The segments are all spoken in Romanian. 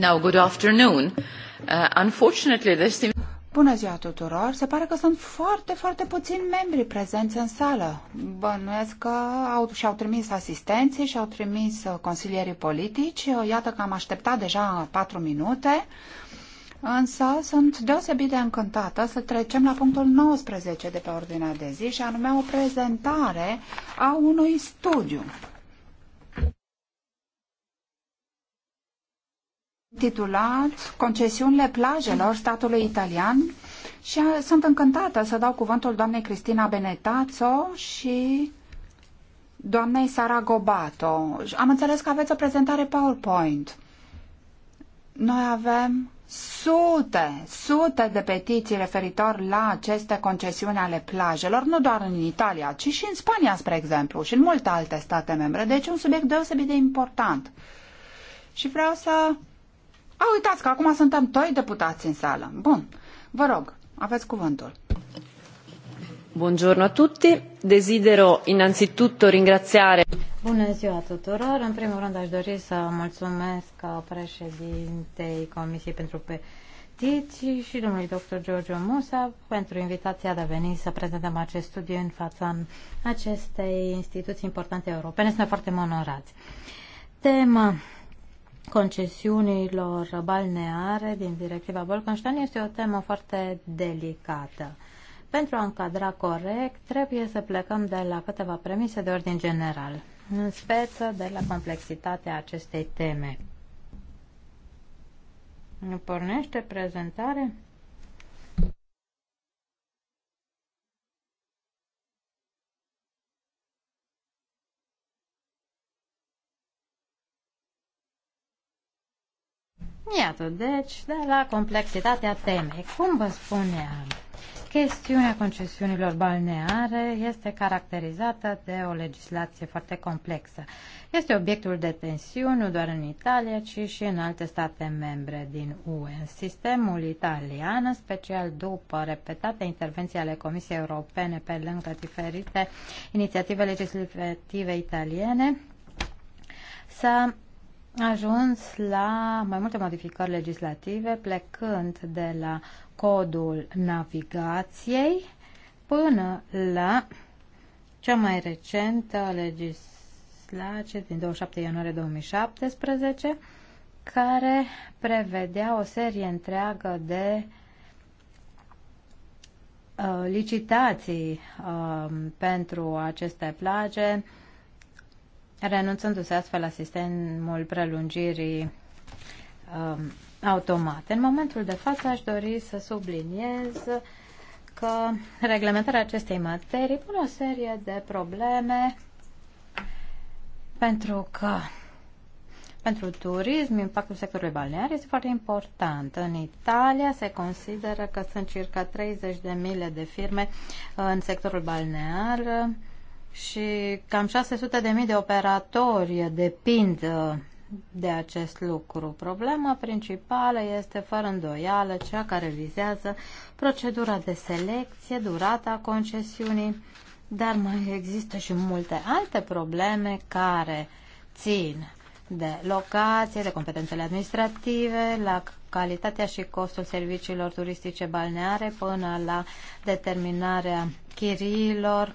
Uh, Bună ziua tuturor! Se pare că sunt foarte, foarte puțini membri prezenți în sală. Bănuiesc că au, și-au trimis asistenții, și-au trimis uh, consilierii politici. Uh, iată că am așteptat deja patru minute. Însă sunt deosebit de încântată să trecem la punctul 19 de pe ordinea de zi și anume o prezentare a unui studiu titulat Concesiunile plajelor statului italian și uh, sunt încântată să dau cuvântul doamnei Cristina Benetazzo și doamnei Sara Gobato. Am înțeles că aveți o prezentare PowerPoint. Noi avem sute, sute de petiții referitor la aceste concesiuni ale plajelor, nu doar în Italia, ci și în Spania, spre exemplu, și în multe alte state membre. Deci un subiect deosebit de important. Și vreau să a, uitați că acum suntem toi deputați în sală. Bun, vă rog, aveți cuvântul. Buongiorno a tutti. Desidero innanzitutto ringraziare. Bună ziua tuturor. În primul rând aș dori să mulțumesc președintei Comisiei pentru Petiții și domnului dr. Giorgio Musa pentru invitația de a veni să prezentăm acest studiu în fața acestei instituții importante europene. Suntem foarte onorați. Tema concesiunilor balneare din directiva Bolkenstein este o temă foarte delicată. Pentru a încadra corect, trebuie să plecăm de la câteva premise de ordin general, în speță de la complexitatea acestei teme. Pornește prezentare? Iată, deci, de la complexitatea temei. Cum vă spuneam, chestiunea concesiunilor balneare este caracterizată de o legislație foarte complexă. Este obiectul de tensiune nu doar în Italia, ci și în alte state membre din UE. Sistemul italian, în special după repetate intervenții ale Comisiei Europene pe lângă diferite inițiative legislative italiene, s-a ajuns la mai multe modificări legislative, plecând de la codul navigației până la cea mai recentă legislație din 27 ianuarie 2017, care prevedea o serie întreagă de uh, licitații uh, pentru aceste plaje, renunțându-se astfel la sistemul prelungirii um, automate. În momentul de față aș dori să subliniez că reglementarea acestei materii pune o serie de probleme pentru că pentru turism, impactul sectorului balnear este foarte important. În Italia se consideră că sunt circa 30.000 de firme în sectorul balnear, și cam 600 de mii de operatori depind uh, de acest lucru. Problema principală este, fără îndoială, cea care vizează procedura de selecție, durata concesiunii, dar mai există și multe alte probleme care țin de locație, de competențele administrative, la calitatea și costul serviciilor turistice balneare până la determinarea chirilor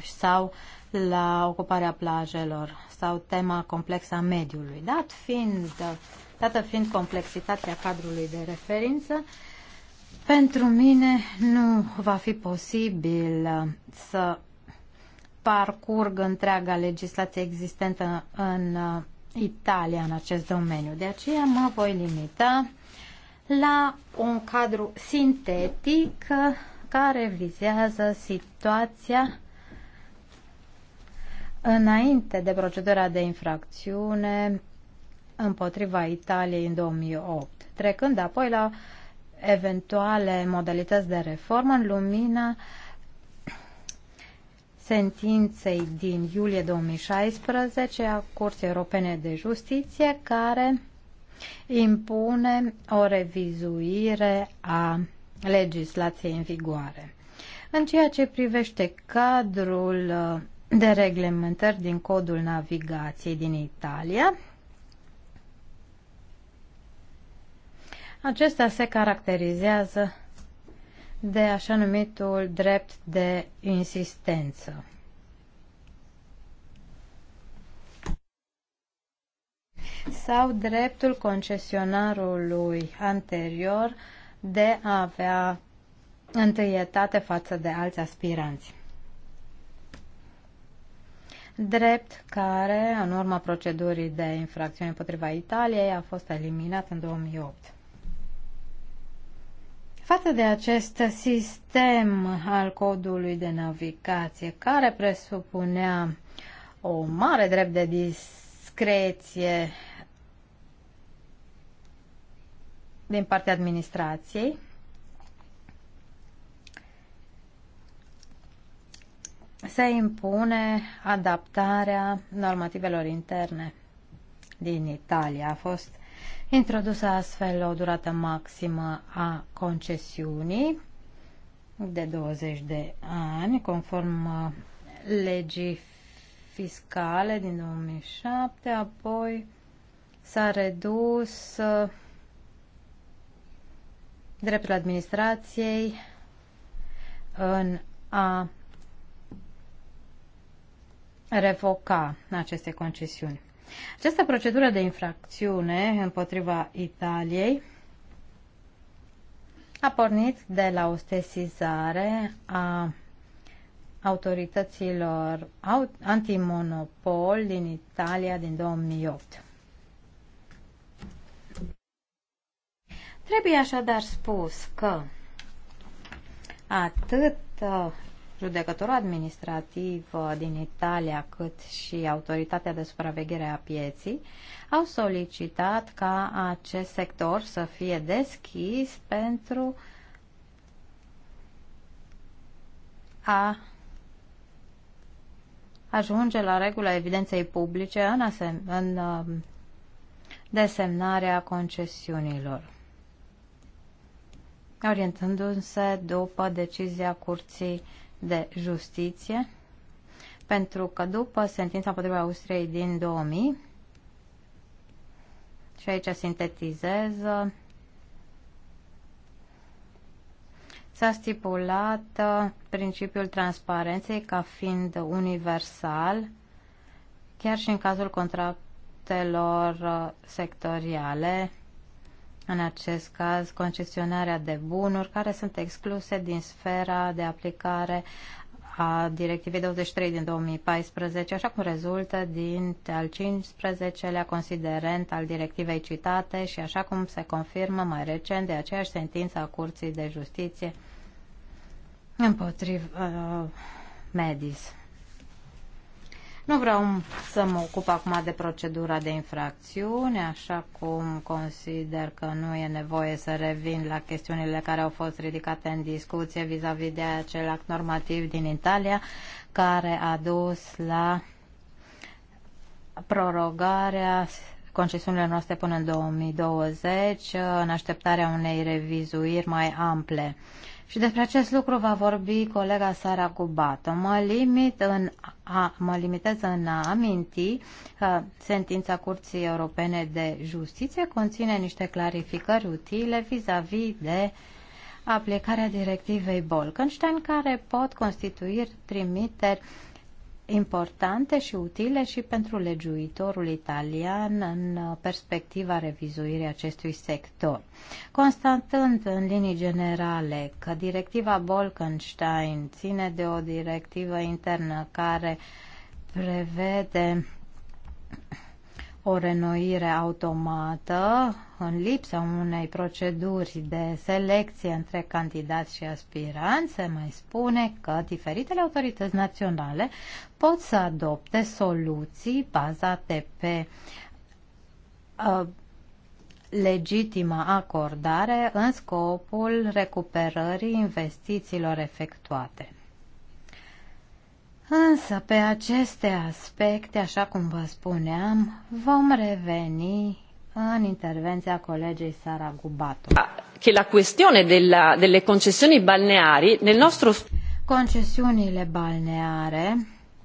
sau la ocuparea plajelor sau tema complexă a mediului. Dat fiind, dată fiind complexitatea cadrului de referință, pentru mine nu va fi posibil să parcurg întreaga legislație existentă în Italia în acest domeniu. De aceea mă voi limita la un cadru sintetic care vizează situația Înainte de procedura de infracțiune împotriva Italiei în 2008, trecând apoi la eventuale modalități de reformă în lumina sentinței din iulie 2016 a Curții Europene de Justiție, care impune o revizuire a legislației în vigoare. În ceea ce privește cadrul uh, de reglementări din codul navigației din Italia. Acesta se caracterizează de așa numitul drept de insistență. sau dreptul concesionarului anterior de a avea întâietate față de alți aspiranți drept care, în urma procedurii de infracțiune împotriva Italiei, a fost eliminat în 2008. Față de acest sistem al codului de navigație, care presupunea o mare drept de discreție din partea administrației, se impune adaptarea normativelor interne din Italia. A fost introdusă astfel o durată maximă a concesiunii de 20 de ani, conform uh, legii fiscale din 2007, apoi s-a redus uh, dreptul administrației în a revoca aceste concesiuni. Această procedură de infracțiune împotriva Italiei a pornit de la o stesizare a autorităților antimonopol din Italia din 2008. Trebuie așadar spus că atât uh, Judecătorul administrativ uh, din Italia, cât și Autoritatea de Supraveghere a Pieții, au solicitat ca acest sector să fie deschis pentru a ajunge la regula evidenței publice în, asem- în uh, desemnarea concesiunilor orientându-se după decizia Curții de Justiție, pentru că după sentința împotriva Austriei din 2000, și aici sintetizez, s-a stipulat uh, principiul transparenței ca fiind universal, chiar și în cazul contractelor uh, sectoriale în acest caz concesionarea de bunuri care sunt excluse din sfera de aplicare a Directivei 23 din 2014, așa cum rezultă din al 15-lea considerent al directivei citate și așa cum se confirmă mai recent de aceeași sentință a Curții de Justiție împotriva uh, Medis. Nu vreau să mă ocup acum de procedura de infracțiune, așa cum consider că nu e nevoie să revin la chestiunile care au fost ridicate în discuție vis-a-vis -vis de acel act normativ din Italia, care a dus la prorogarea concesiunile noastre până în 2020, în așteptarea unei revizuiri mai ample. Și despre acest lucru va vorbi colega Sara Cubată. Mă, limit în a, mă limitez în a aminti că sentința Curții Europene de Justiție conține niște clarificări utile vis-a-vis -vis de aplicarea directivei Bolkenstein, care pot constitui trimiteri importante și utile și pentru legiuitorul italian în perspectiva revizuirii acestui sector. Constatând în linii generale că directiva Bolkenstein ține de o directivă internă care prevede o renoire automată în lipsa unei proceduri de selecție între candidați și aspiranți, se mai spune că diferitele autorități naționale pot să adopte soluții bazate pe uh, legitima acordare în scopul recuperării investițiilor efectuate. Însă, pe aceste aspecte, așa cum vă spuneam, vom reveni în intervenția colegei Sara Gubato. Ah, che la questione della, delle concessioni balneari nel nostro concesiunile balneare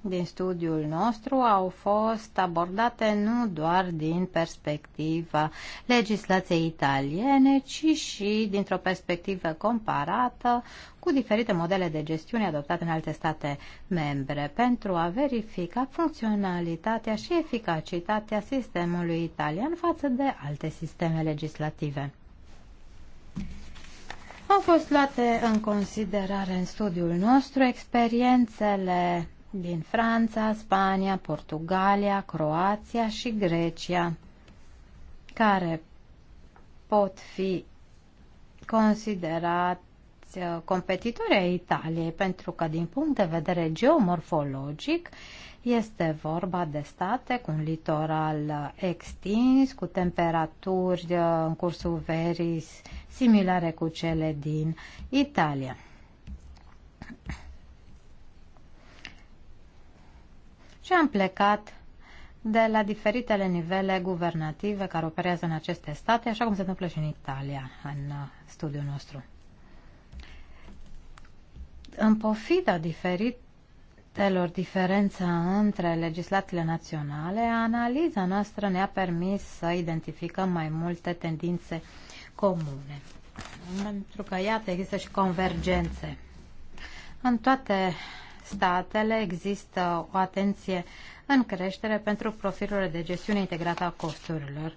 din studiul nostru au fost abordate nu doar din perspectiva legislației italiene, ci și dintr-o perspectivă comparată cu diferite modele de gestiune adoptate în alte state membre pentru a verifica funcționalitatea și eficacitatea sistemului italian față de alte sisteme legislative. Au fost luate în considerare în studiul nostru experiențele din Franța, Spania, Portugalia, Croația și Grecia, care pot fi considerați uh, competitori ai Italiei, pentru că din punct de vedere geomorfologic este vorba de state cu un litoral uh, extins, cu temperaturi uh, în cursul verii similare cu cele din Italia. și am plecat de la diferitele nivele guvernative care operează în aceste state, așa cum se întâmplă și în Italia, în uh, studiul nostru. În pofida diferitelor diferențe între legislațiile naționale, analiza noastră ne-a permis să identificăm mai multe tendințe comune. Pentru că, iată, există și convergențe. În toate statele există o atenție în creștere pentru profilurile de gestiune integrată a costurilor.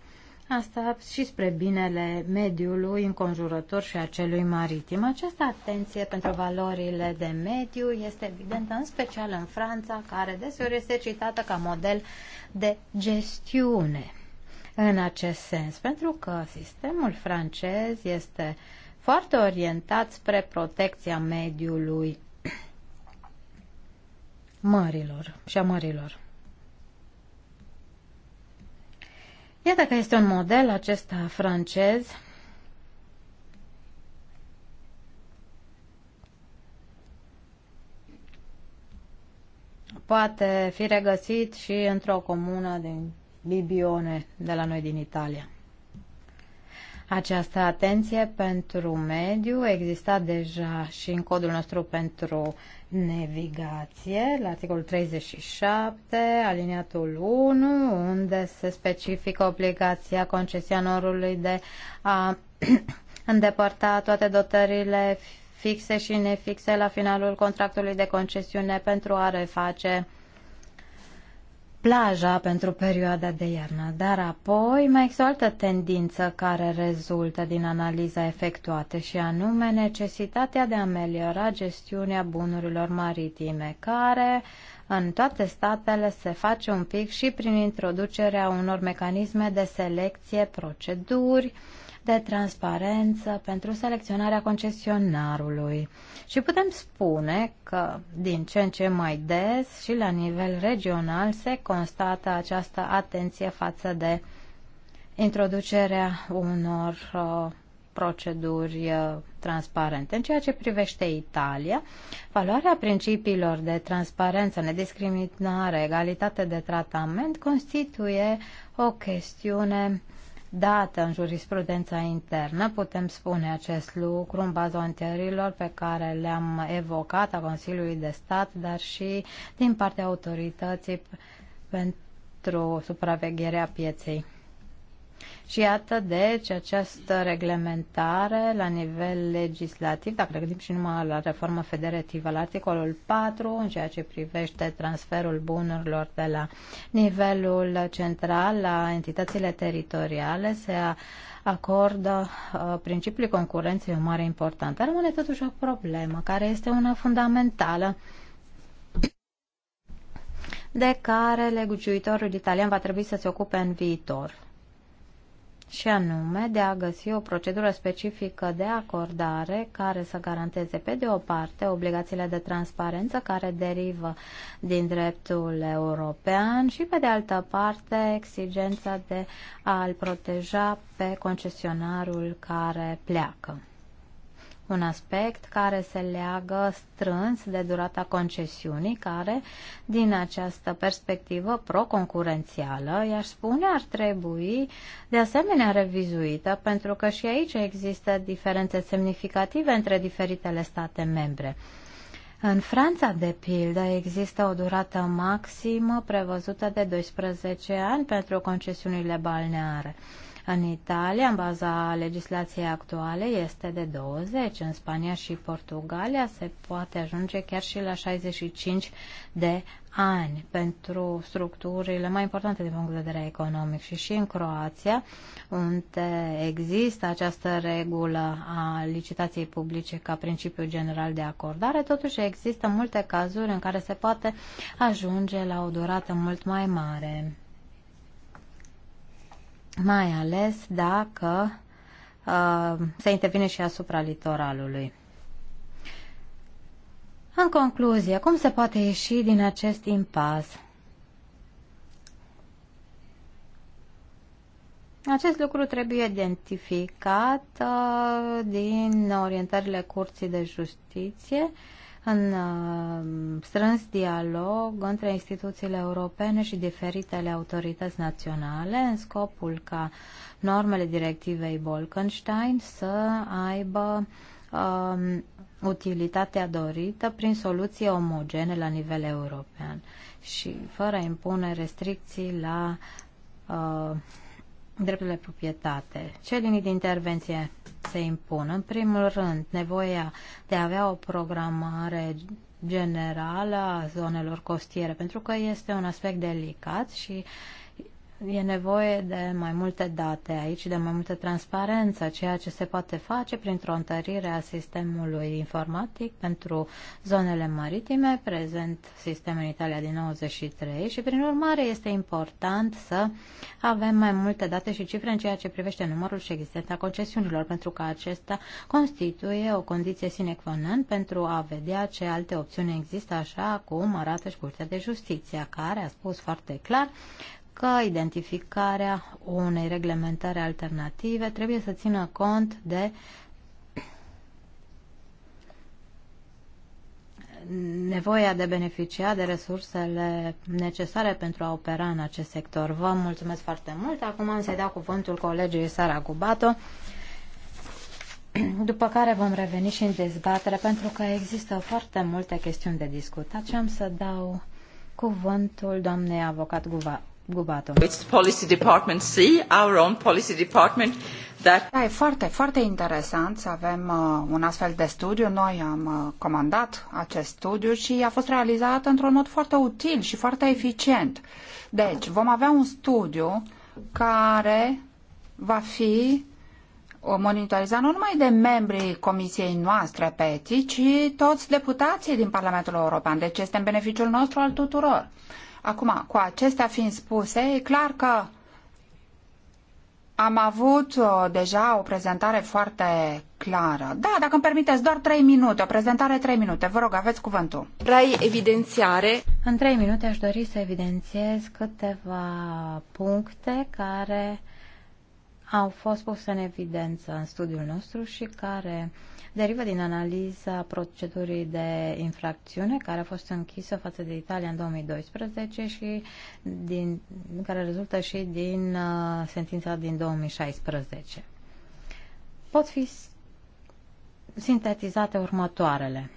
Asta și spre binele mediului înconjurător și a celui maritim. Această atenție pentru valorile de mediu este evidentă în special în Franța, care deseori este citată ca model de gestiune în acest sens, pentru că sistemul francez este foarte orientat spre protecția mediului marilor și a marilor. Iată că este un model acesta francez poate fi regăsit și într-o comună din Bibione de la noi din Italia această atenție pentru mediu. Exista deja și în codul nostru pentru navigație, la articolul 37, aliniatul 1, unde se specifică obligația concesionorului de a îndepărta toate dotările fixe și nefixe la finalul contractului de concesiune pentru a reface plaja pentru perioada de iarnă. Dar apoi mai există o altă tendință care rezultă din analiza efectuată și anume necesitatea de a ameliora gestiunea bunurilor maritime, care în toate statele se face un pic și prin introducerea unor mecanisme de selecție, proceduri, de transparență pentru selecționarea concesionarului. Și putem spune că din ce în ce mai des și la nivel regional se constată această atenție față de introducerea unor uh, proceduri uh, transparente. În ceea ce privește Italia, valoarea principiilor de transparență, nediscriminare, egalitate de tratament constituie o chestiune dată în jurisprudența internă, putem spune acest lucru în baza anteriorilor pe care le-am evocat a Consiliului de Stat, dar și din partea autorității pentru supravegherea pieței. Și iată, deci, această reglementare la nivel legislativ, dacă ne gândim și numai la reforma federativă, la articolul 4, în ceea ce privește transferul bunurilor de la nivelul central la entitățile teritoriale, se acordă uh, principiului concurenței o mare importantă. Rămâne totuși o problemă, care este una fundamentală de care legiuitorul italian va trebui să se ocupe în viitor și anume de a găsi o procedură specifică de acordare care să garanteze, pe de o parte, obligațiile de transparență care derivă din dreptul european și, pe de altă parte, exigența de a-l proteja pe concesionarul care pleacă un aspect care se leagă strâns de durata concesiunii, care, din această perspectivă pro-concurențială, i-aș spune, ar trebui de asemenea revizuită, pentru că și aici există diferențe semnificative între diferitele state membre. În Franța, de pildă, există o durată maximă prevăzută de 12 ani pentru concesiunile balneare. În Italia, în baza legislației actuale, este de 20. În Spania și Portugalia se poate ajunge chiar și la 65 de ani pentru structurile mai importante din punct de vedere economic și și în Croația, unde există această regulă a licitației publice ca principiu general de acordare, totuși există multe cazuri în care se poate ajunge la o durată mult mai mare mai ales dacă uh, se intervine și asupra litoralului. În concluzie, cum se poate ieși din acest impas? Acest lucru trebuie identificat uh, din orientările Curții de Justiție uh, în uh, strâns dialog între instituțiile europene și diferitele autorități naționale în scopul ca normele directivei Bolkenstein să aibă um, utilitatea dorită prin soluții omogene la nivel european și fără a impune restricții la uh, drepturile proprietate. Ce linii de intervenție se impun? În primul rând, nevoia de a avea o programare generală a zonelor costiere, pentru că este un aspect delicat și uh, E nevoie de mai multe date aici, de mai multă transparență, ceea ce se poate face printr-o întărire a sistemului informatic pentru zonele maritime, prezent sistemul în Italia din 93 și prin urmare este important să avem mai multe date și cifre în ceea ce privește numărul și existența concesiunilor, pentru că acesta constituie o condiție sine qua non pentru a vedea ce alte opțiuni există, așa cum arată și Curtea de Justiție, care a spus foarte clar că identificarea unei reglementare alternative trebuie să țină cont de nevoia de beneficia de resursele necesare pentru a opera în acest sector. Vă mulțumesc foarte mult. Acum am să-i dau cuvântul colegii Sara Gubato, după care vom reveni și în dezbatere, pentru că există foarte multe chestiuni de discutat și am să dau cuvântul doamnei avocat Guba, Gubato. It's policy department C, our own policy department. Da, e foarte, foarte interesant să avem uh, un astfel de studiu. Noi am uh, comandat acest studiu și a fost realizat într-un mod foarte util și foarte eficient. Deci, vom avea un studiu care va fi uh, monitorizat nu numai de membrii comisiei noastre PETI, ci toți deputații din Parlamentul European. Deci este în beneficiul nostru al tuturor. Acum, cu acestea fiind spuse, e clar că am avut uh, deja o prezentare foarte clară. Da, dacă îmi permiteți, doar trei minute, o prezentare trei minute. Vă rog, aveți cuvântul. Vrei evidențiare? În trei minute aș dori să evidențiez câteva puncte care au fost puse în evidență în studiul nostru și care derivă din analiza procedurii de infracțiune care a fost închisă față de Italia în 2012 și din, care rezultă și din uh, sentința din 2016. Pot fi sintetizate următoarele.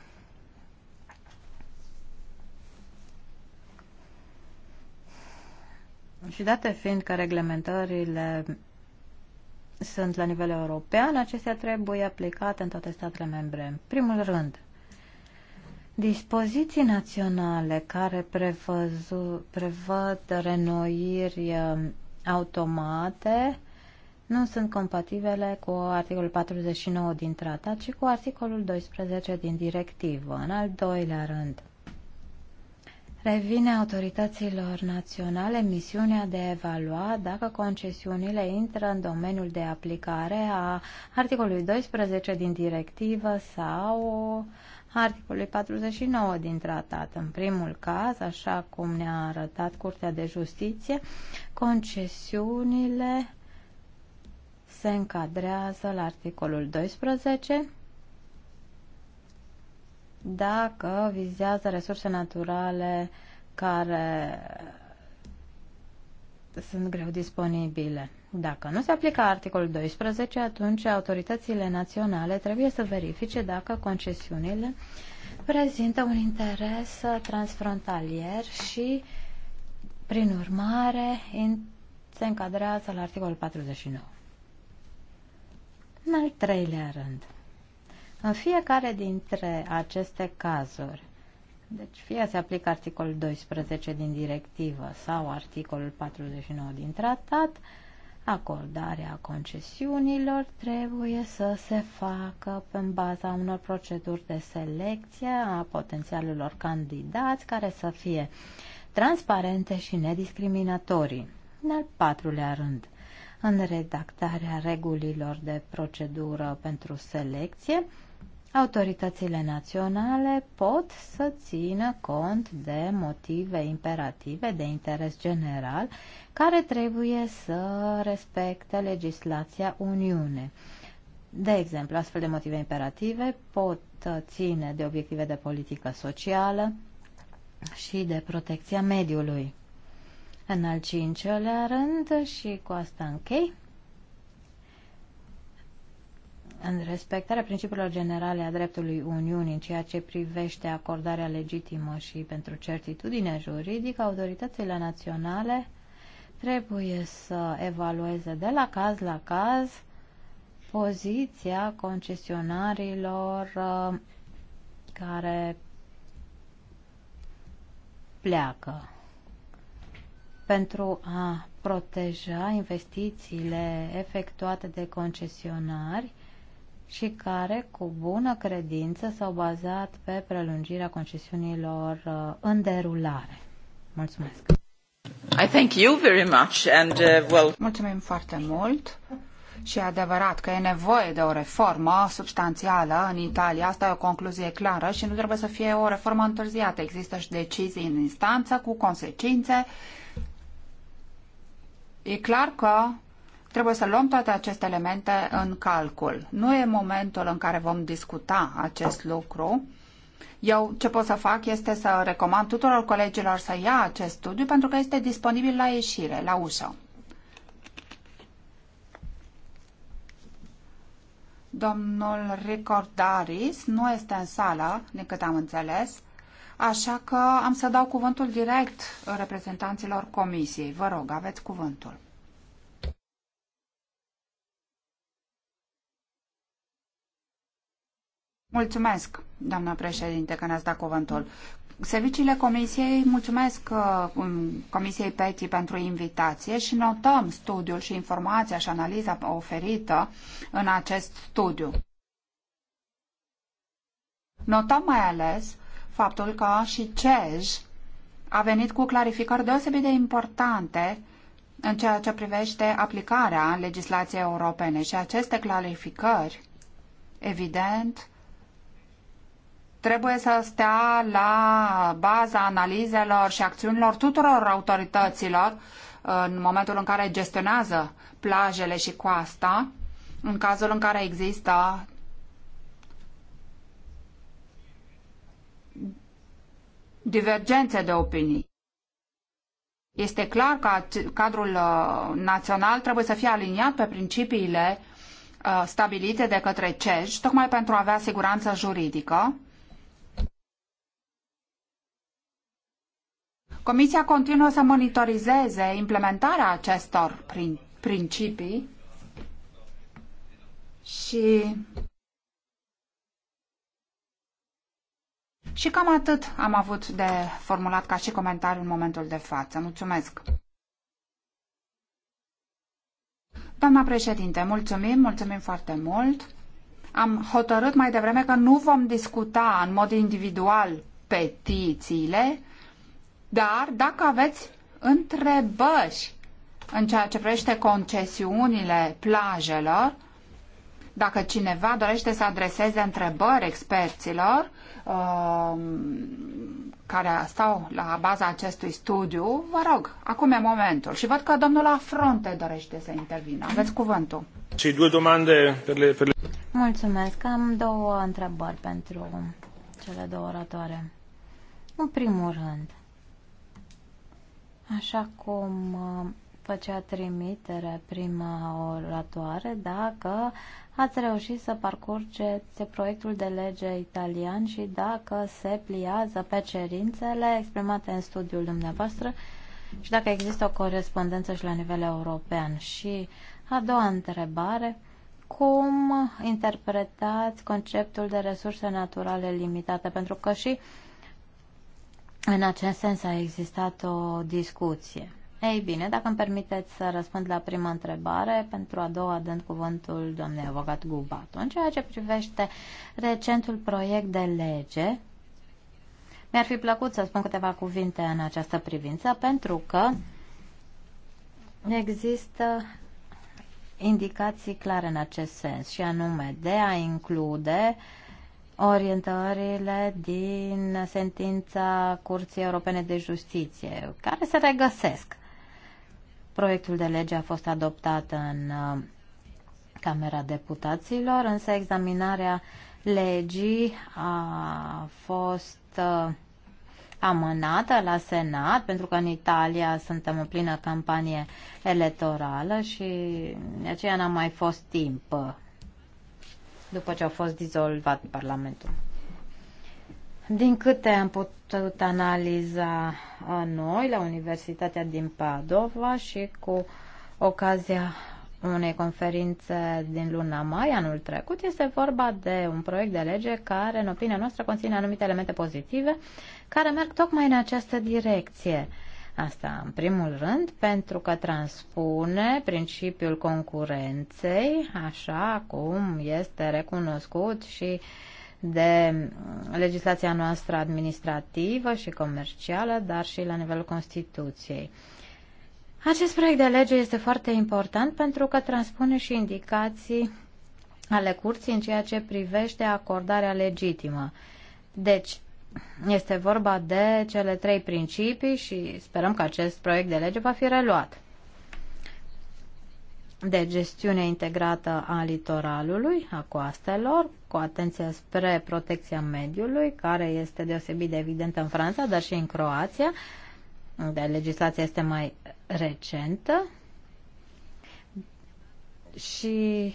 Și date fiind că reglementările sunt la nivel european, acestea trebuie aplicate în toate statele membre. În primul rând, dispoziții naționale care prevăzu, prevăd renoiri um, automate nu sunt compatibile cu articolul 49 din tratat și cu articolul 12 din directivă. În al doilea rând, revine autorităților naționale misiunea de a evalua dacă concesiunile intră în domeniul de aplicare a articolului 12 din directivă sau articolului 49 din tratat. În primul caz, așa cum ne-a arătat Curtea de Justiție, concesiunile se încadrează la articolul 12 dacă vizează resurse naturale care sunt greu disponibile. Dacă nu se aplică articolul 12, atunci autoritățile naționale trebuie să verifice dacă concesiunile prezintă un interes transfrontalier și, prin urmare, se încadrează la articolul 49. În al treilea rând, în fiecare dintre aceste cazuri, deci fie se aplică articolul 12 din directivă sau articolul 49 din tratat, acordarea concesiunilor trebuie să se facă pe baza unor proceduri de selecție a potențialelor candidați care să fie transparente și nediscriminatorii. În al patrulea rând, în redactarea regulilor de procedură pentru selecție, autoritățile naționale pot să țină cont de motive imperative de interes general care trebuie să respecte legislația Uniune. De exemplu, astfel de motive imperative pot ține de obiective de politică socială și de protecția mediului. În al cincelea rând, și cu asta închei, în respectarea principiilor generale a dreptului Uniunii în ceea ce privește acordarea legitimă și pentru certitudine juridică, autoritățile naționale trebuie să evalueze de la caz la caz poziția concesionarilor uh, care pleacă pentru a proteja investițiile efectuate de concesionari și care, cu bună credință, s-au bazat pe prelungirea concesiunilor uh, în derulare. Mulțumesc! I thank you very much and, uh, well... Mulțumim foarte mult! Și e adevărat că e nevoie de o reformă substanțială în Italia, asta e o concluzie clară și nu trebuie să fie o reformă întârziată. Există și decizii în instanță cu consecințe. E clar că Trebuie să luăm toate aceste elemente în calcul. Nu e momentul în care vom discuta acest lucru. Eu ce pot să fac este să recomand tuturor colegilor să ia acest studiu pentru că este disponibil la ieșire, la ușă. Domnul Ricordaris nu este în sală, din câte am înțeles, așa că am să dau cuvântul direct reprezentanților comisiei. Vă rog, aveți cuvântul. Mulțumesc, doamna președinte, că ne-ați dat cuvântul. Serviciile Comisiei, mulțumesc uh, um, Comisiei PETI pentru invitație și notăm studiul și informația și analiza oferită în acest studiu. Notăm mai ales faptul că și CEJ a venit cu clarificări deosebit de importante în ceea ce privește aplicarea legislației europene și aceste clarificări, evident, trebuie să stea la baza analizelor și acțiunilor tuturor autorităților în momentul în care gestionează plajele și coasta, în cazul în care există divergențe de opinii. Este clar că cadrul uh, național trebuie să fie aliniat pe principiile uh, stabilite de către CEJ, tocmai pentru a avea siguranță juridică Comisia continuă să monitorizeze implementarea acestor principii și Și cam atât am avut de formulat ca și comentariu în momentul de față. Mulțumesc! Doamna președinte, mulțumim, mulțumim foarte mult. Am hotărât mai devreme că nu vom discuta în mod individual petițiile, dar dacă aveți întrebări în ceea ce privește concesiunile plajelor, dacă cineva dorește să adreseze întrebări experților uh, care stau la baza acestui studiu, vă rog, acum e momentul. Și văd că domnul Afronte dorește să intervină. Aveți cuvântul. Și două domande le, le... Mulțumesc. Am două întrebări pentru cele două oratoare. În primul rând, Așa cum uh, făcea trimitere prima oratoare, dacă ați reușit să parcurgeți proiectul de lege italian și dacă se pliază pe cerințele exprimate în studiul dumneavoastră și dacă există o corespondență și la nivel european. Și a doua întrebare, cum interpretați conceptul de resurse naturale limitate? Pentru că și uh, în acest sens a existat o discuție. Ei bine, dacă îmi permiteți să răspund la prima întrebare, pentru a doua dând cuvântul doamnei avocat Gubat. În ceea ce privește recentul proiect de lege, mi-ar fi plăcut să spun câteva cuvinte în această privință, pentru că există indicații clare în acest sens, și anume de a include uh, orientările din sentința Curții Europene de Justiție, care se regăsesc. Proiectul de lege a fost adoptat în uh, Camera Deputaților, însă examinarea legii a fost uh, amânată la Senat, pentru că în Italia suntem în plină campanie electorală și de aceea n-a mai fost timp uh, după ce a fost dizolvat Parlamentul. Din câte am putut analiza noi la Universitatea din Padova și cu ocazia unei conferințe din luna mai anul trecut, este vorba de un proiect de lege care, în opinia noastră, conține anumite elemente pozitive care merg tocmai în această direcție. Uh, Asta în primul rând pentru că transpune principiul concurenței, așa cum este recunoscut și de legislația noastră administrativă și comercială, dar și la nivelul Constituției. Acest proiect de lege este foarte important pentru că transpune și indicații ale curții în ceea ce privește acordarea legitimă. Deci, este vorba de cele trei principii și sperăm că acest proiect de lege va fi reluat. De gestiune integrată a litoralului, a coastelor, cu atenție spre protecția mediului, care este deosebit de evidentă în Franța, dar și în Croația, unde legislația este mai recentă, și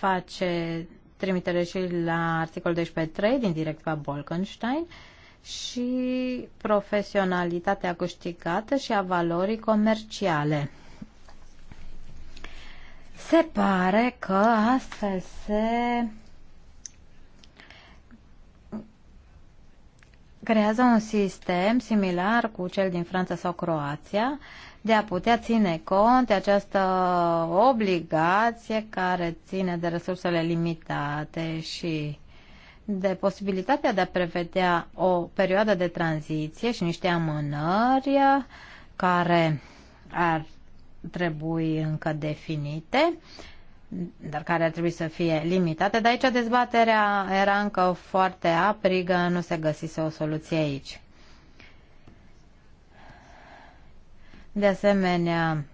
face trimitere și la articolul 12.3 din directiva Bolkenstein și profesionalitatea câștigată și a valorii comerciale. Se pare că astfel se creează un sistem similar cu cel din Franța sau Croația, de a putea ține cont de această obligație care ține de resursele limitate și de posibilitatea de a prevedea o perioadă de tranziție și niște amânări care ar trebui încă definite, dar care ar trebui să fie limitate. De aici dezbaterea era încă foarte aprigă, nu se găsise o soluție aici. De asemenea,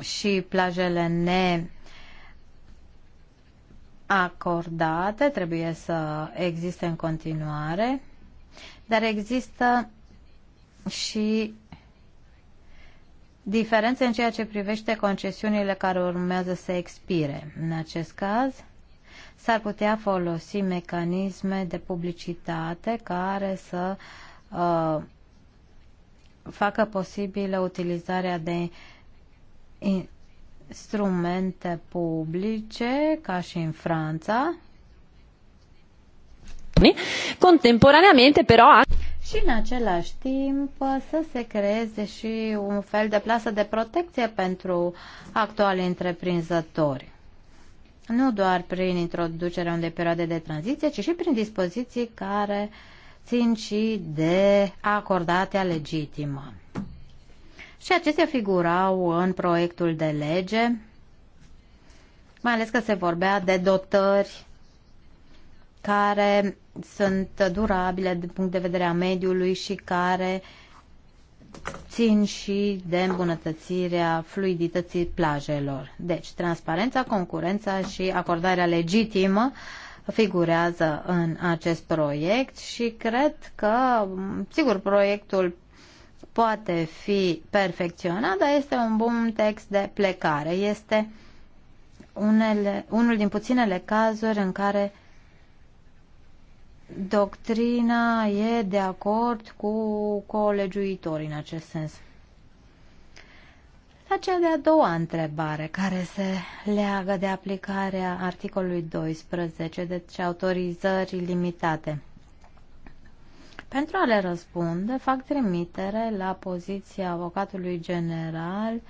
și plajele ne acordate trebuie să existe în continuare, dar există și diferențe în ceea ce privește concesiunile care urmează să expire. În acest caz, s-ar putea folosi mecanisme de publicitate care să uh, facă posibilă utilizarea de instrumente publice, ca și în Franța. Contemporaneamente, però, și în același timp să se creeze și un fel de plasă de protecție pentru actuali întreprinzători. Nu doar prin introducerea unei perioade de tranziție, ci și prin dispoziții care uh, țin și de acordatea legitimă. Și acestea figurau în proiectul de lege, mai ales că se vorbea de dotări care sunt durabile din punct de vedere a mediului și care țin și de îmbunătățirea fluidității plajelor. Deci, transparența, concurența și acordarea legitimă uh, figurează în acest proiect și cred că, sigur, proiectul poate fi perfecționat, dar este un bun text de plecare. Este unele, unul din puținele cazuri în care doctrina e de acord cu colegiuitorii în acest sens. La cea de-a doua întrebare, care se leagă de aplicarea articolului 12, deci autorizări limitate. Pentru a le răspunde, fac trimitere la poziția avocatului general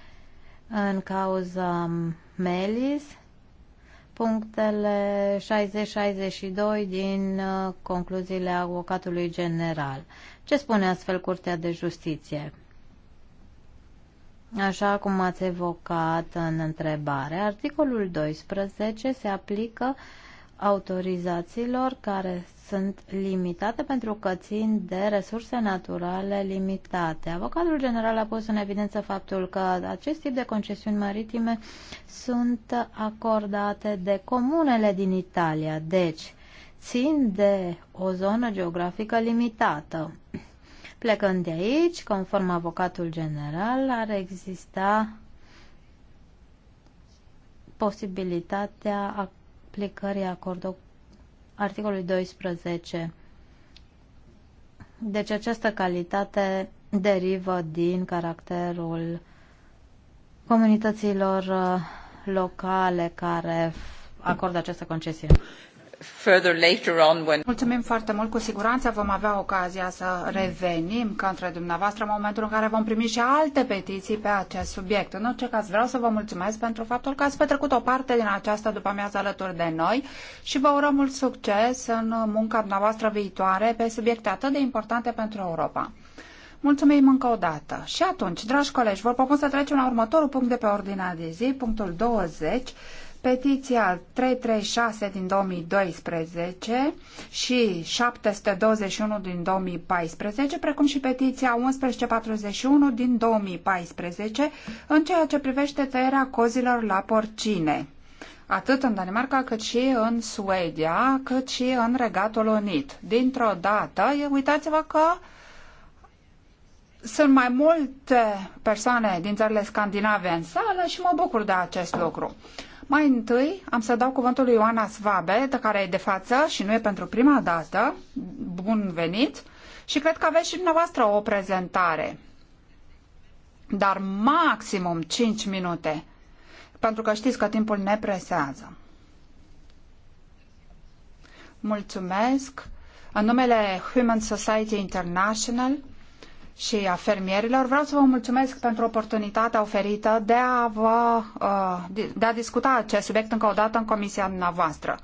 în cauza Melis, punctele 60-62 din uh, concluziile avocatului general. Ce spune astfel Curtea de Justiție? Așa cum ați evocat în întrebare, articolul 12 se aplică autorizațiilor care sunt limitate pentru că țin de resurse naturale limitate. Avocatul general a pus în evidență faptul că acest tip de concesiuni maritime sunt acordate de comunele din Italia, deci țin de o zonă geografică limitată. Plecând de aici, conform avocatul general, ar exista posibilitatea aplicării acordului articolului 12. Deci această calitate derivă din caracterul comunităților uh, locale care acordă această concesie further later on when... Mulțumim foarte mult. Cu siguranță vom avea ocazia să revenim către dumneavoastră în momentul în care vom primi și alte petiții pe acest subiect. În orice caz vreau să vă mulțumesc pentru faptul că ați petrecut o parte din această după amiază alături de noi și vă urăm mult succes în munca dumneavoastră viitoare pe subiecte atât de importante pentru Europa. Mulțumim încă o dată. Și atunci, dragi colegi, vă propun să trecem la următorul punct de pe ordinea de zi, punctul 20, Petiția 336 din 2012 și 721 din 2014, precum și petiția 1141 din 2014, în ceea ce privește tăierea cozilor la porcine, atât în Danemarca cât și în Suedia, cât și în Regatul Unit. Dintr-o dată, uitați-vă că sunt mai multe persoane din țările scandinave în sală și mă bucur de acest lucru. Mai întâi am să dau cuvântul lui Ioana Svabe, de care e de față și nu e pentru prima dată. Bun venit! Și cred că aveți și dumneavoastră o prezentare. Dar maximum 5 minute, pentru că știți că timpul ne presează. Mulțumesc! În numele Human Society International și a fermierilor. Vreau să vă mulțumesc pentru oportunitatea oferită de a, vă, uh, de a discuta acest subiect încă o dată în comisia dumneavoastră.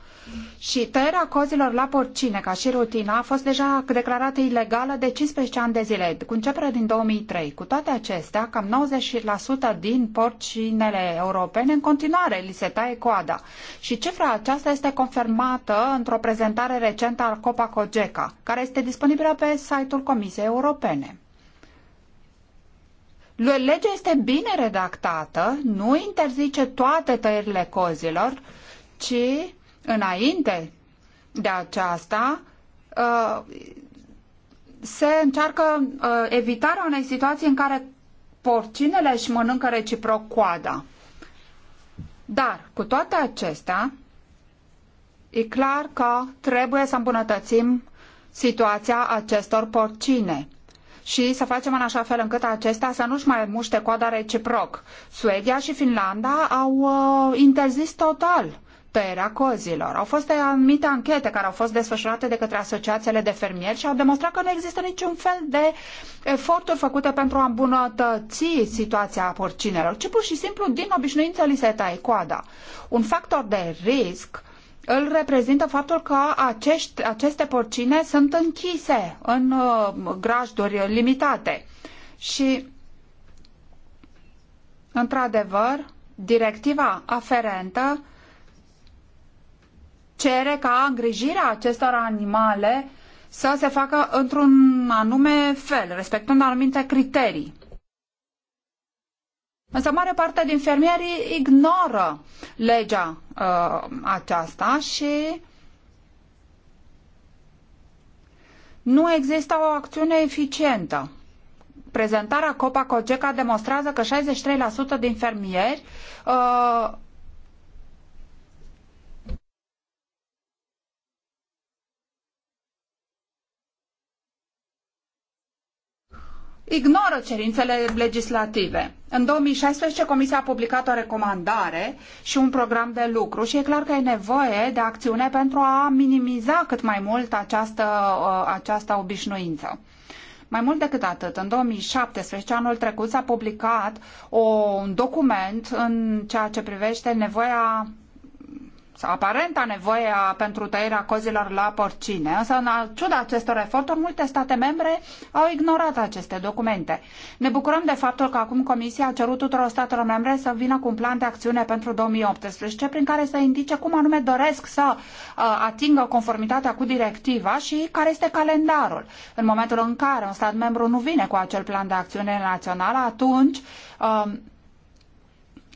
Și tăierea cozilor la porcine, ca și rutina, a fost deja declarată ilegală de 15 ani de zile, cu începere din 2003. Cu toate acestea, cam 90% din porcinele europene în continuare li se taie coada. Și cifra aceasta este confirmată într-o prezentare recentă al Copa Cogeca, care este disponibilă pe site-ul Comisiei Europene. Legea este bine redactată, nu interzice toate tăierile cozilor, ci înainte de aceasta uh, se încearcă uh, evitarea unei situații în care porcinele își mănâncă reciproc coada. Dar, cu toate acestea, e clar că trebuie să îmbunătățim situația acestor porcine și să facem în așa fel încât acestea să nu-și mai muște coada reciproc. Suedia și Finlanda au uh, interzis total tăierea cozilor. Au fost anumite anchete care au fost desfășurate de către asociațiile de fermieri și au demonstrat că nu există niciun fel de eforturi făcute pentru a îmbunătăți situația porcinelor, ci pur și simplu din obișnuință li se taie coada. Un factor de risc îl reprezintă faptul că acești, aceste porcine sunt închise în uh, grajduri limitate. Și, într-adevăr, directiva aferentă cere ca îngrijirea acestor animale să se facă într-un anume fel, respectând anumite criterii. Însă mare parte din fermieri ignoră legea uh, aceasta și nu există o acțiune eficientă. Prezentarea Copa Cogeca demonstrează că 63% din fermieri uh, ignoră cerințele legislative. În 2016 Comisia a publicat o recomandare și un program de lucru și e clar că e nevoie de acțiune pentru a minimiza cât mai mult această, uh, această obișnuință. Mai mult decât atât, în 2017, anul trecut, s-a publicat un document în ceea ce privește nevoia aparenta nevoie pentru tăierea cozilor la porcine, însă în ciuda acestor eforturi, multe state membre au ignorat aceste documente. Ne bucurăm de faptul că acum Comisia a cerut tuturor statelor membre să vină cu un plan de acțiune pentru 2018, prin care să indice cum anume doresc să atingă conformitatea cu directiva și care este calendarul. În momentul în care un stat membru nu vine cu acel plan de acțiune național, atunci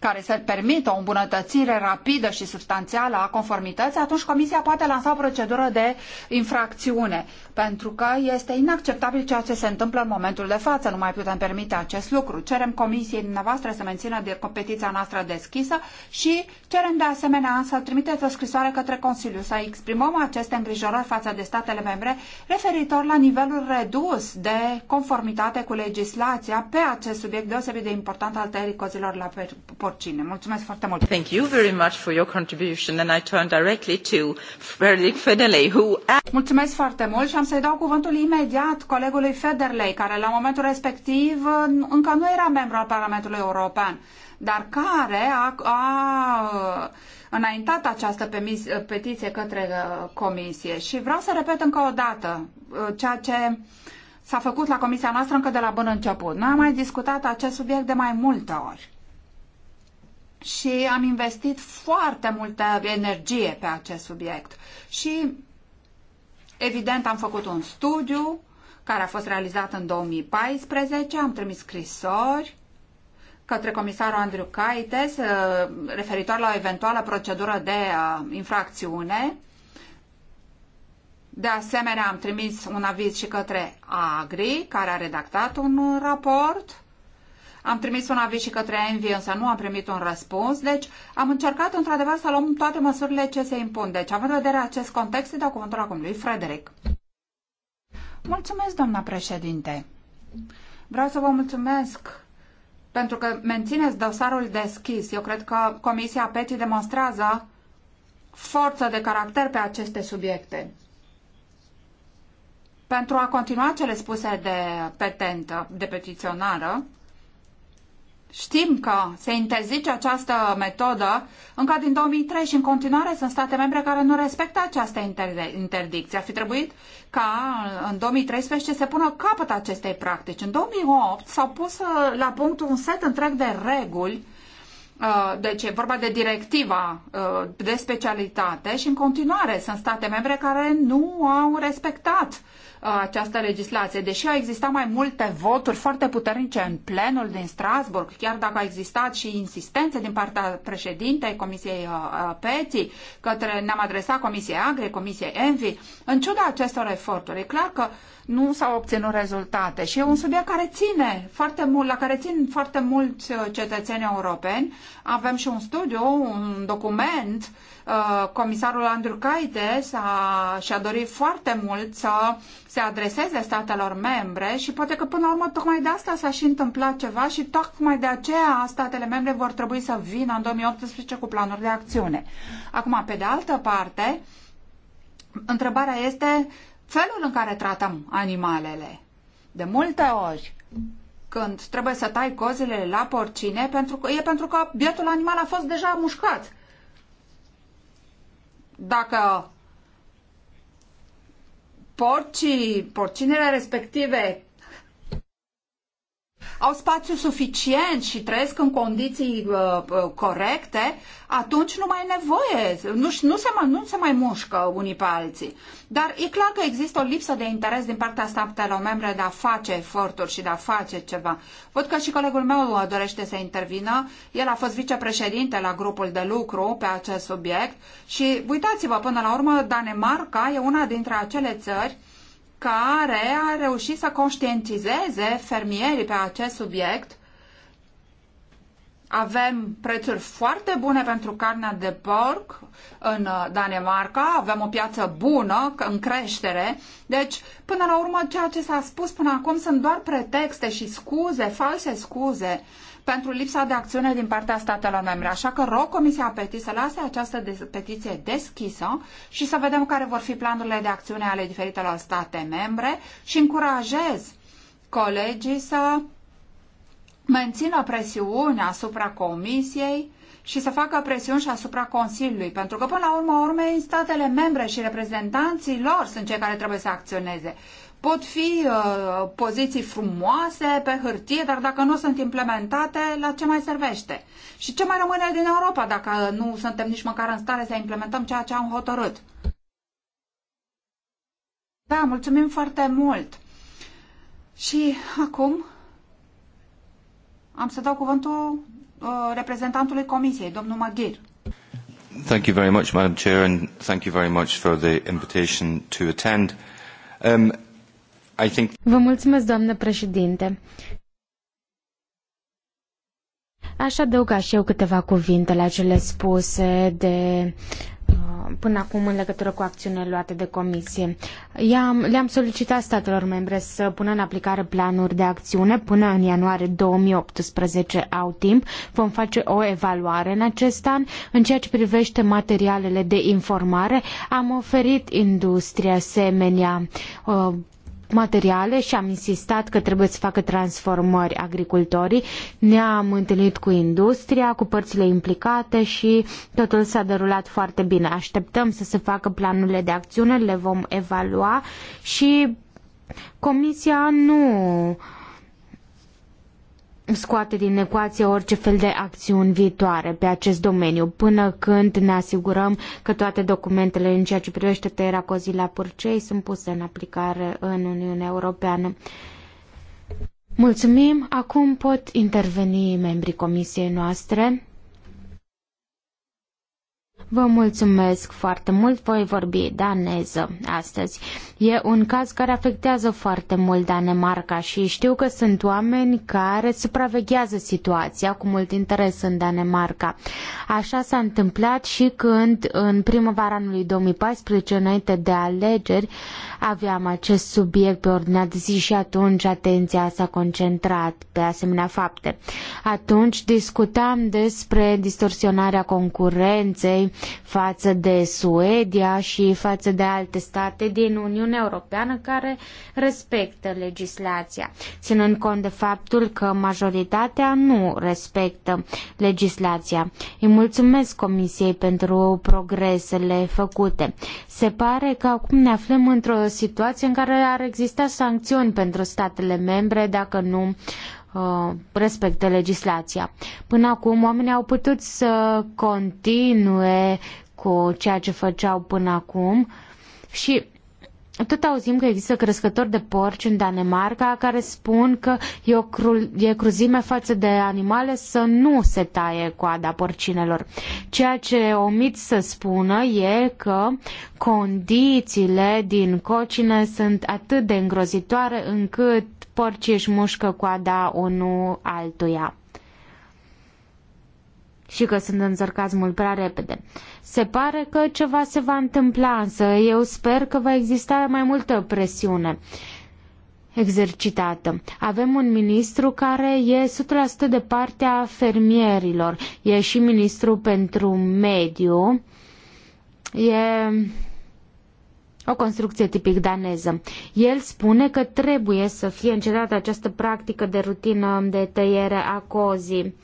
care să permită o îmbunătățire rapidă și substanțială a conformității, atunci Comisia poate lansa o procedură de infracțiune, pentru că este inacceptabil ceea ce se întâmplă în momentul de față. Nu mai putem permite acest lucru. Cerem Comisiei dumneavoastră să mențină competiția noastră deschisă și Cerem de asemenea să trimiteți o scrisoare către Consiliu să exprimăm aceste îngrijorări față de statele membre referitor la nivelul redus de conformitate cu legislația pe acest subiect deosebit de important al tăierii cozilor la porcine. Mulțumesc foarte mult! Thank you very much for your contribution and I turn directly to Frederick Federley, who... Mulțumesc foarte mult și am să-i dau cuvântul imediat colegului Federley, care la momentul respectiv uh, încă nu era membru al Parlamentului European dar care a, a înaintat această petiție către uh, comisie. Și vreau să repet încă o dată uh, ceea ce s-a făcut la comisia noastră încă de la bun început. Noi am mai discutat acest subiect de mai multe ori și am investit foarte multă energie pe acest subiect. Și, evident, am făcut un studiu care a fost realizat în 2014, am trimis scrisori către comisarul Andrew Caites uh, referitor la o eventuală procedură de uh, infracțiune. De asemenea, am trimis un aviz și către Agri, care a redactat un raport. Am trimis un aviz și către Envy, însă nu am primit un răspuns. Deci am încercat, într-adevăr, să luăm toate măsurile ce se impun. Deci, având în vedere acest context, îi dau cuvântul acum lui Frederic. Mulțumesc, doamna președinte. Vreau să vă mulțumesc pentru că mențineți dosarul deschis. Eu cred că Comisia PETI demonstrează forță de caracter pe aceste subiecte. Pentru a continua cele spuse de petentă, de petiționară, Știm că se interzice această metodă încă din 2003 și în continuare sunt state membre care nu respectă această interdicție. Ar fi trebuit ca în 2013 să se pună capăt acestei practici. În 2008 s-au pus uh, la punct un set întreg de reguli uh, deci e vorba de directiva uh, de specialitate și în continuare sunt state membre care nu au respectat această legislație. Deși au existat mai multe voturi foarte puternice în plenul din Strasburg, chiar dacă a existat și insistențe din partea președintei Comisiei uh, uh, PETI, către ne-am adresat Comisiei Agri, Comisiei Envi, în ciuda acestor eforturi, e clar că nu s-au obținut rezultate și e un subiect care ține foarte mult, la care țin foarte mulți uh, cetățeni europeni. Avem și un studiu, un document uh, comisarul a și-a dorit foarte mult să se adreseze statelor membre și poate că până la urmă tocmai de asta s-a și întâmplat ceva și tocmai de aceea statele membre vor trebui să vină în 2018 cu planuri de acțiune. Acum, pe de altă parte, întrebarea este felul în care tratăm animalele. De multe ori, când trebuie să tai cozile la porcine, pentru că, e pentru că bietul animal a fost deja mușcat dacă porcii, porcinele respective au spațiu suficient și trăiesc în condiții uh, uh corecte, atunci nu mai e nevoie, nu, nu, se mai, nu se mai mușcă unii pe alții. Dar e clar că există o lipsă de interes din partea statelor membre de a face eforturi și de a face ceva. Văd că și colegul meu dorește să intervină. El a fost vicepreședinte la grupul de lucru pe acest subiect și uitați-vă, până la urmă, Danemarca e una dintre acele țări care a reușit să conștientizeze fermierii pe acest subiect. Avem prețuri foarte bune pentru carnea de porc în uh, Danemarca, avem o piață bună în creștere. Deci, până la urmă, ceea ce s-a spus până acum sunt doar pretexte și scuze, false scuze pentru lipsa de acțiune din partea statelor membre. Așa că rog Comisia Petit să lase această petiție deschisă și să vedem care vor fi planurile de acțiune ale diferitelor state membre și încurajez colegii să mențină presiune asupra Comisiei și să facă presiuni și asupra Consiliului, pentru că până la urmă urmei statele membre și reprezentanții lor sunt cei care trebuie să acționeze pot fi uh, poziții frumoase pe hârtie, dar dacă nu sunt implementate, la ce mai servește? Și ce mai rămâne din Europa dacă nu suntem nici măcar în stare să implementăm ceea ce am hotărât? Da, mulțumim foarte mult! Și acum am să dau cuvântul uh, reprezentantului Comisiei, domnul Maghir. Thank you very much, Madam Chair, and thank you very much for the invitation to attend. Um, I think... Vă mulțumesc, doamnă președinte. Aș adăuga și eu câteva cuvinte la cele spuse de uh, până acum în legătură cu acțiunile luate de comisie. le-am solicitat statelor membre să pună în aplicare planuri de acțiune până în ianuarie 2018 au timp. Vom face o evaluare în acest an. În ceea ce privește materialele de informare, am oferit industriei asemenea uh, materiale și am insistat că trebuie să facă transformări agricultorii. Ne-am întâlnit cu industria, cu părțile implicate și totul s-a derulat foarte bine. Așteptăm să se facă planurile de acțiune, le vom evalua și Comisia nu scoate din ecuație orice fel de acțiuni viitoare pe acest domeniu, până când ne asigurăm că toate documentele în ceea ce privește tăierea cozii la purcei sunt puse în aplicare în Uniunea Europeană. Mulțumim! Acum pot interveni membrii comisiei noastre. Vă mulțumesc foarte mult, voi vorbi daneză astăzi. E un caz care afectează foarte mult Danemarca și știu că sunt oameni care supraveghează situația cu mult interes în Danemarca. Așa s-a întâmplat și când în primăvara anului 2014, înainte de alegeri, aveam acest subiect pe ordinea de zi și atunci atenția s-a concentrat pe asemenea fapte. Atunci discutam despre distorsionarea concurenței, față de Suedia și față de alte state din Uniunea Europeană care respectă legislația, ținând cont de faptul că majoritatea nu respectă legislația. Îi mulțumesc Comisiei pentru progresele făcute. Se pare că acum ne aflăm într-o situație în care ar exista sancțiuni pentru statele membre dacă nu Uh, respecte legislația. Până acum oamenii au putut să continue cu ceea ce făceau până acum și tot auzim că există crescători de porci în Danemarca care spun că e, o cru, e cruzime față de animale să nu se taie coada porcinelor. Ceea ce omit să spună e că condițiile din cocine sunt atât de îngrozitoare încât porcii își mușcă coada unul altuia și că sunt înțărcați mult prea repede. Se pare că ceva se va întâmpla, însă eu sper că va exista mai multă presiune exercitată. Avem un ministru care e 100% de partea fermierilor. E și ministru pentru mediu. E o construcție tipic daneză. El spune că trebuie să fie încetată această practică de rutină de tăiere a cozii.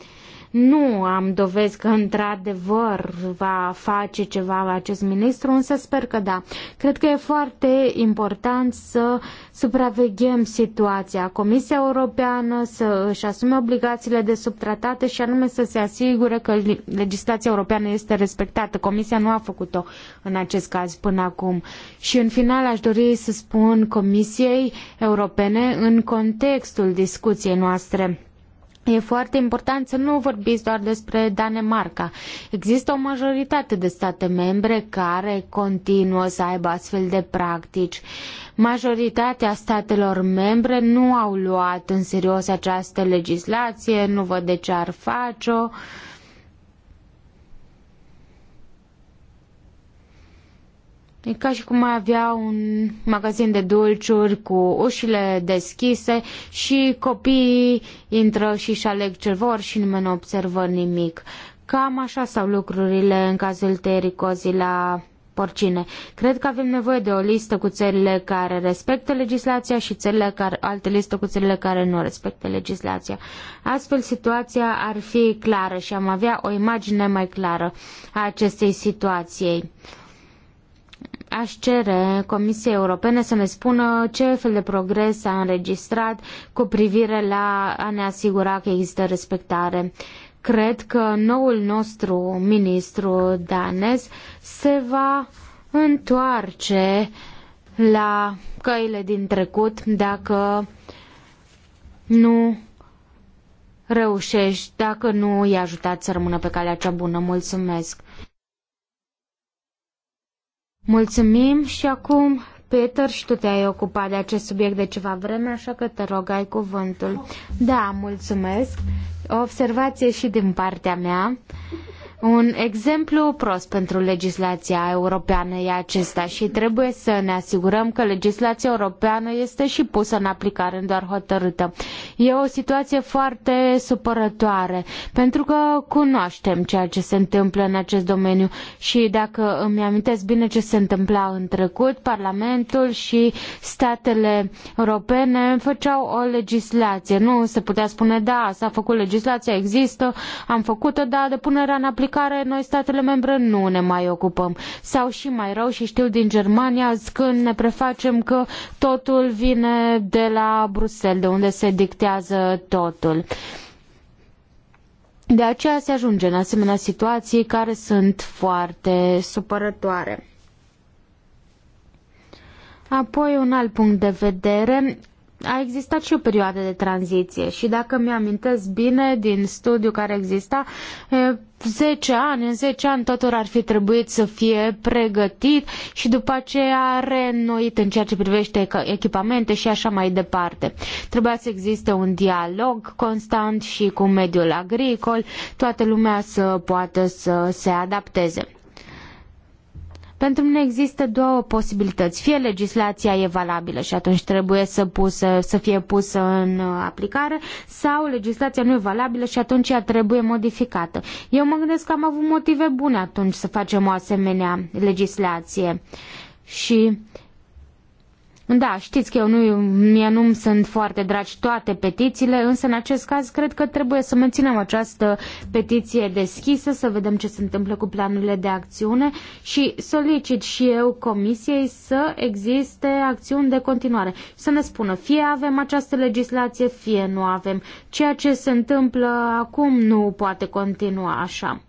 Nu am dovezi că într-adevăr va face ceva acest ministru, însă sper că da. Cred că e foarte important să supraveghem situația. Comisia Europeană să își asume obligațiile de subtratate și anume să se asigure că legislația europeană este respectată. Comisia nu a făcut-o în acest caz până acum. Și în final aș dori să spun Comisiei Europene în contextul discuției noastre E foarte important să nu vorbiți doar despre Danemarca. Există o majoritate de state membre care continuă să aibă astfel de practici. Majoritatea statelor membre nu au luat în serios această legislație, nu văd de ce ar face-o. Uh, E ca și cum ai avea un magazin de dulciuri cu ușile deschise și copiii intră și își aleg ce vor și nimeni nu observă nimic. Cam așa stau lucrurile în cazul tericozii la porcine. Cred că avem nevoie de o listă cu țările care respectă legislația și țările care, alte listă cu țările care nu respectă legislația. Astfel, situația ar fi clară și am avea o imagine mai clară a acestei situații aș cere Comisiei Europene să ne spună ce fel de progres a înregistrat cu privire la a ne asigura că există respectare. Cred că noul nostru ministru danez se va întoarce la căile din trecut dacă nu reușești, dacă nu i ajutați să rămână pe calea cea bună. Mulțumesc! Mulțumim și acum, Peter, și tu te-ai ocupat de acest subiect de ceva vreme, așa că te rog, ai cuvântul. Da, mulțumesc. O observație și din partea mea. Uh, un exemplu prost pentru legislația europeană e acesta și trebuie să ne asigurăm că legislația europeană este și pusă în aplicare, în doar hotărâtă. E o situație foarte supărătoare, pentru că cunoaștem ceea ce se întâmplă în acest domeniu și dacă îmi amintesc bine ce se întâmpla în trecut, Parlamentul și statele europene făceau o legislație. Nu se putea spune, da, s-a făcut legislația, există, am făcut-o, dar de punerea în aplicare care noi statele membre nu ne mai ocupăm. Sau și mai rău și știu din Germania când ne prefacem că totul vine de la Bruxelles, de unde se dictează totul. De aceea se ajunge în asemenea situații care sunt foarte supărătoare. Apoi un alt punct de vedere a existat și o perioadă de tranziție și dacă mi-amintesc bine din studiul care exista, 10 ani, în 10 ani totul ar fi trebuit să fie pregătit și după aceea reînnoit în ceea ce privește echipamente și așa mai departe. Trebuia să existe un dialog constant și cu mediul agricol, toată lumea să poată să se adapteze. Pentru mine există două posibilități. Fie legislația e valabilă și atunci trebuie să, pusă, să fie pusă în uh, aplicare, sau legislația nu e valabilă și atunci ea trebuie modificată. Eu mă gândesc că am avut motive bune atunci să facem o asemenea legislație. Și da, știți că eu nu, mie nu sunt foarte dragi toate petițiile, însă în acest caz cred că trebuie să menținem această petiție deschisă, să vedem ce se întâmplă cu planurile de acțiune și solicit și eu comisiei să existe acțiuni de continuare. Să ne spună, fie avem această legislație, fie nu avem. Ceea ce se întâmplă acum nu poate continua așa.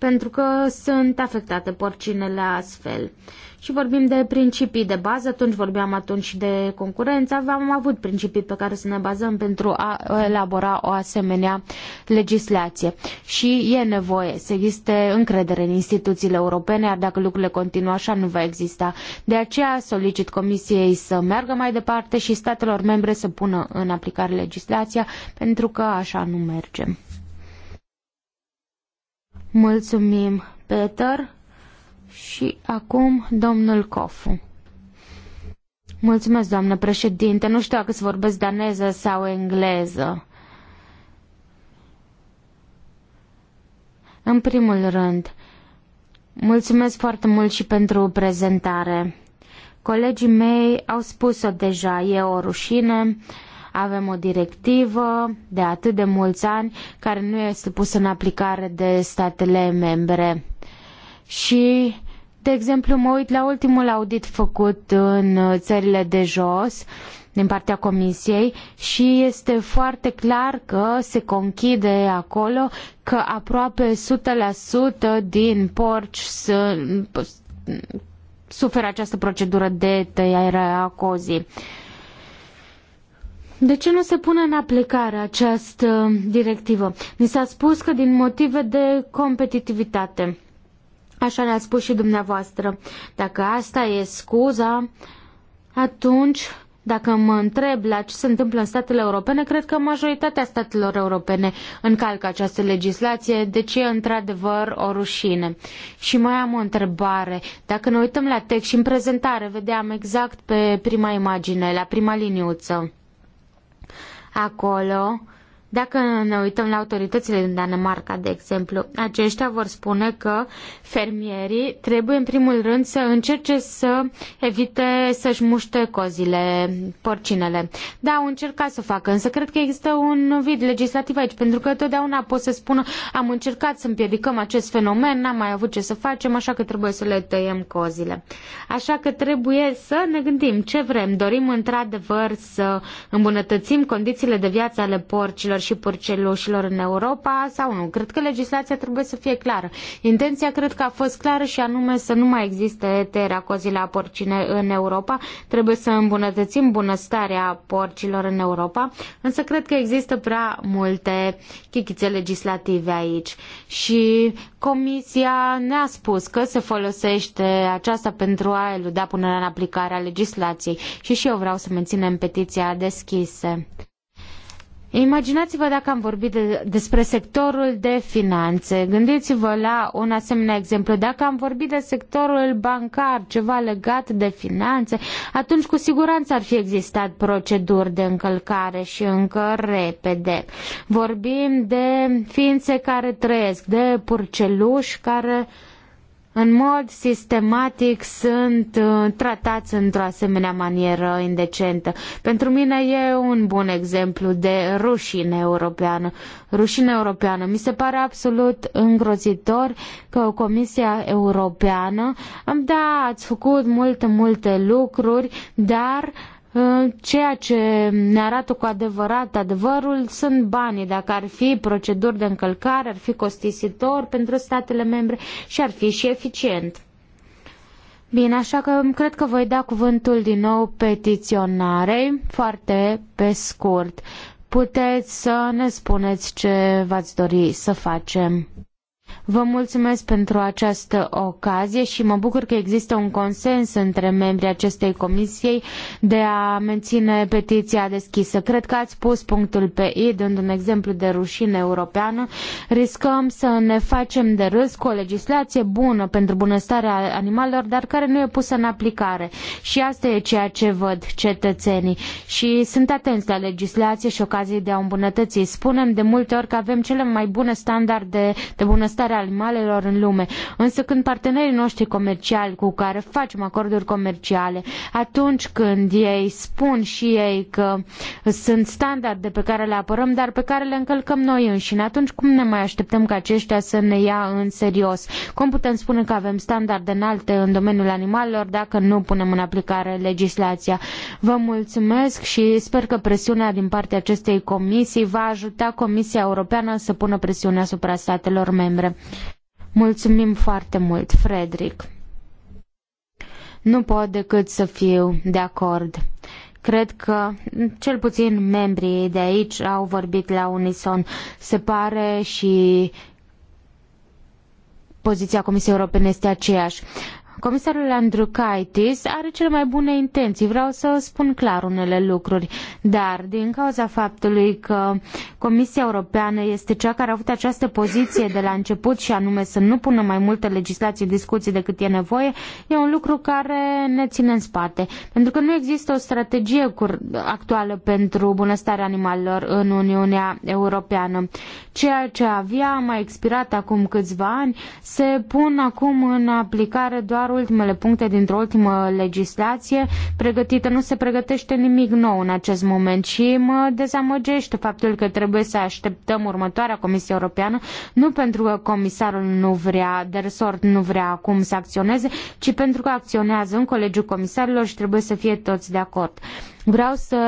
pentru că sunt afectate porcinele astfel. Și vorbim de principii de bază, atunci vorbeam atunci de concurență, am avut principii pe care să ne bazăm pentru a elabora o asemenea legislație. Și e nevoie să existe încredere în instituțiile europene, iar dacă lucrurile continuă așa, nu va exista. De aceea solicit Comisiei să meargă mai departe și statelor membre să pună în aplicare legislația, pentru că așa nu mergem. Mulțumim, Peter. Și acum domnul Cofu. Mulțumesc, doamnă președinte. Nu știu dacă să vorbesc daneză sau engleză. În primul rând, mulțumesc foarte mult și pentru prezentare. Colegii mei au spus-o deja, e o rușine. Uh, avem o directivă de atât de mulți ani care nu este pusă în aplicare de statele membre. Și de exemplu, mă uit la ultimul audit făcut în țările de jos din partea Comisiei și este foarte clar că se conchide acolo că aproape 100% din porci suferă această procedură de tăiere a cozii. Uh, de ce nu se pune în aplicare această directivă? Ni s-a spus că din motive de competitivitate. Așa ne-a spus și dumneavoastră. Dacă asta e scuza, atunci, dacă mă întreb la ce se întâmplă în statele europene, cred că majoritatea statelor europene încalcă această legislație, deci e într-adevăr o rușine. Și mai am o întrebare. Dacă ne uităm la text și în prezentare, vedeam exact pe prima imagine, la prima liniuță acolo dacă ne uităm la autoritățile din Danemarca, de exemplu, aceștia vor spune că fermierii trebuie în primul rând să încerce să evite să-și muște cozile, porcinele. Da, au încercat să facă, însă cred că există un vid legislativ aici, pentru că totdeauna pot să spună am încercat să împiedicăm acest fenomen, n-am mai avut ce să facem, așa că trebuie să le tăiem cozile. Așa că trebuie să ne gândim ce vrem. Dorim într-adevăr să îmbunătățim condițiile de viață ale porcilor și pârcelușilor în Europa sau nu. Cred că legislația trebuie să fie clară. Intenția cred că a fost clară și anume să nu mai existe tăierea cozii la porcine în Europa. Trebuie să îmbunătățim bunăstarea porcilor în Europa, însă cred că există prea multe chichițe legislative aici. Și Comisia ne-a spus că se folosește aceasta pentru a eluda punerea în aplicare a legislației și și eu vreau să menținem petiția deschise. Imaginați-vă dacă am vorbit de, despre sectorul de finanțe. Gândiți-vă la un asemenea exemplu. Dacă am vorbit de sectorul bancar, ceva legat de finanțe, atunci cu siguranță ar fi existat proceduri de încălcare și încă repede. Vorbim de ființe care trăiesc, de purceluși care uh, în mod sistematic sunt uh, tratați într-o asemenea manieră indecentă. Pentru mine e un bun exemplu de rușine europeană. Rușine europeană. Mi se pare absolut îngrozitor că o Comisia Europeană, da, ați făcut multe, multe lucruri, dar uh, Ceea ce ne arată cu adevărat adevărul sunt banii. Dacă ar fi proceduri de încălcare, ar fi costisitor pentru statele membre și ar fi și eficient. Bine, așa că cred că voi da cuvântul din nou petiționarei, foarte pe scurt. Puteți să ne spuneți ce v-ați dori să facem. Vă mulțumesc pentru această ocazie și mă bucur că există un consens între membrii acestei comisii de a menține petiția deschisă. Cred că ați pus punctul pe I, dând un exemplu de rușine europeană. Riscăm să ne facem de râs cu o legislație bună pentru bunăstarea animalelor, dar care nu e pusă în aplicare. Și asta e ceea ce văd cetățenii. Și sunt atenți la legislație și ocazii de a îmbunătăți. Spunem de multe ori că avem cele mai bune standarde de bunăstare bunăstarea animalelor în lume. Însă când partenerii noștri comerciali cu care facem acorduri comerciale, atunci când ei spun și ei că sunt standarde pe care le apărăm, dar pe care le încălcăm noi înșine, atunci cum ne mai așteptăm ca aceștia să ne ia în serios? Cum putem spune că avem standarde înalte în domeniul animalelor dacă nu punem în aplicare legislația? Vă mulțumesc și sper că presiunea din partea acestei comisii va ajuta Comisia Europeană să pună presiune asupra statelor membre. Mulțumim foarte mult, Frederic. Nu pot decât să fiu de acord. Cred că cel puțin membrii de aici au vorbit la unison. Se pare și poziția Comisiei Europene este aceeași. Comisarul Andrukaitis are cele mai bune intenții, vreau să spun clar unele lucruri, dar din cauza faptului că Comisia Europeană este cea care a avut această poziție de la început și anume să nu pună mai multe legislații în discuție decât e nevoie, e un lucru care ne ține în spate. Pentru că nu există o strategie actuală pentru bunăstarea animalelor în Uniunea Europeană. Ceea ce avea mai expirat acum câțiva ani se pun acum în aplicare doar doar ultimele puncte dintr-o ultimă legislație pregătită. Nu se pregătește nimic nou în acest moment și mă dezamăgește faptul că trebuie să așteptăm următoarea Comisie Europeană, nu pentru că comisarul nu vrea, de resort nu vrea acum să acționeze, ci pentru că acționează în Colegiul Comisarilor și trebuie să fie toți de acord. Vreau să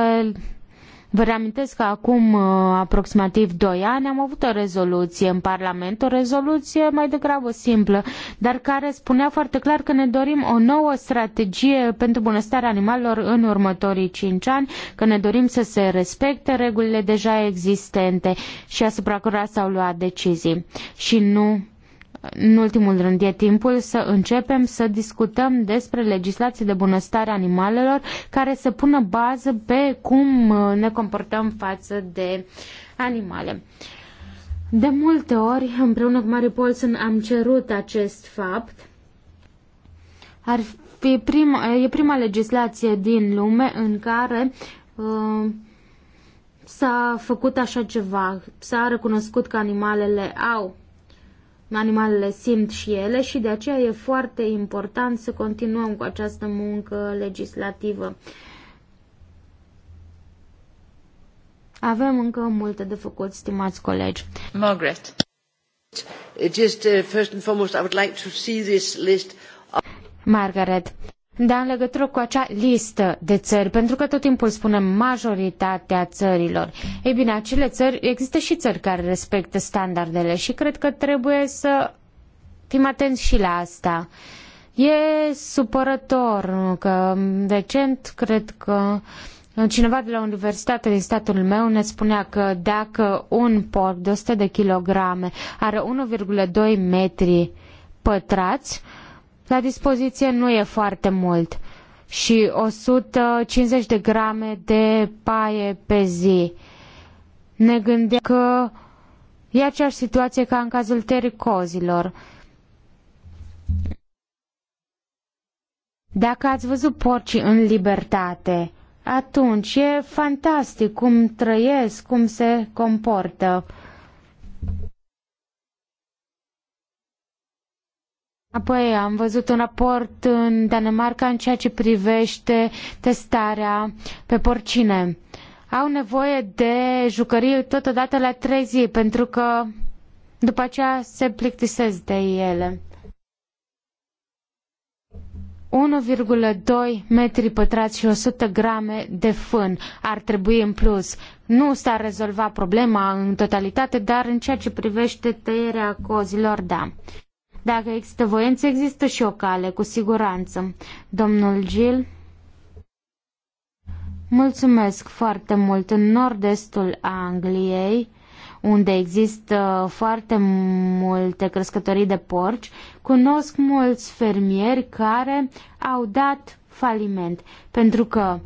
Vă reamintesc că acum uh, aproximativ 2 ani am avut o rezoluție în Parlament, o rezoluție mai degrabă simplă, dar care spunea foarte clar că ne dorim o nouă strategie pentru bunăstarea animalelor în următorii 5 ani, că ne dorim să se respecte regulile deja existente și asupra cărora s-au luat decizii. Și nu în ultimul rând, e timpul să începem să discutăm despre legislații de bunăstare animalelor care să pună bază pe cum uh, ne comportăm față de animale. De multe ori, împreună cu Mari Polson, am cerut acest fapt. Ar fi prima, e prima legislație din lume în care uh, s-a făcut așa ceva, s-a recunoscut că animalele au Animalele simt și ele și de aceea e foarte important să continuăm cu această muncă legislativă. Avem încă multe de făcut, stimați colegi. Margaret. Just uh, first and foremost, I would like to see this list Margaret, dar în legătură cu acea listă de țări, pentru că tot timpul spunem majoritatea țărilor. Ei bine, acele țări, există și țări care respectă standardele și cred că trebuie să fim atenți și la asta. E supărător că recent cred că cineva de la universitate din statul meu ne spunea că dacă un porc de 100 de kilograme are 1,2 metri pătrați, la dispoziție nu e foarte mult și 150 de grame de paie pe zi. Ne gândeam că e aceeași situație ca în cazul tericozilor. Dacă ați văzut porcii în libertate, atunci e fantastic cum trăiesc, cum se comportă. Apoi am văzut un raport în Danemarca în ceea ce privește testarea pe porcine. Au nevoie de jucării totodată la trei zile, pentru că după aceea se plictisesc de ele. 1,2 metri pătrați și 100 grame de fân ar trebui în plus. Nu s-a rezolvat problema în totalitate, dar în ceea ce privește tăierea cozilor, da. Dacă există voință, există și o cale, cu siguranță. Domnul Gil. Mulțumesc foarte mult. În nord-estul Angliei, unde există foarte multe crescătorii de porci, cunosc mulți fermieri care au dat faliment, pentru că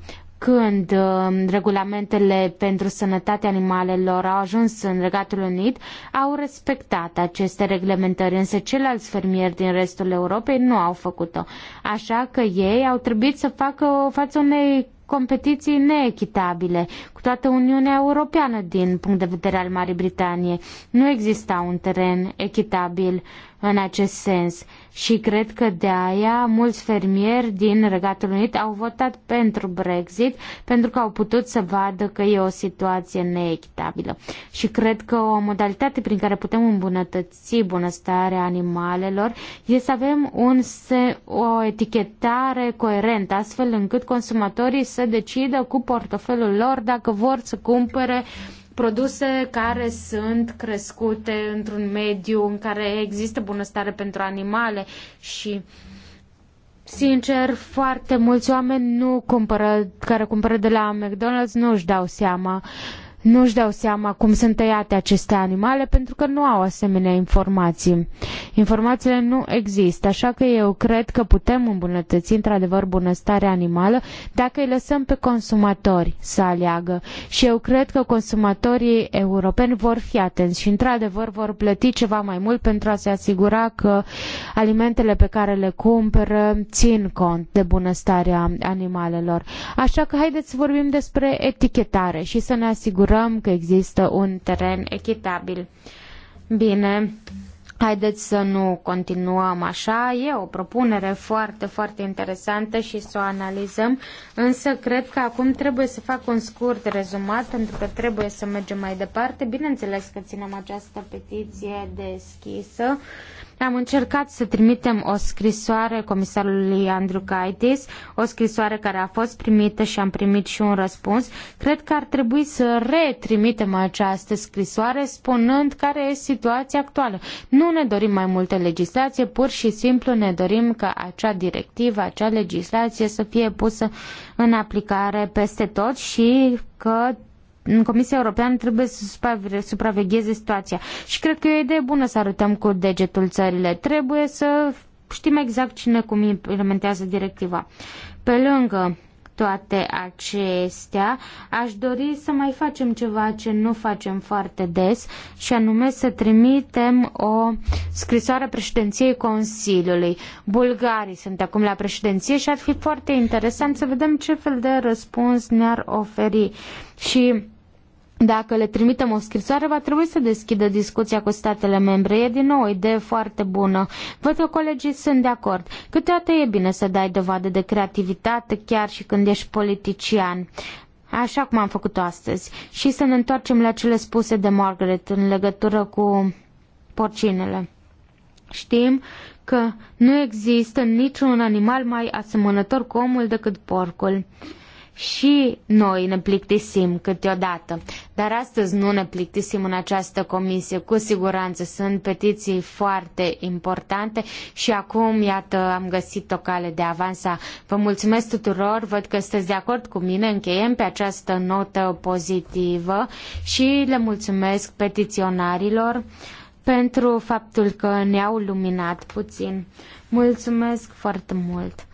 când um, regulamentele pentru sănătatea animalelor au ajuns în Regatul Unit, au respectat aceste reglementări, însă ceilalți fermieri din restul Europei nu au făcut-o. Așa că ei au trebuit să facă față unei competiții neechitabile, toată Uniunea Europeană din punct de vedere al Marii Britanie. Nu exista un teren echitabil în acest sens și cred că de aia mulți fermieri din Regatul Unit au votat pentru Brexit pentru că au putut să vadă că e o situație neechitabilă. Și cred că o modalitate prin care putem îmbunătăți bunăstarea animalelor este să avem un, se, o etichetare coerentă astfel încât consumatorii să decidă cu portofelul lor dacă vor să cumpere produse care sunt crescute într-un mediu în care există bunăstare pentru animale și Sincer, foarte mulți oameni nu cumpără, care cumpără de la McDonald's nu își dau seama uh, nu-și dau seama cum sunt tăiate aceste animale pentru că nu au asemenea informații. Informațiile nu există, așa că eu cred că putem îmbunătăți într-adevăr bunăstarea animală dacă îi lăsăm pe consumatori să aleagă. Și eu cred că consumatorii europeni vor fi atenți și într-adevăr vor plăti ceva mai mult pentru a se asigura că alimentele pe care le cumpără țin cont de bunăstarea animalelor. Așa că haideți să vorbim despre etichetare și să ne asigurăm asigurăm că există un teren echitabil. Bine, haideți să nu continuăm așa. E o propunere foarte, foarte interesantă și să o analizăm, însă cred că acum trebuie să fac un scurt rezumat pentru că trebuie să mergem mai departe. Bineînțeles că ținem această petiție deschisă am încercat să trimitem o scrisoare comisarului Andrew Kaitis, o scrisoare care a fost primită și am primit și un răspuns. Cred că ar trebui să retrimitem această scrisoare spunând care este situația actuală. Nu ne dorim mai multă legislație, pur și simplu ne dorim ca acea directivă, acea legislație să fie pusă în aplicare peste tot și că Comisia Europeană trebuie să supravegheze situația. Și cred că e o idee bună să arătăm cu degetul țările. Trebuie să știm exact cine cum implementează directiva. Pe lângă toate acestea, aș dori să mai facem ceva ce nu facem foarte des și anume să trimitem o scrisoare președinției Consiliului. Bulgarii sunt acum la președinție și ar fi foarte interesant să vedem ce fel de răspuns ne-ar oferi. Și dacă le trimitem o scrisoare, va trebui să deschidă discuția cu statele membre. E din nou o idee foarte bună. Văd că colegii sunt de acord. Câteodată e bine să dai dovadă de creativitate chiar și când ești politician așa cum am făcut-o astăzi, și să ne întoarcem la cele spuse de Margaret în legătură cu porcinele. Știm că nu există niciun animal mai asemănător cu omul decât porcul și noi ne plictisim câteodată, dar astăzi nu ne plictisim în această comisie. Cu siguranță sunt petiții foarte importante și acum, iată, am găsit o cale de avansa. Vă mulțumesc tuturor, văd că sunteți de acord cu mine, încheiem pe această notă pozitivă și le mulțumesc petiționarilor pentru faptul că ne-au luminat puțin. Mulțumesc foarte mult!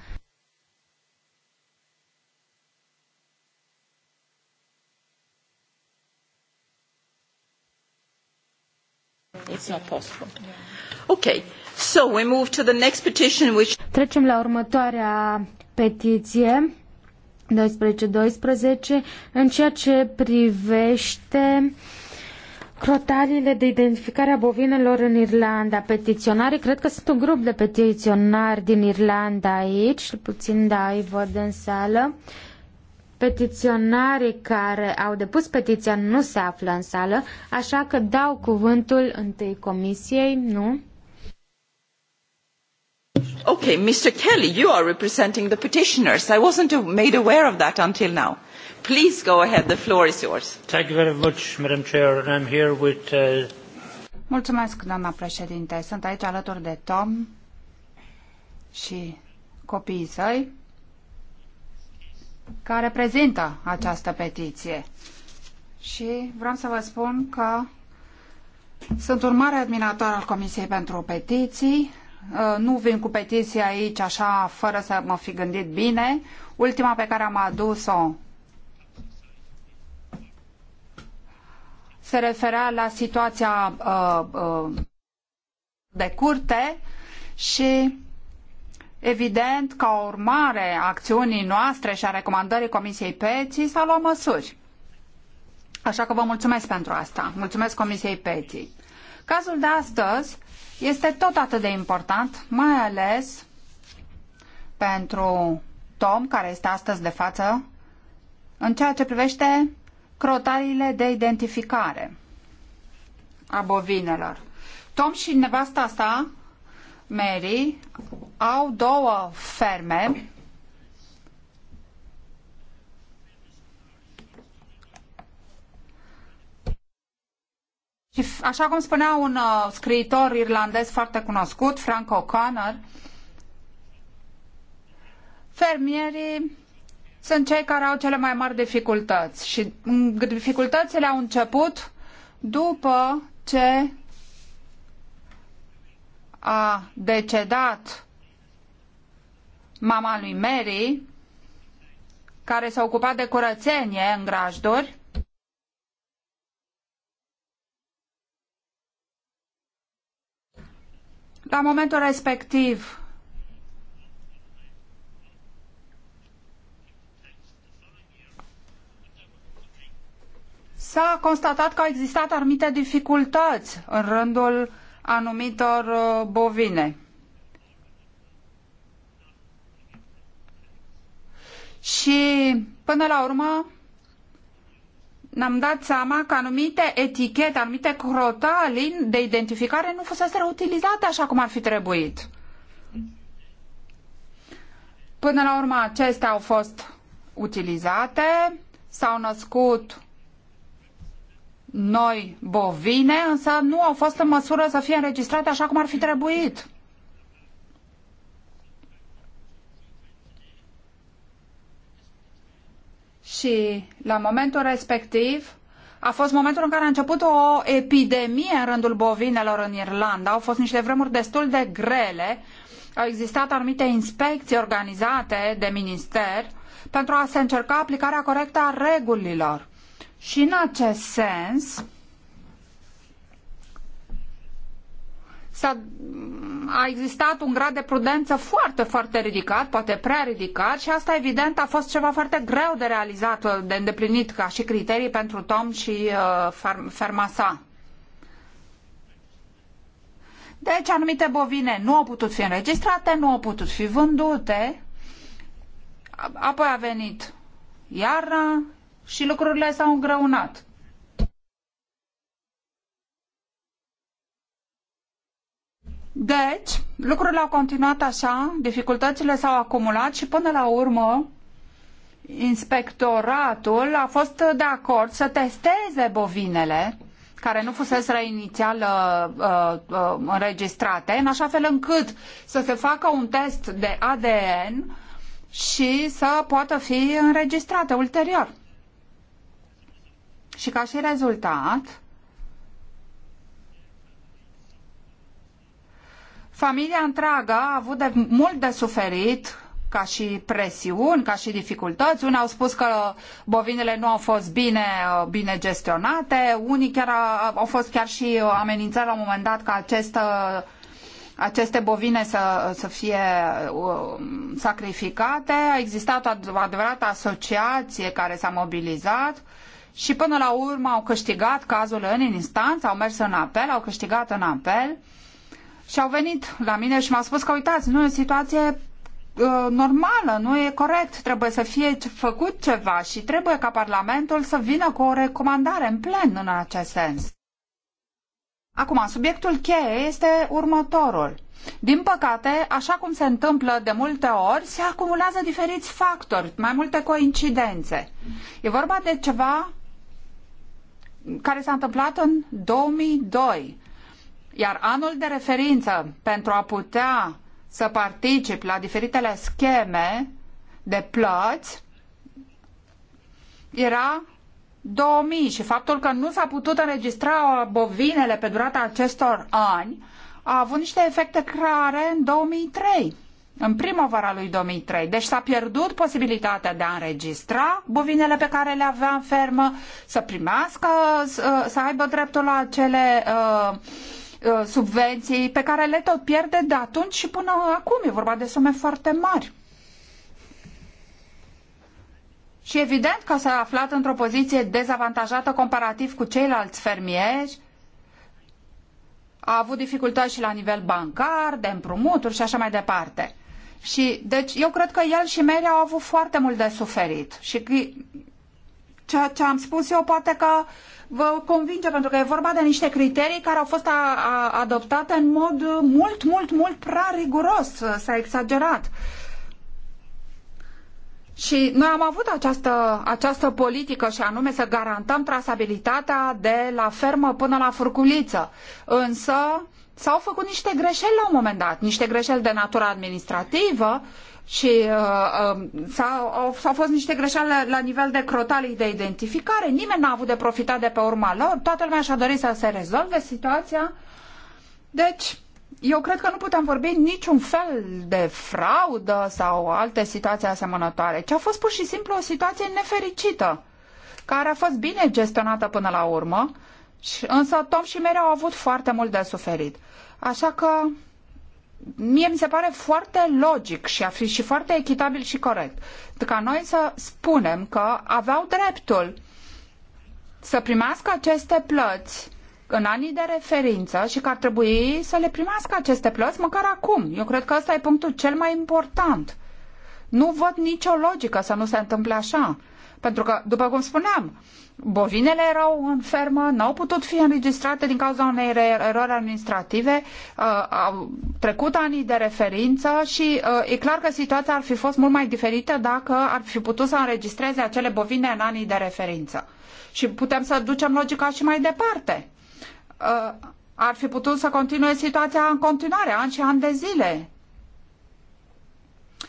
it's not possible. Okay, so we move to the next petition which... Trecem la următoarea petiție 12-12 în ceea ce privește Crotalile de identificare a bovinelor în Irlanda, petiționare, cred că sunt un grup de petiționari din Irlanda aici, puțin da, îi văd în sală. Uh, Petiționarii care au depus petiția nu se află în sală, așa că dau cuvântul întâi comisiei, nu? Okay, Mr. Kelly, you are representing the petitioners. I wasn't made aware of that until now. Please go ahead, the floor is yours. Thank you very much, Madam Chair, I'm here with... Uh... Mulțumesc, doamna președinte. Sunt aici alături de Tom și copiii săi care prezintă această petiție. Și vreau să vă spun că sunt un mare admirator al Comisiei pentru Petiții. Uh, nu vin cu petiții aici așa fără să mă fi gândit bine. Ultima pe care am adus-o se referea la situația uh, uh, de curte și Evident, ca urmare a acțiunii noastre și a recomandării Comisiei Peții, s-au luat măsuri. Așa că vă mulțumesc pentru asta. Mulțumesc Comisiei Peții. Cazul de astăzi este tot atât de important, mai ales pentru Tom, care este astăzi de față, în ceea ce privește crotariile de identificare a bovinelor. Tom și nevasta sa, Mary, au două ferme Și așa cum spunea un uh, scriitor irlandez foarte cunoscut, Frank O'Connor, fermierii sunt cei care au cele mai mari dificultăți și mm, dificultățile au început după ce a decedat mama lui Mary, care s-a ocupat de curățenie în grajduri. La momentul respectiv, s-a constatat că au existat anumite dificultăți în rândul anumitor uh, bovine. și până la urmă ne-am dat seama că anumite etichete, anumite crotali de identificare nu fusese utilizate așa cum ar fi trebuit. Până la urmă acestea au fost utilizate, s-au născut noi bovine, însă nu au fost în măsură să fie înregistrate așa cum ar fi trebuit. și la momentul respectiv a fost momentul în care a început o epidemie în rândul bovinelor în Irlanda. Au fost niște vremuri destul de grele. Au existat anumite inspecții organizate de minister pentru a se încerca aplicarea corectă a regulilor. Și în acest sens, a a existat un grad de prudență foarte, foarte ridicat, poate prea ridicat și asta evident a fost ceva foarte greu de realizat, de îndeplinit ca și criterii pentru Tom și uh, ferma sa. Deci anumite bovine nu au putut fi înregistrate, nu au putut fi vândute, apoi a venit iarna și lucrurile s-au îngreunat. Deci, lucrurile au continuat așa, dificultățile s-au acumulat și până la urmă inspectoratul a fost de acord să testeze bovinele care nu fusese inițial uh, uh, înregistrate, în așa fel încât să se facă un test de ADN și să poată fi înregistrate ulterior. Și ca și rezultat, Familia întreagă a avut de mult de suferit ca și presiuni, ca și dificultăți. Unii au spus că bovinele nu au fost bine, uh, bine gestionate, unii chiar au, au fost chiar și uh, amenințări la un moment dat că acest, uh, aceste bovine să, să fie sacrificate. A existat o adevărată asociație care s-a mobilizat și până la urmă au câștigat cazul în instanță, au mers în apel, au câștigat în apel și au venit la mine și mi-au spus că uitați, nu e o situație uh, normală, nu e corect, trebuie să fie făcut ceva și trebuie ca Parlamentul să vină cu o recomandare în plen în acest sens. Acum, subiectul cheie este următorul. Din păcate, așa cum se întâmplă de multe ori, se acumulează diferiți factori, mai multe coincidențe. E vorba de ceva care s-a întâmplat în 2002 iar anul de referință pentru a putea să particip la diferitele scheme de plăți era 2000 și faptul că nu s-a putut înregistra bovinele pe durata acestor ani a avut niște efecte clare în 2003, în primăvara lui 2003. Deci s-a pierdut posibilitatea de a înregistra bovinele pe care le avea în fermă, să primească, să aibă dreptul la acele uh, Uh, subvenții pe care le tot pierde de atunci și până acum. E vorba de sume foarte mari. Și evident că s-a aflat într-o poziție dezavantajată comparativ cu ceilalți fermieri, a avut dificultăți și la nivel bancar, de împrumuturi și așa mai departe. Și, deci, eu cred că el și Mary au avut foarte mult de suferit. Și ceea ce am spus eu poate că vă convinge, pentru că e vorba de niște criterii care au fost a, a, adoptate în mod mult, mult, mult prea riguros, s-a exagerat. Și noi am avut această, această politică și anume să garantăm trasabilitatea de la fermă până la furculiță. Însă s-au făcut niște greșeli la un moment dat, niște greșeli de natură administrativă și uh, um, s-au, au fost niște greșeli la, la nivel de crotalii de identificare, nimeni n-a avut de profitat de pe urma lor, toată lumea și-a dorit să se rezolve situația. Deci, eu cred că nu putem vorbi niciun fel de fraudă sau alte situații asemănătoare, ci a fost pur și simplu o situație nefericită, care a fost bine gestionată până la urmă, și, însă Tom și Mary au avut foarte mult de suferit. Așa că mie mi se pare foarte logic și a fi și foarte echitabil și corect ca noi să spunem că aveau dreptul să primească aceste plăți în anii de referință și că ar trebui să le primească aceste plăți măcar acum. Eu cred că ăsta e punctul cel mai important. Nu văd nicio logică să nu se întâmple așa. Pentru că, după cum spuneam, bovinele erau în fermă, n-au putut fi înregistrate din cauza unei erori administrative, uh, au trecut anii de referință și uh, e clar că situația ar fi fost mult mai diferită dacă ar fi putut să înregistreze acele bovine în anii de referință. Și putem să ducem logica și mai departe. Uh, ar fi putut să continue situația în continuare, ani și ani de zile.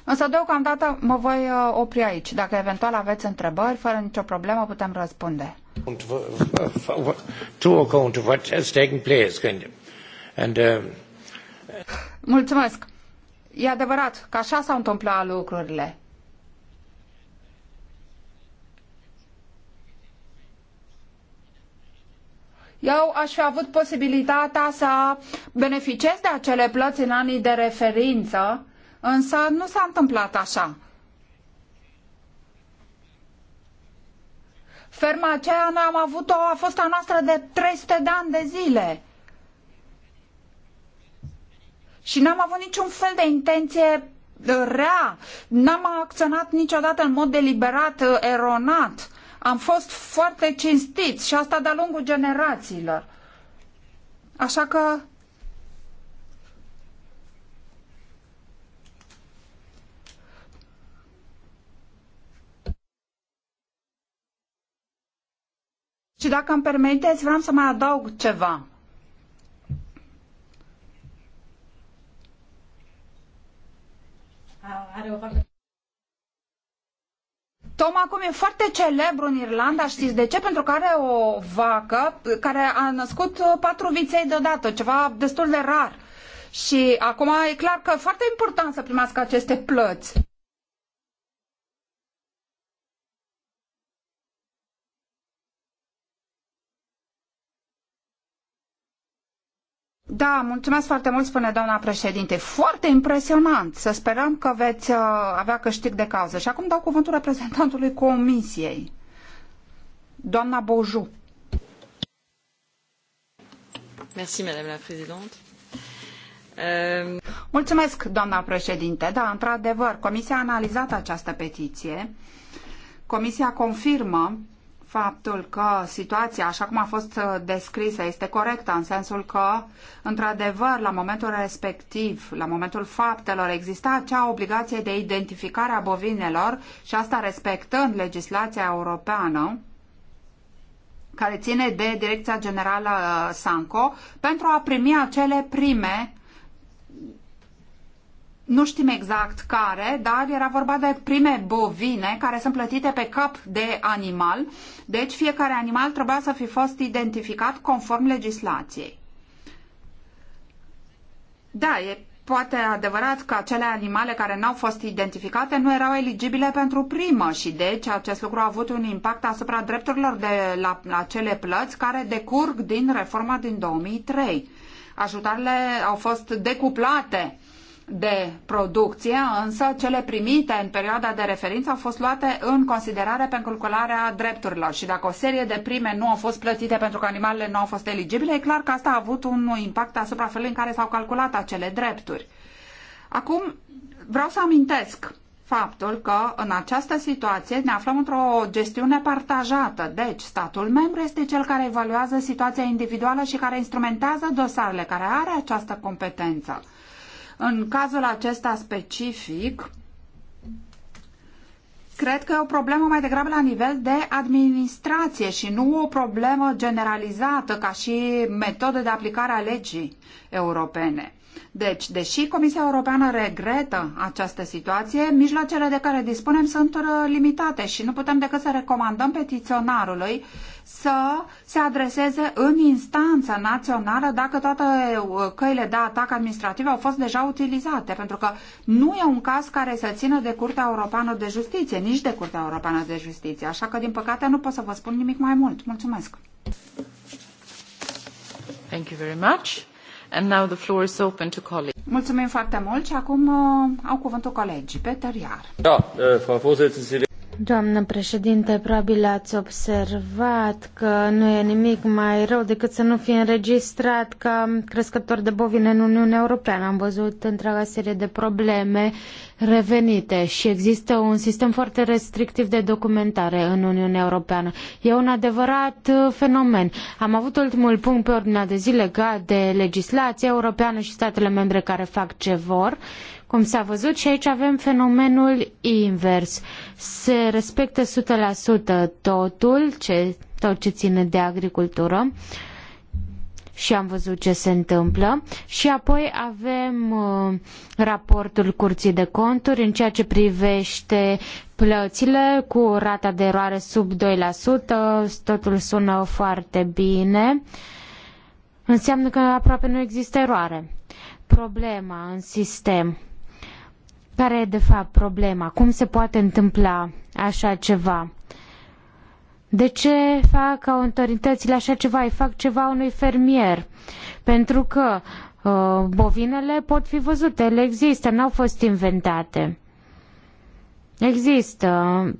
Însă deocamdată mă voi uh, opri aici. Dacă eventual aveți întrebări, fără nicio problemă, putem răspunde. Uh, uh, Mulțumesc. E adevărat că așa s-au întâmplat lucrurile. eu aș fi avut posibilitatea să beneficiez de acele plăți în anii de referință Însă nu s-a întâmplat așa. Ferma aceea noi am avut-o, a fost a noastră de 300 de ani de zile. Și n-am avut niciun fel de intenție uh, rea, n-am acționat niciodată în mod deliberat, uh, eronat. Am fost foarte cinstiți și asta de-a lungul generațiilor. Așa că Și dacă îmi permiteți, vreau să mai adaug ceva. Tom acum e foarte celebru în Irlanda, știți de ce? Pentru că are o vacă care a născut uh, patru viței deodată, ceva destul de rar. Și acum e clar că e foarte important să primească aceste plăți. Da, mulțumesc foarte mult, spune doamna președinte. Foarte impresionant. Să sperăm că veți uh, avea câștig de cauză. Și acum dau cuvântul reprezentantului Comisiei, doamna Boju. Merci, madame la uh, Mulțumesc, doamna președinte. Da, într-adevăr, Comisia a analizat această petiție. Comisia confirmă faptul că situația, așa cum a fost uh, descrisă, este corectă, în sensul că, într-adevăr, la momentul respectiv, la momentul faptelor, exista acea obligație de identificare a bovinelor și asta respectând legislația europeană care ține de Direcția Generală uh, Sanco pentru a primi acele prime nu știm exact care, dar era vorba de prime bovine care sunt plătite pe cap de animal, deci fiecare animal trebuia să fi fost identificat conform legislației. Da, e poate adevărat că acele animale care n-au fost identificate nu erau eligibile pentru primă și deci acest lucru a avut un impact asupra drepturilor de la, la acele plăți care decurg din reforma din 2003. Ajutarele au fost decuplate de producție, însă cele primite în perioada de referință au fost luate în considerare pentru calcularea drepturilor și dacă o serie de prime nu au fost plătite pentru că animalele nu au fost eligibile, e clar că asta a avut un impact asupra felului în care s-au calculat acele drepturi. Acum, vreau să amintesc faptul că în această situație ne aflăm într-o gestiune partajată. Deci, statul membru este cel care evaluează situația individuală și care instrumentează dosarele, care are această competență. În cazul acesta specific, cred că e o problemă mai degrabă la nivel de administrație și nu o problemă generalizată ca și metodă de aplicare a legii europene. Deci, deși Comisia Europeană regretă această situație, mijloacele de care dispunem sunt uh, limitate și nu putem decât să recomandăm petiționarului să se adreseze în instanță națională dacă toate uh, căile de atac administrative au fost deja utilizate, pentru că nu e un caz care să țină de Curtea Europeană de Justiție, nici de Curtea Europeană de Justiție, așa că, din păcate, nu pot să vă spun nimic mai mult. Mulțumesc! Thank you very much. And now the floor is open to colleagues. Mulțumim foarte mult și acum uh, au cuvântul colegii. Peter Iar. Da, uh, Frau Vorsitzende, Doamnă președinte, probabil ați observat că nu e nimic mai rău decât să nu fie înregistrat ca crescător de bovine în Uniunea Europeană. Am văzut întreaga serie de probleme revenite și există un sistem foarte restrictiv de documentare în Uniunea Europeană. E un adevărat uh, fenomen. Am avut ultimul punct pe ordinea de zi legat de legislația europeană și statele membre care fac ce vor. Uh, cum s-a văzut și aici avem fenomenul invers. Se respectă 100% totul, ce, tot ce ține de agricultură și am văzut ce se întâmplă și apoi avem uh, raportul Curții de Conturi în ceea ce privește plățile cu rata de eroare sub 2%, totul sună foarte bine. Înseamnă că aproape nu există eroare. Problema în sistem care e de fapt problema? Cum se poate întâmpla așa ceva? De ce fac autoritățile așa ceva? Îi fac ceva unui fermier. Pentru că uh, bovinele pot fi văzute, ele există, n-au fost inventate. Există.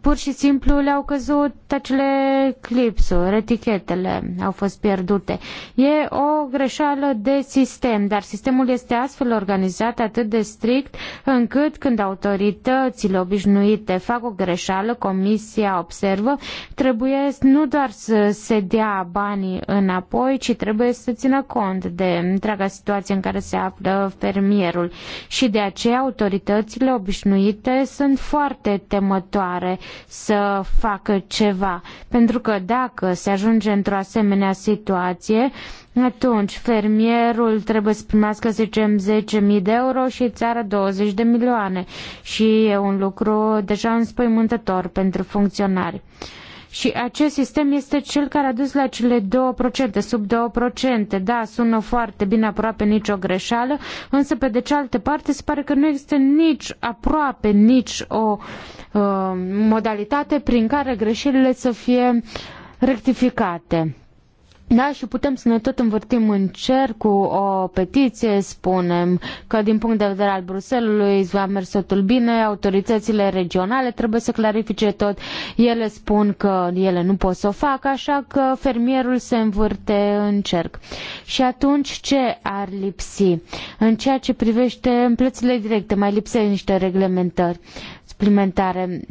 Pur și simplu le-au căzut acele clipsuri, etichetele au fost pierdute. E o greșeală de sistem, dar sistemul este astfel organizat atât de strict încât când autoritățile obișnuite fac o greșeală, comisia observă, trebuie nu doar să se dea banii înapoi, ci trebuie să țină cont de întreaga situație în care se află fermierul. Și de aceea autoritățile obișnuite sunt foarte foarte temătoare să facă ceva. Pentru că dacă se ajunge într-o asemenea situație, atunci fermierul trebuie să primească, să zicem, 10.000 de euro și țara 20 de milioane. Și e un lucru deja înspăimântător pentru funcționari. Și acest sistem este cel care a dus la cele 2%, sub 2%. Da, sună foarte bine, aproape nicio greșeală, însă pe de cealaltă parte se pare că nu există nici aproape nici o uh, modalitate prin care greșelile să fie rectificate. Da, și putem să ne tot învârtim în cer cu o petiție, spunem că din punct de vedere al Bruselului a mers totul bine, autoritățile regionale trebuie să clarifice tot, ele spun că ele nu pot să o facă, așa că fermierul se învârte în cerc. Și atunci ce ar lipsi? În ceea ce privește plățile directe, mai lipsește niște reglementări suplimentare.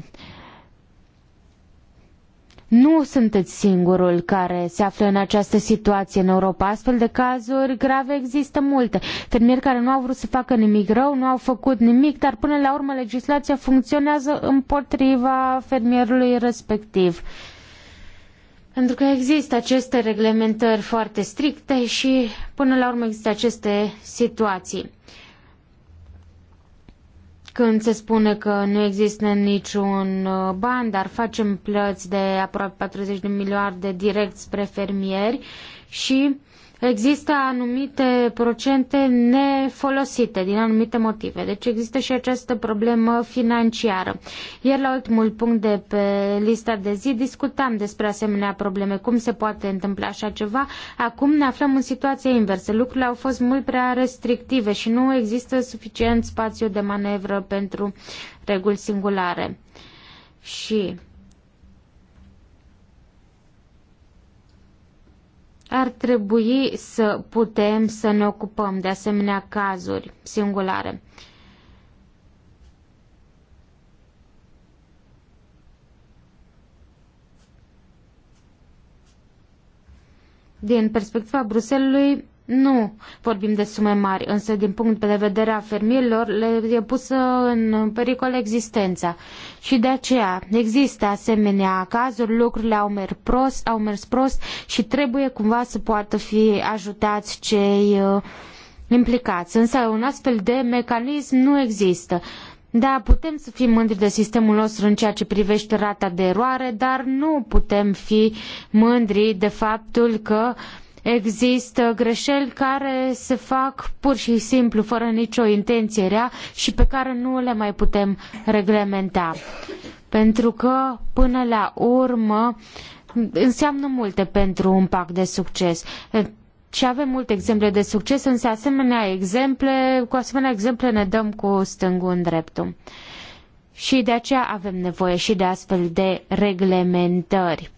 Nu sunteți singurul care se află în această situație în Europa. Astfel de cazuri grave există multe. Fermieri care nu au vrut să facă nimic rău, nu au făcut nimic, dar până la urmă legislația funcționează împotriva fermierului respectiv. Pentru că există aceste reglementări foarte stricte și până la urmă există aceste situații când se spune că nu există niciun uh, ban, dar facem plăți de aproape 40 de miliarde direct spre fermieri și există anumite procente nefolosite din anumite motive. Deci există și această problemă financiară. Iar la ultimul punct de pe lista de zi discutam despre asemenea probleme, cum se poate întâmpla așa ceva. Acum ne aflăm în situație inversă. Lucrurile au fost mult prea restrictive și nu există suficient spațiu de manevră pentru reguli singulare. Și Ar trebui să putem să ne ocupăm de asemenea cazuri singulare. Din perspectiva Bruselului, nu vorbim de sume mari, însă din punct de vedere a fermierilor le e pusă în pericol existența. Și de aceea există asemenea cazuri, lucrurile au mers prost, au mers prost și trebuie cumva să poată fi ajutați cei uh, implicați. Însă un astfel de mecanism nu există. Da, putem să fim mândri de sistemul nostru în ceea ce privește rata de eroare, dar nu putem fi mândri de faptul că uh, Există greșeli care se fac pur și simplu, fără nicio intenție rea și pe care nu le mai putem reglementa. Pentru că, până la urmă, înseamnă multe pentru un pact de succes și avem multe exemple de succes, însă asemenea exemple, cu asemenea exemple ne dăm cu stângul în dreptul. Și de aceea avem nevoie și de astfel de reglementări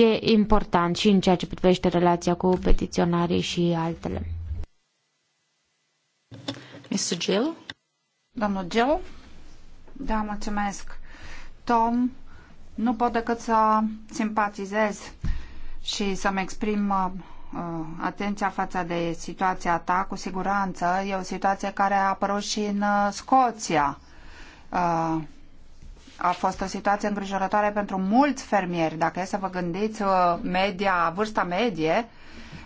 e important și în ceea ce privește relația cu petiționarii și altele. Mr. Gill? Domnul Gill? Da, mulțumesc. Tom, nu pot decât să simpatizez și să-mi exprim uh, uh, atenția față de situația ta, cu siguranță. E o situație care a apărut și în uh, Scoția a fost o situație îngrijorătoare pentru mulți fermieri. Dacă e să vă gândiți, uh, media, vârsta medie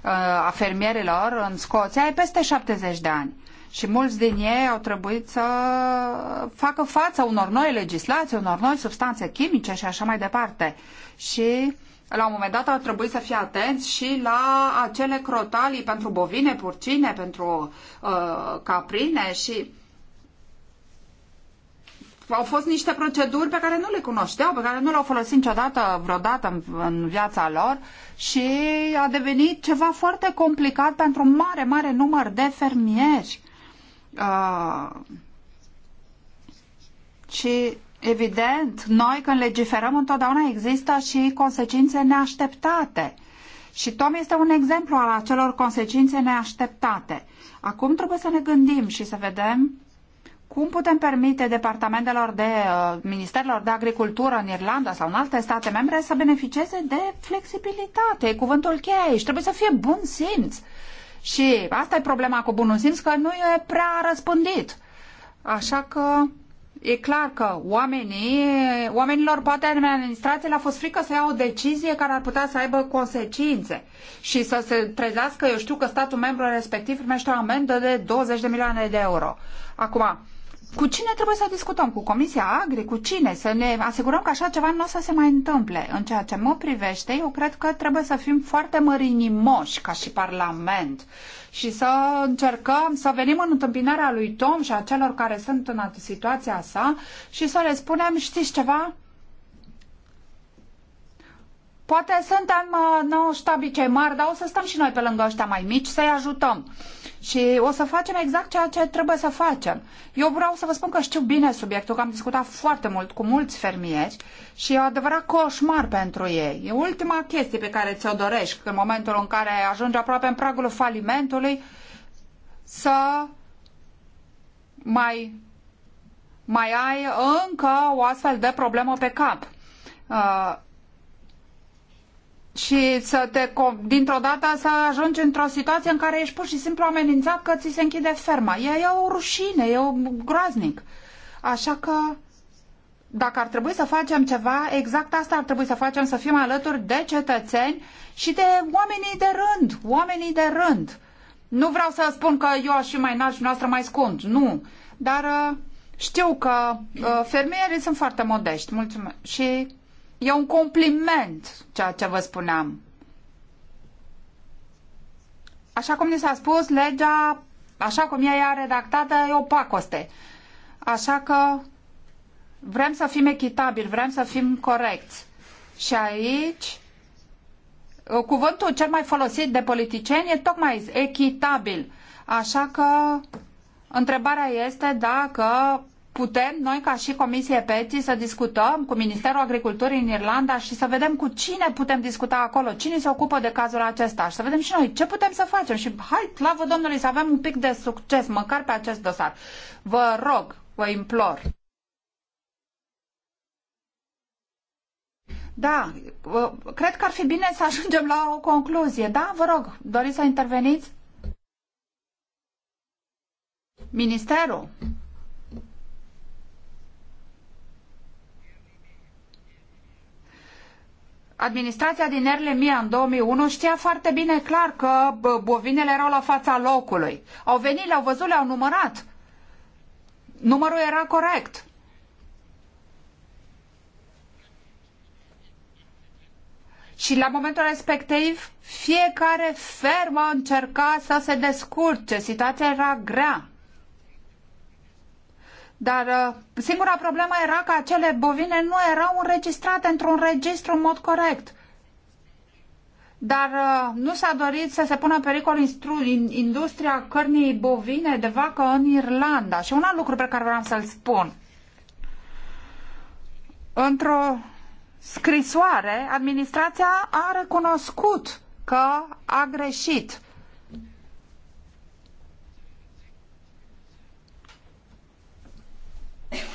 uh, a fermierilor în Scoția e peste 70 de ani. Și mulți din ei au trebuit să facă față unor noi legislații, unor noi substanțe chimice și așa mai departe. Și la un moment dat au trebuit să fie atenți și la acele crotalii pentru bovine, purcine, pentru uh, caprine și au fost niște proceduri pe care nu le cunoșteau, pe care nu le-au folosit niciodată, vreodată în, în viața lor și a devenit ceva foarte complicat pentru un mare, mare număr de fermieri. Uh, și Evident, noi când legiferăm întotdeauna există și consecințe neașteptate. Și Tom este un exemplu al acelor consecințe neașteptate. Acum trebuie să ne gândim și să vedem cum putem permite departamentelor de uh, ministerilor de agricultură în Irlanda sau în alte state membre să beneficieze de flexibilitate? E cuvântul cheie aici. Trebuie să fie bun simț. Și asta e problema cu bunul simț, că nu e prea răspândit. Așa că e clar că oamenii, oamenilor poate în administrație le-a fost frică să ia o decizie care ar putea să aibă consecințe și să se trezească, eu știu că statul membru respectiv primește o amendă de 20 de milioane de euro. Acum, cu cine trebuie să discutăm? Cu Comisia Agri? Cu cine? Să ne asigurăm că așa ceva nu o să se mai întâmple. În ceea ce mă privește, eu cred că trebuie să fim foarte mărinimoși ca și Parlament și să încercăm să venim în întâmpinarea lui Tom și a celor care sunt în situația sa și să le spunem, știți ceva? Poate suntem uh, noi ștabii cei mari, dar o să stăm și noi pe lângă ăștia mai mici să-i ajutăm. Și o să facem exact ceea ce trebuie să facem. Eu vreau să vă spun că știu bine subiectul, că am discutat foarte mult cu mulți fermieri și e o adevărat coșmar pentru ei. E ultima chestie pe care ți-o dorești în momentul în care ajungi aproape în pragul falimentului să mai, mai ai încă o astfel de problemă pe cap. Uh, și să te, dintr-o dată să ajungi într-o situație în care ești pur și simplu amenințat că ți se închide ferma. E, e o rușine, e o groaznic. Așa că dacă ar trebui să facem ceva, exact asta ar trebui să facem, să fim alături de cetățeni și de oamenii de rând, oamenii de rând. Nu vreau să spun că eu aș fi mai înalt și noastră mai scund, nu. Dar uh, știu că uh, fermierii sunt foarte modești. Mulțumesc. Și E un compliment ceea ce vă spuneam. Așa cum ni s-a spus, legea, așa cum ea e redactată, e o pacoste. Așa că vrem să fim echitabili, vrem să fim corecți. Și aici, cuvântul cel mai folosit de politicieni e tocmai echitabil. Așa că întrebarea este dacă putem noi ca și Comisie PETI să discutăm cu Ministerul Agriculturii în Irlanda și să vedem cu cine putem discuta acolo, cine se ocupă de cazul acesta și să vedem și noi ce putem să facem și hai, slavă Domnului, să avem un pic de succes măcar pe acest dosar. Vă rog, vă implor. Da, cred că ar fi bine să ajungem la o concluzie. Da, vă rog, doriți să interveniți? Ministerul. administrația din Mia în 2001 știa foarte bine clar că bovinele erau la fața locului. Au venit, le-au văzut, le-au numărat. Numărul era corect. Și la momentul respectiv, fiecare fermă încerca să se descurce. Situația era grea. Dar uh, singura problemă era că acele bovine nu erau înregistrate într-un registru în mod corect. Dar uh, nu s-a dorit să se pună în pericol industria cărnii bovine de vacă în Irlanda. Și un alt lucru pe care vreau să-l spun. Într-o scrisoare, administrația a recunoscut că a greșit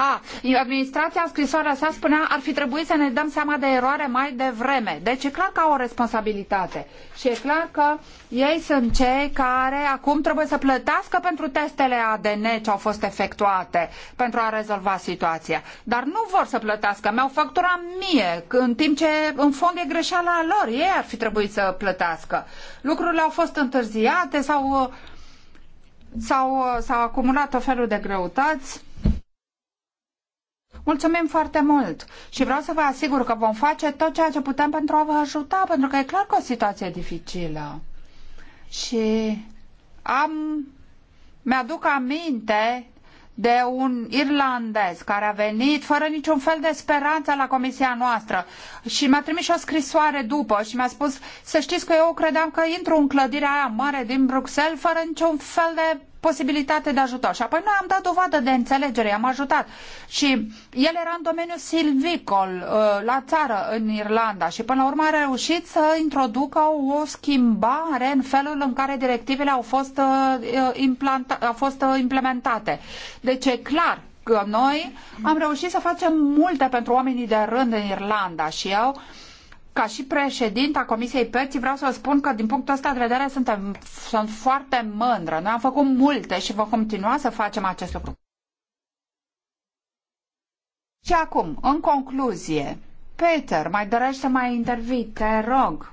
A, administrația în scrisoarea sa spunea ar fi trebuit să ne dăm seama de eroare mai devreme. Deci e clar că au o responsabilitate. Și e clar că ei sunt cei care acum trebuie să plătească pentru testele ADN ce au fost efectuate pentru a rezolva situația. Dar nu vor să plătească. Mi-au factura mie, în timp ce în fond e greșeala lor. Ei ar fi trebuit să plătească. Lucrurile au fost întârziate sau s-au, acumulat o felul de greutăți Mulțumim foarte mult și vreau să vă asigur că vom face tot ceea ce putem pentru a vă ajuta, pentru că e clar că o situație dificilă. Și am, mi-aduc aminte de un irlandez care a venit fără niciun fel de speranță la comisia noastră și mi-a trimis și o scrisoare după și mi-a spus să știți că eu credeam că intru în clădirea aia mare din Bruxelles fără niciun fel de posibilitate de ajutor. Și apoi noi am dat dovadă de înțelegere, i-am ajutat. Și el era în domeniul silvicol, uh, la țară, în Irlanda. Și până la urmă a reușit să introducă o schimbare în felul în care directivele au fost, uh, uh, au fost implementate. Deci e clar că noi am reușit să facem multe pentru oamenii de rând în Irlanda și eu ca și președinta Comisiei Peții, vreau să vă spun că din punctul ăsta de vedere suntem, sunt foarte mândră. Noi am făcut multe și vom continua să facem acest lucru. Și acum, în concluzie, Peter, mai dorești să mai intervii, te rog.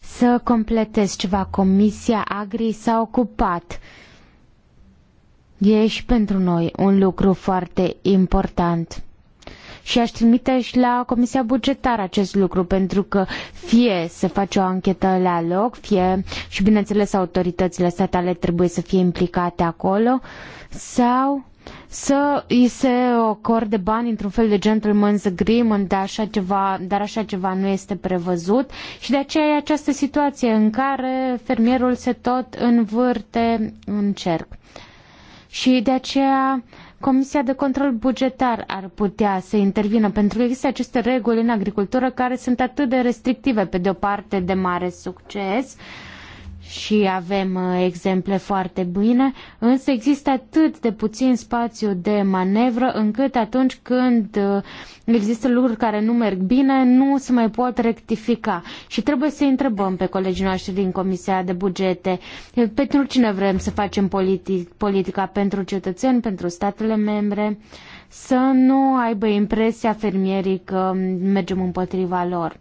Să completez ceva. Comisia Agri s-a ocupat. E pentru noi un lucru foarte important și aș trimite și la Comisia Bugetară acest lucru, pentru că fie se face o anchetă la loc, fie și bineînțeles autoritățile statale trebuie să fie implicate acolo, sau să îi se acorde bani într-un fel de gentleman's agreement, dar așa, ceva, dar așa ceva nu este prevăzut și de aceea e această situație în care fermierul se tot învârte în cerc. Și de aceea Comisia de control bugetar ar putea să intervină pentru că există aceste reguli în agricultură care sunt atât de restrictive, pe de o parte de mare succes, și avem uh, exemple foarte bune, însă există atât de puțin spațiu de manevră încât atunci când uh, există lucruri care nu merg bine, nu se mai pot rectifica. Și trebuie să întrebăm pe colegii noștri din Comisia de Bugete uh, pentru cine vrem să facem politic, politica, pentru cetățeni, pentru statele membre, să nu aibă impresia fermierii că um, mergem împotriva lor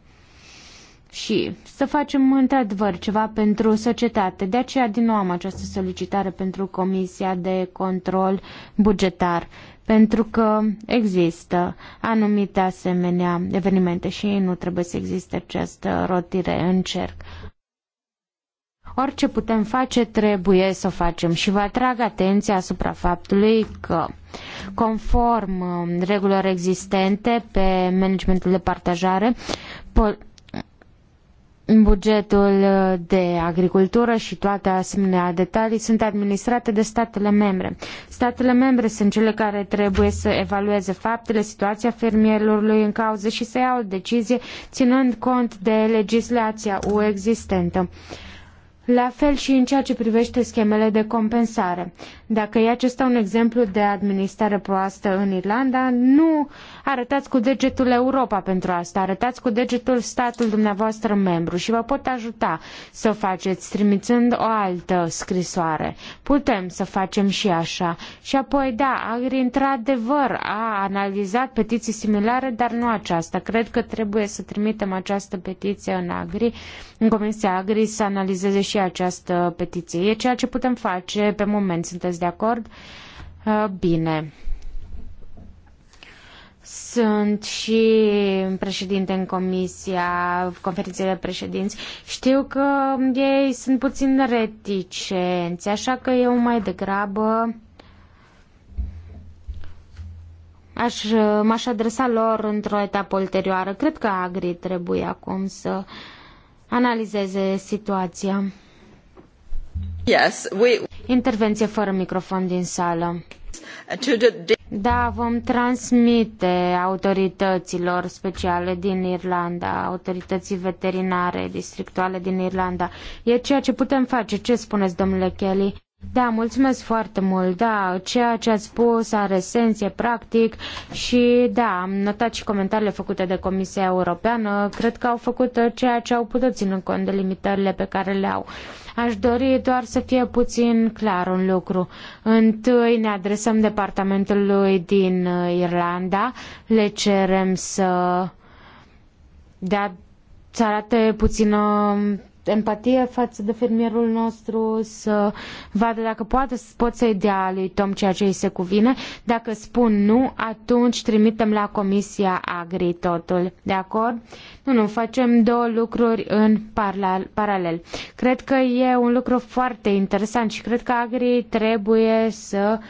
și să facem într-adevăr ceva pentru societate. De aceea din nou am această solicitare pentru Comisia de Control Bugetar, pentru că există anumite asemenea evenimente și nu trebuie să existe această rotire în cerc. Orice putem face, trebuie să o facem și vă atrag atenția asupra faptului că, conform um, regulilor existente pe managementul de partajare, bugetul uh, de agricultură și toate asemenea detalii sunt administrate de statele membre. Statele membre sunt cele care trebuie să evalueze faptele, situația fermierilor în cauză și să ia o decizie ținând cont de legislația UE existentă. La fel și în ceea ce privește schemele de compensare. Dacă e acesta un exemplu de administrare proastă în Irlanda, nu arătați cu degetul Europa pentru asta, arătați cu degetul statul dumneavoastră membru și vă pot ajuta să o faceți trimițând o altă scrisoare. Putem să facem și așa. Și apoi, da, Agri într-adevăr a analizat petiții similare, dar nu aceasta. Cred că trebuie să trimitem această petiție în Agri, în Comisia Agri, să analizeze și această petiție. E ceea ce putem face pe moment. Sunteți sunteți de acord? Uh, bine. Sunt și președinte în comisia, conferinței de președinți. Știu că ei sunt puțin reticenți, așa că eu mai degrabă aș, m-aș adresa lor într-o etapă ulterioară. Cred că Agri trebuie acum să analizeze situația. Yes, we... Intervenție fără microfon din sală. Da, vom transmite autorităților speciale din Irlanda, autorității veterinare districtuale din Irlanda. E ceea ce putem face. Ce spuneți, domnule Kelly? Da, mulțumesc foarte mult. Da, ceea ce ați spus are sens, e practic și da, am notat și comentariile făcute de Comisia Europeană. Cred că au făcut uh, ceea ce au putut ținând cont de limitările pe care le au. Aș dori doar să fie puțin clar un lucru. Întâi ne adresăm departamentului din uh, Irlanda, le cerem să dea să arate puțină empatie față de fermierul nostru, să vadă dacă poate pot să-i dea lui Tom ceea ce îi se cuvine. Dacă spun nu, atunci trimitem la Comisia Agri totul. De acord? Nu, nu, facem două lucruri în paralel. Cred că e un lucru foarte interesant și cred că Agri trebuie să uh,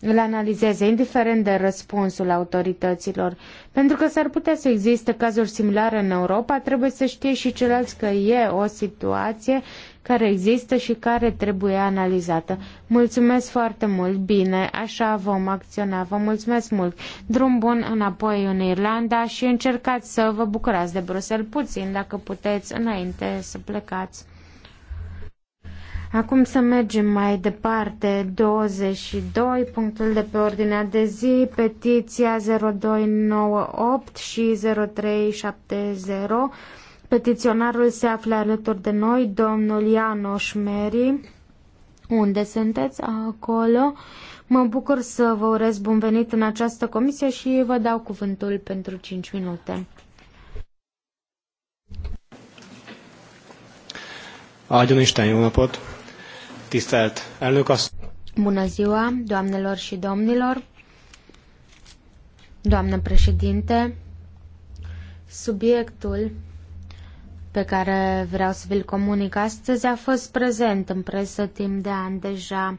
îl uh, analizeze, indiferent de răspunsul autorităților. Pentru că s-ar putea să existe cazuri similare în Europa, trebuie să știe și celălalt că e o situație care există și care trebuie analizată. Mulțumesc foarte mult, bine, așa vom acționa, vă mulțumesc mult. Drum bun înapoi în Irlanda și încercați să vă bucurați de Bruxelles puțin, dacă puteți, înainte să plecați. Acum să mergem mai departe. 22, punctul de pe ordinea de zi, petiția 0298 și 0370. Petiționarul se află alături de noi, domnul Ianoș Meri. Unde sunteți? Acolo. Mă bucur să vă urez bun venit în această comisie și vă dau cuvântul pentru 5 minute. Áldjon eu mă pot tisztelt elnök asszony! Bună ziua, doamnelor și domnilor! Doamnă președinte, subiectul pe care vreau să vi-l comunic astăzi a fost prezent în presă timp de ani deja. Uh,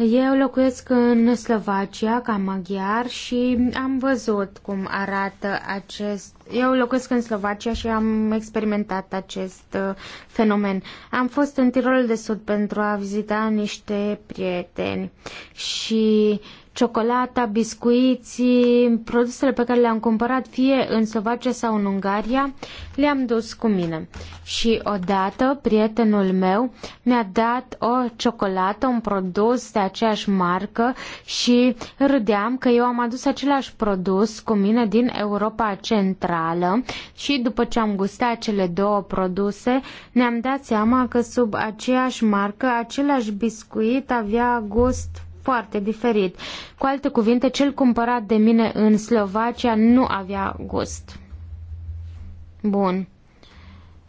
eu locuiesc în Slovacia ca maghiar și am văzut cum arată acest... Eu locuiesc în Slovacia și am experimentat acest uh, fenomen. Am fost în Tirol de Sud pentru a vizita niște prieteni și ciocolata, biscuiții, produsele pe care le-am cumpărat fie în Slovacia sau în Ungaria, le-am dus cu mine. Și odată prietenul meu mi-a dat o ciocolată, un produs de aceeași marcă și râdeam că eu am adus același produs cu mine din Europa Centrală și după ce am gustat cele două produse, ne-am dat seama că sub aceeași marcă, același biscuit avea gust foarte diferit. Cu alte cuvinte, cel cumpărat de mine în Slovacia nu avea gust. Bun.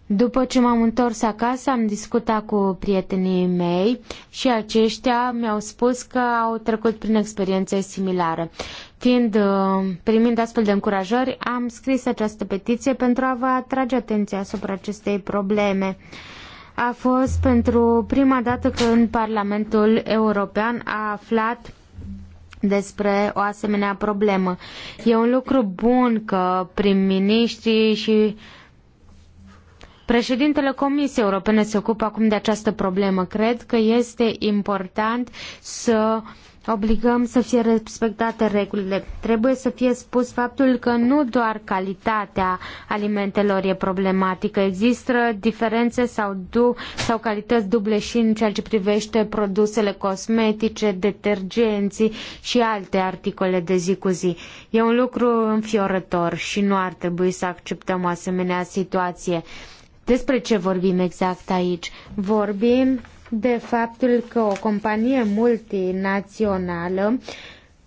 După ce m-am întors acasă, am discutat cu prietenii mei și aceștia mi-au spus că au trecut prin experiențe similare. Fiind, uh, primind astfel de încurajări, am scris această petiție pentru a vă atrage atenția asupra acestei probleme. Uh, a fost pentru prima dată când Parlamentul European a aflat despre o asemenea problemă. E un lucru bun că prim-ministrii și Președintele Comisiei Europene se ocupă acum de această problemă. Cred că este important să uh, obligăm să fie respectate regulile. Trebuie să fie spus faptul că nu doar calitatea alimentelor e problematică. Există diferențe sau, du- sau calități duble și în ceea ce privește produsele cosmetice, detergenții și alte articole de zi cu zi. E un lucru înfiorător și nu ar trebui să acceptăm o asemenea situație. Despre ce vorbim exact aici? Vorbim de faptul că o companie multinațională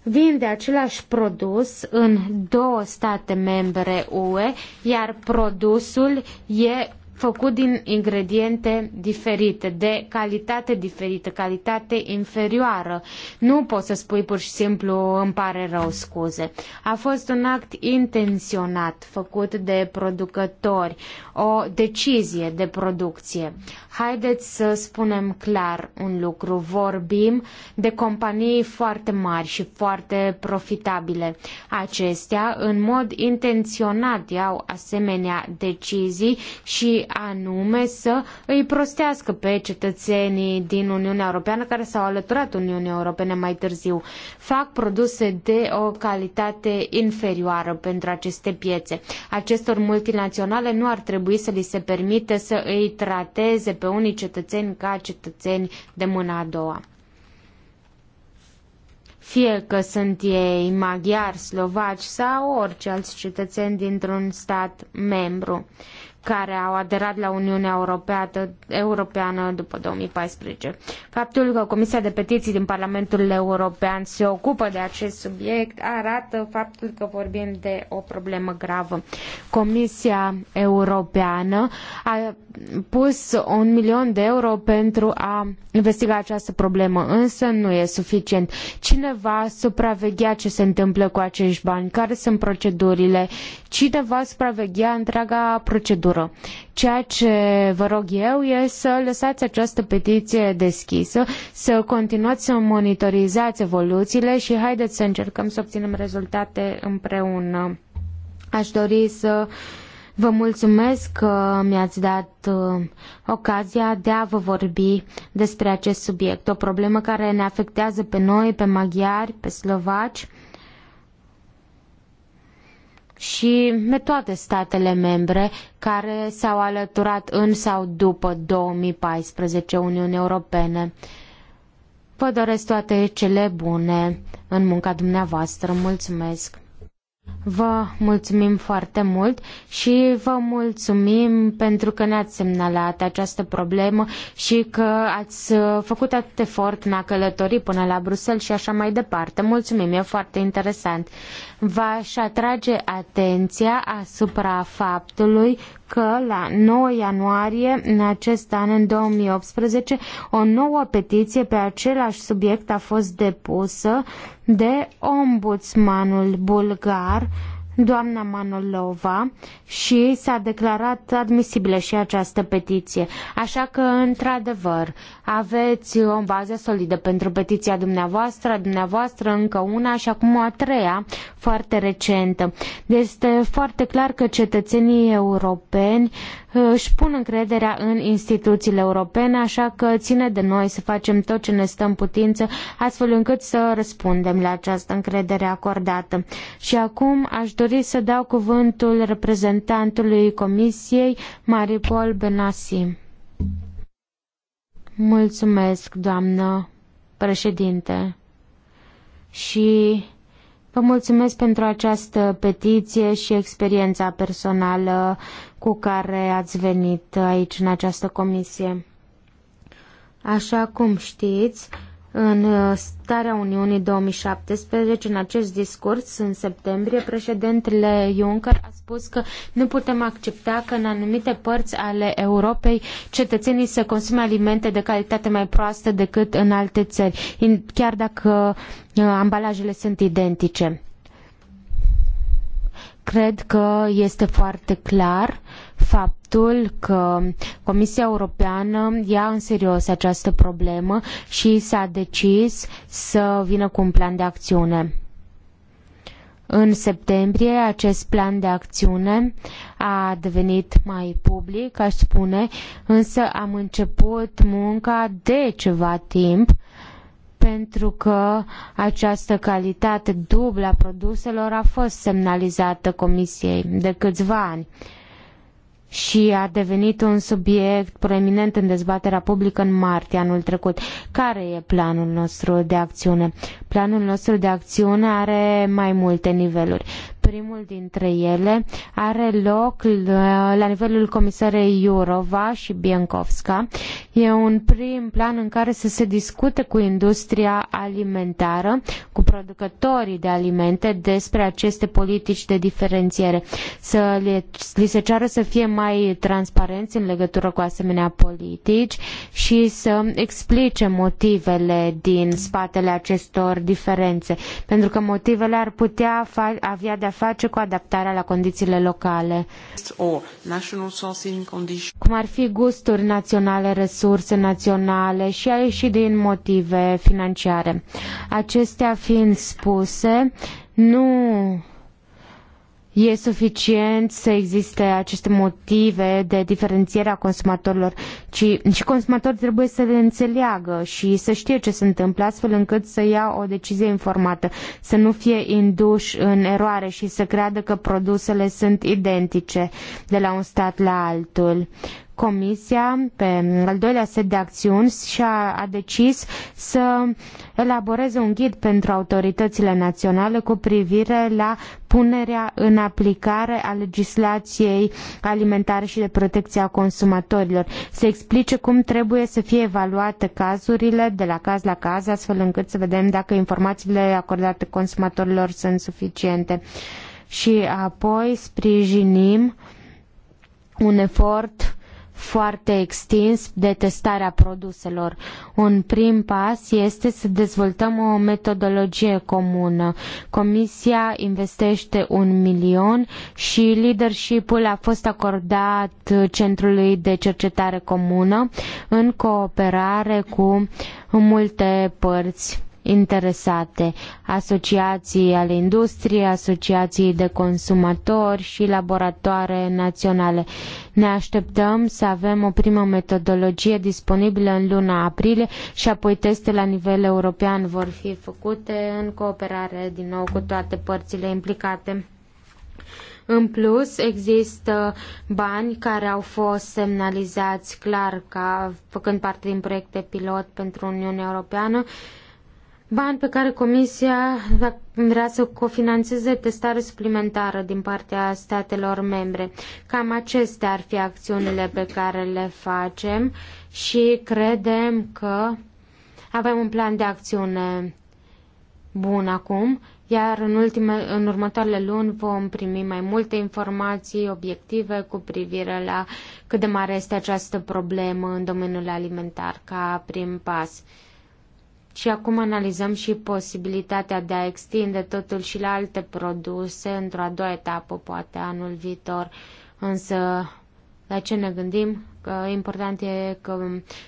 vinde același produs în două state membre UE, iar produsul e făcut din ingrediente diferite, de calitate diferită, calitate inferioară. Nu poți să spui pur și simplu îmi pare rău scuze. A fost un act intenționat făcut de producători, o decizie de producție. Haideți să spunem clar un lucru. Vorbim de companii foarte mari și foarte profitabile. Acestea, în mod intenționat, iau asemenea decizii și anume să îi prostească pe cetățenii din Uniunea Europeană care s-au alăturat Uniunii Europene mai târziu. Fac produse de o calitate inferioară pentru aceste piețe. Acestor multinaționale nu ar trebui să li se permite să îi trateze pe unii cetățeni ca cetățeni de mâna a doua fie că sunt ei maghiari, slovaci sau orice alți cetățeni dintr-un stat membru care au aderat la Uniunea Europeană după 2014. Faptul că Comisia de Petiții din Parlamentul European se ocupă de acest subiect arată faptul că vorbim de o problemă gravă. Comisia Europeană a pus un milion de euro pentru a investiga această problemă, însă nu e suficient. Cine va supraveghea ce se întâmplă cu acești bani? Care sunt procedurile? Cine va supraveghea întreaga procedură? procedură. Ceea ce vă rog eu e să lăsați această petiție deschisă, să continuați să monitorizați evoluțiile și haideți să încercăm să obținem rezultate împreună. Aș dori să Vă mulțumesc că mi-ați dat uh, ocazia de a vă vorbi despre acest subiect, o problemă care ne afectează pe noi, pe maghiari, pe slovaci și toate statele membre care s-au alăturat în sau după 2014 Uniunii Europene. Vă doresc toate cele bune în munca dumneavoastră. Mulțumesc! Vă mulțumim foarte mult și vă mulțumim pentru că ne-ați semnalat această problemă și că ați făcut atât efort în a călători până la Bruxelles și așa mai departe. Mulțumim, e foarte interesant. V-aș atrage atenția asupra faptului că la 9 ianuarie în acest an, în 2018, o nouă petiție pe același subiect a fost depusă de ombudsmanul bulgar doamna Manolova și s-a declarat admisibilă și această petiție. Așa că, într-adevăr, aveți o bază solidă pentru petiția dumneavoastră, dumneavoastră încă una și acum a treia, foarte recentă. Este foarte clar că cetățenii europeni uh, își pun încrederea în instituțiile europene, așa că ține de noi să facem tot ce ne stă în putință, astfel încât să răspundem la această încredere acordată. Și acum aș dori să dau cuvântul reprezentantului Comisiei, Maripol Benassi. Mulțumesc, doamnă președinte. Și Vă mulțumesc pentru această petiție și experiența personală cu care ați venit aici în această comisie. Așa cum știți, în starea Uniunii 2017, în acest discurs, în septembrie, președintele Juncker a spus că nu putem accepta că în anumite părți ale Europei cetățenii să consume alimente de calitate mai proastă decât în alte țări, chiar dacă uh, ambalajele sunt identice. Cred că este foarte clar faptul că Comisia Europeană ia în serios această problemă și s-a decis să vină cu un plan de acțiune. În septembrie, acest plan de acțiune a devenit mai public, aș spune, însă am început munca de ceva timp uh, pentru că această calitate dublă a produselor a fost semnalizată Comisiei de câțiva ani și a devenit un subiect proeminent în dezbaterea publică în martie anul trecut. Care e planul nostru de acțiune? Planul nostru de acțiune are mai multe niveluri. Primul dintre ele are loc la nivelul comisarei Iurova și Bienkovska. E un prim plan în care să se discute cu industria alimentară, cu producătorii de alimente despre aceste politici de diferențiere. Să le, li se ceară să fie mai transparenți în legătură cu asemenea politici și să explice motivele din spatele acestor diferențe. Pentru că motivele ar putea avea de-a face cu adaptarea la condițiile locale, cum ar fi gusturi naționale, resurse naționale și a ieși din motive financiare. Acestea fiind spuse, nu E suficient să existe aceste motive de diferențiere a consumatorilor, ci și consumatorii trebuie să le înțeleagă și să știe ce se întâmplă, astfel încât să ia o decizie informată, să nu fie induși în eroare și să creadă că produsele sunt identice de la un stat la altul. Uh, Comisia, pe al doilea set de acțiuni, și-a a decis să elaboreze un ghid pentru autoritățile naționale cu privire la punerea în aplicare a legislației alimentare și de protecție a consumatorilor. Se explice cum trebuie să fie evaluate cazurile de la caz la caz, astfel încât să vedem dacă informațiile acordate consumatorilor sunt suficiente. Și apoi sprijinim un efort foarte extins de testarea produselor. Un prim pas este să dezvoltăm o metodologie comună. Comisia investește un milion și leadershipul a fost acordat Centrului de Cercetare Comună în cooperare cu multe părți interesate, asociații ale industriei, asociații de consumatori și laboratoare naționale. Ne așteptăm să avem o primă metodologie disponibilă în luna aprilie și apoi teste la nivel european vor fi făcute în cooperare din nou cu toate părțile implicate. În plus, există bani care au fost semnalizați clar ca făcând parte din proiecte pilot pentru Uniunea Europeană bani pe care Comisia vrea să cofinanțeze testare suplimentară din partea statelor membre. Cam acestea ar fi acțiunile pe care le facem și credem că avem un plan de acțiune bun acum, iar în, ultime, în următoarele luni vom primi mai multe informații obiective cu privire la cât de mare este această problemă în domeniul alimentar ca prim pas. Și acum analizăm și posibilitatea de a extinde totul și la alte produse într-o a doua etapă, poate anul viitor. Însă, la ce ne gândim? Că important e că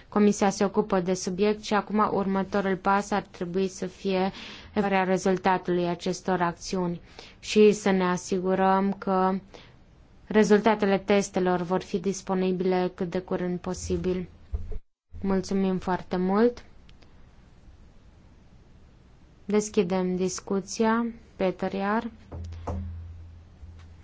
Comisia se ocupă de subiect și acum următorul pas ar trebui să fie evaluarea rezultatului acestor acțiuni și să ne asigurăm că rezultatele testelor vor fi disponibile cât de curând posibil. Mulțumim foarte mult! Deschidem discuția. Peter Iar.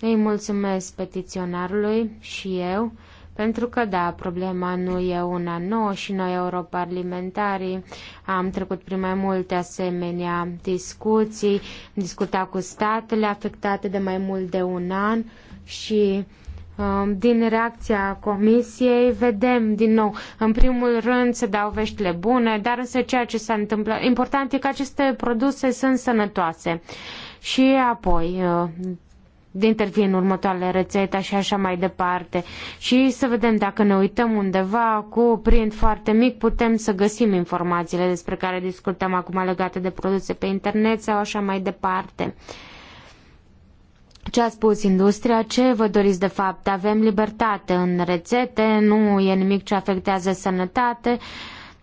Îi mulțumesc petiționarului și eu, pentru că, da, problema nu e una nouă și noi, europarlamentarii, am trecut prin mai multe asemenea discuții, am discutat cu statele afectate de mai mult de un an și Um, din reacția comisiei vedem din nou, în primul rând se dau veștile bune, dar însă ceea ce s-a întâmplat important e că aceste produse sunt sănătoase. Și apoi, uh, intervin următoarele rețete și așa mai departe. Și să vedem dacă ne uităm undeva cu print foarte mic, putem să găsim informațiile despre care discutăm acum legate de produse pe internet sau așa mai departe. Uh, ce a spus industria? Ce vă doriți de fapt? Avem libertate în rețete, nu e nimic ce afectează sănătate.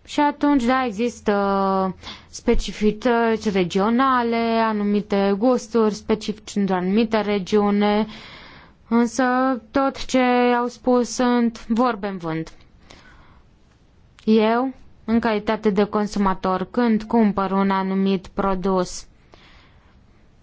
Și atunci, da, există specificități regionale, anumite gusturi specifice într-o anumită regiune, însă tot ce au spus sunt vorbe în vânt. Eu, în calitate de consumator, când cumpăr un anumit produs,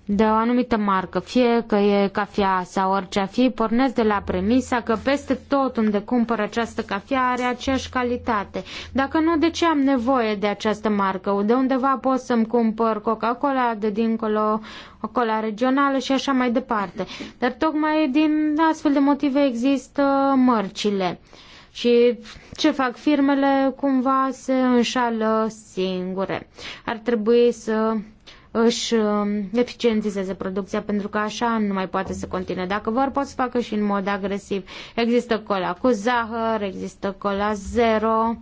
de o anumită marcă, fie că e cafea sau orice a fi, pornesc de la premisa că peste tot unde cumpăr această cafea are aceeași calitate. Dacă nu, de ce am nevoie de această marcă? De undeva pot să-mi cumpăr Coca-Cola, de dincolo o cola regională și așa mai departe. Dar tocmai din astfel de motive există mărcile. Și ce fac firmele? Cumva se înșală singure. Ar trebui să își um, eficientizeze producția, pentru că așa nu mai poate să continue. Dacă vor, pot să facă și în mod agresiv. Există cola cu zahăr, există cola zero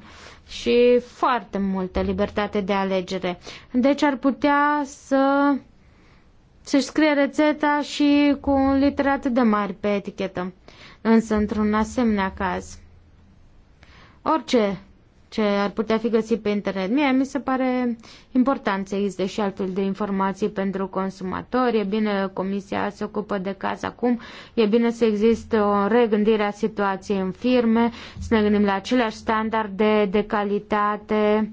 și foarte multă libertate de alegere. Deci ar putea să să-și scrie rețeta și cu litere atât de mari pe etichetă. Însă, într-un asemenea caz, orice ce ar putea fi găsit pe internet. Mie mi se pare important să existe și altfel de informații pentru consumatori. E bine comisia se ocupă de caz acum, e bine să existe o regândire a situației în firme, să ne gândim la aceleași standarde de calitate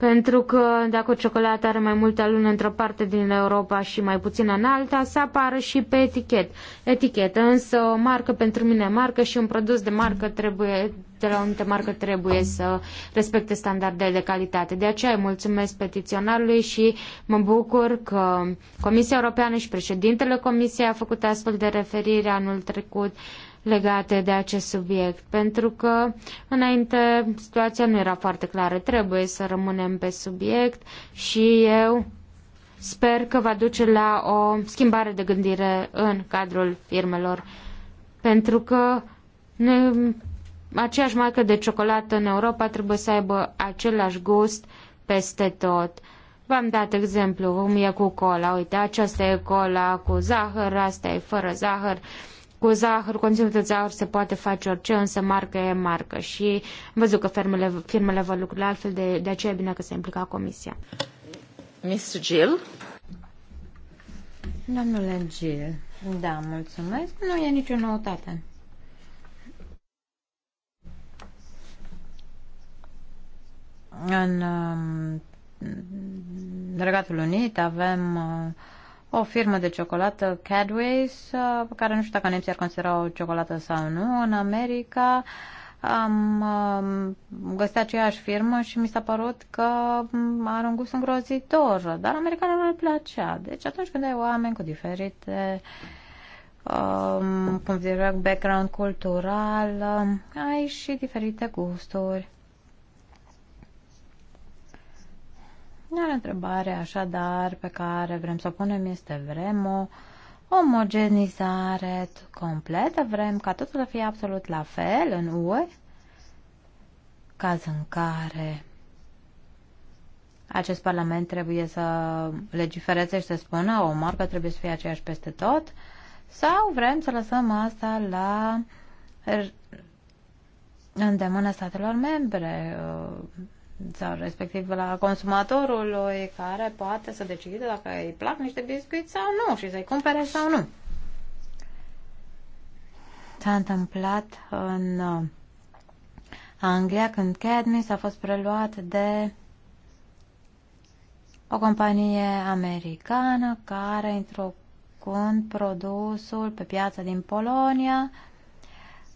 pentru că dacă o ciocolată are mai multă lună într-o parte din Europa și mai puțină în alta, să apară și pe etichet. etichetă. Însă o marcă pentru mine marcă și un produs de marcă trebuie, de la o anumită marcă trebuie să respecte standardele de calitate. De aceea îi mulțumesc petiționarului și mă bucur că Comisia Europeană și președintele Comisiei a făcut astfel de referire anul trecut. Uh, legate de acest subiect, pentru că înainte situația nu era foarte clară. Trebuie să rămânem pe subiect și eu sper că va duce la o schimbare de gândire în cadrul firmelor, pentru că ne, aceeași marcă de ciocolată în Europa trebuie să aibă același gust peste tot. V-am dat exemplu, cum e cu cola, uite, aceasta e cola cu zahăr, asta e fără zahăr. Cu zahăr, conținut de zahăr se poate face orice, însă marcă e marcă și am văzut că firmele, firmele vă lucrurile altfel, de, de aceea e bine că se implica comisia. Mr. Gill? Domnule Gil, da, mulțumesc. Nu e nicio noutate. În um, Regatul Unit avem uh, o firmă de ciocolată, Cadways, pe uh, care nu știu dacă nemții ar considera o ciocolată sau nu, în America am um, găsit aceeași firmă și mi s-a părut că um, are un gust îngrozitor, dar nu le plăcea. Deci atunci când ai oameni cu diferite um, cum zic, background cultural, um, ai și diferite gusturi. Iar întrebarea așadar pe care vrem să o punem este vrem o omogenizare completă? Vrem ca totul să fie absolut la fel în UE? Caz în care acest parlament trebuie să legifereze și să spună o marcă trebuie să fie aceeași peste tot? Sau vrem să lăsăm asta la îndemână statelor membre? Uh, sau respectiv la consumatorului care poate să decide dacă îi plac niște biscuiți sau nu și să-i cumpere sau nu. S-a întâmplat în uh, Anglia când s a fost preluat de o companie americană care introducând produsul pe piața din Polonia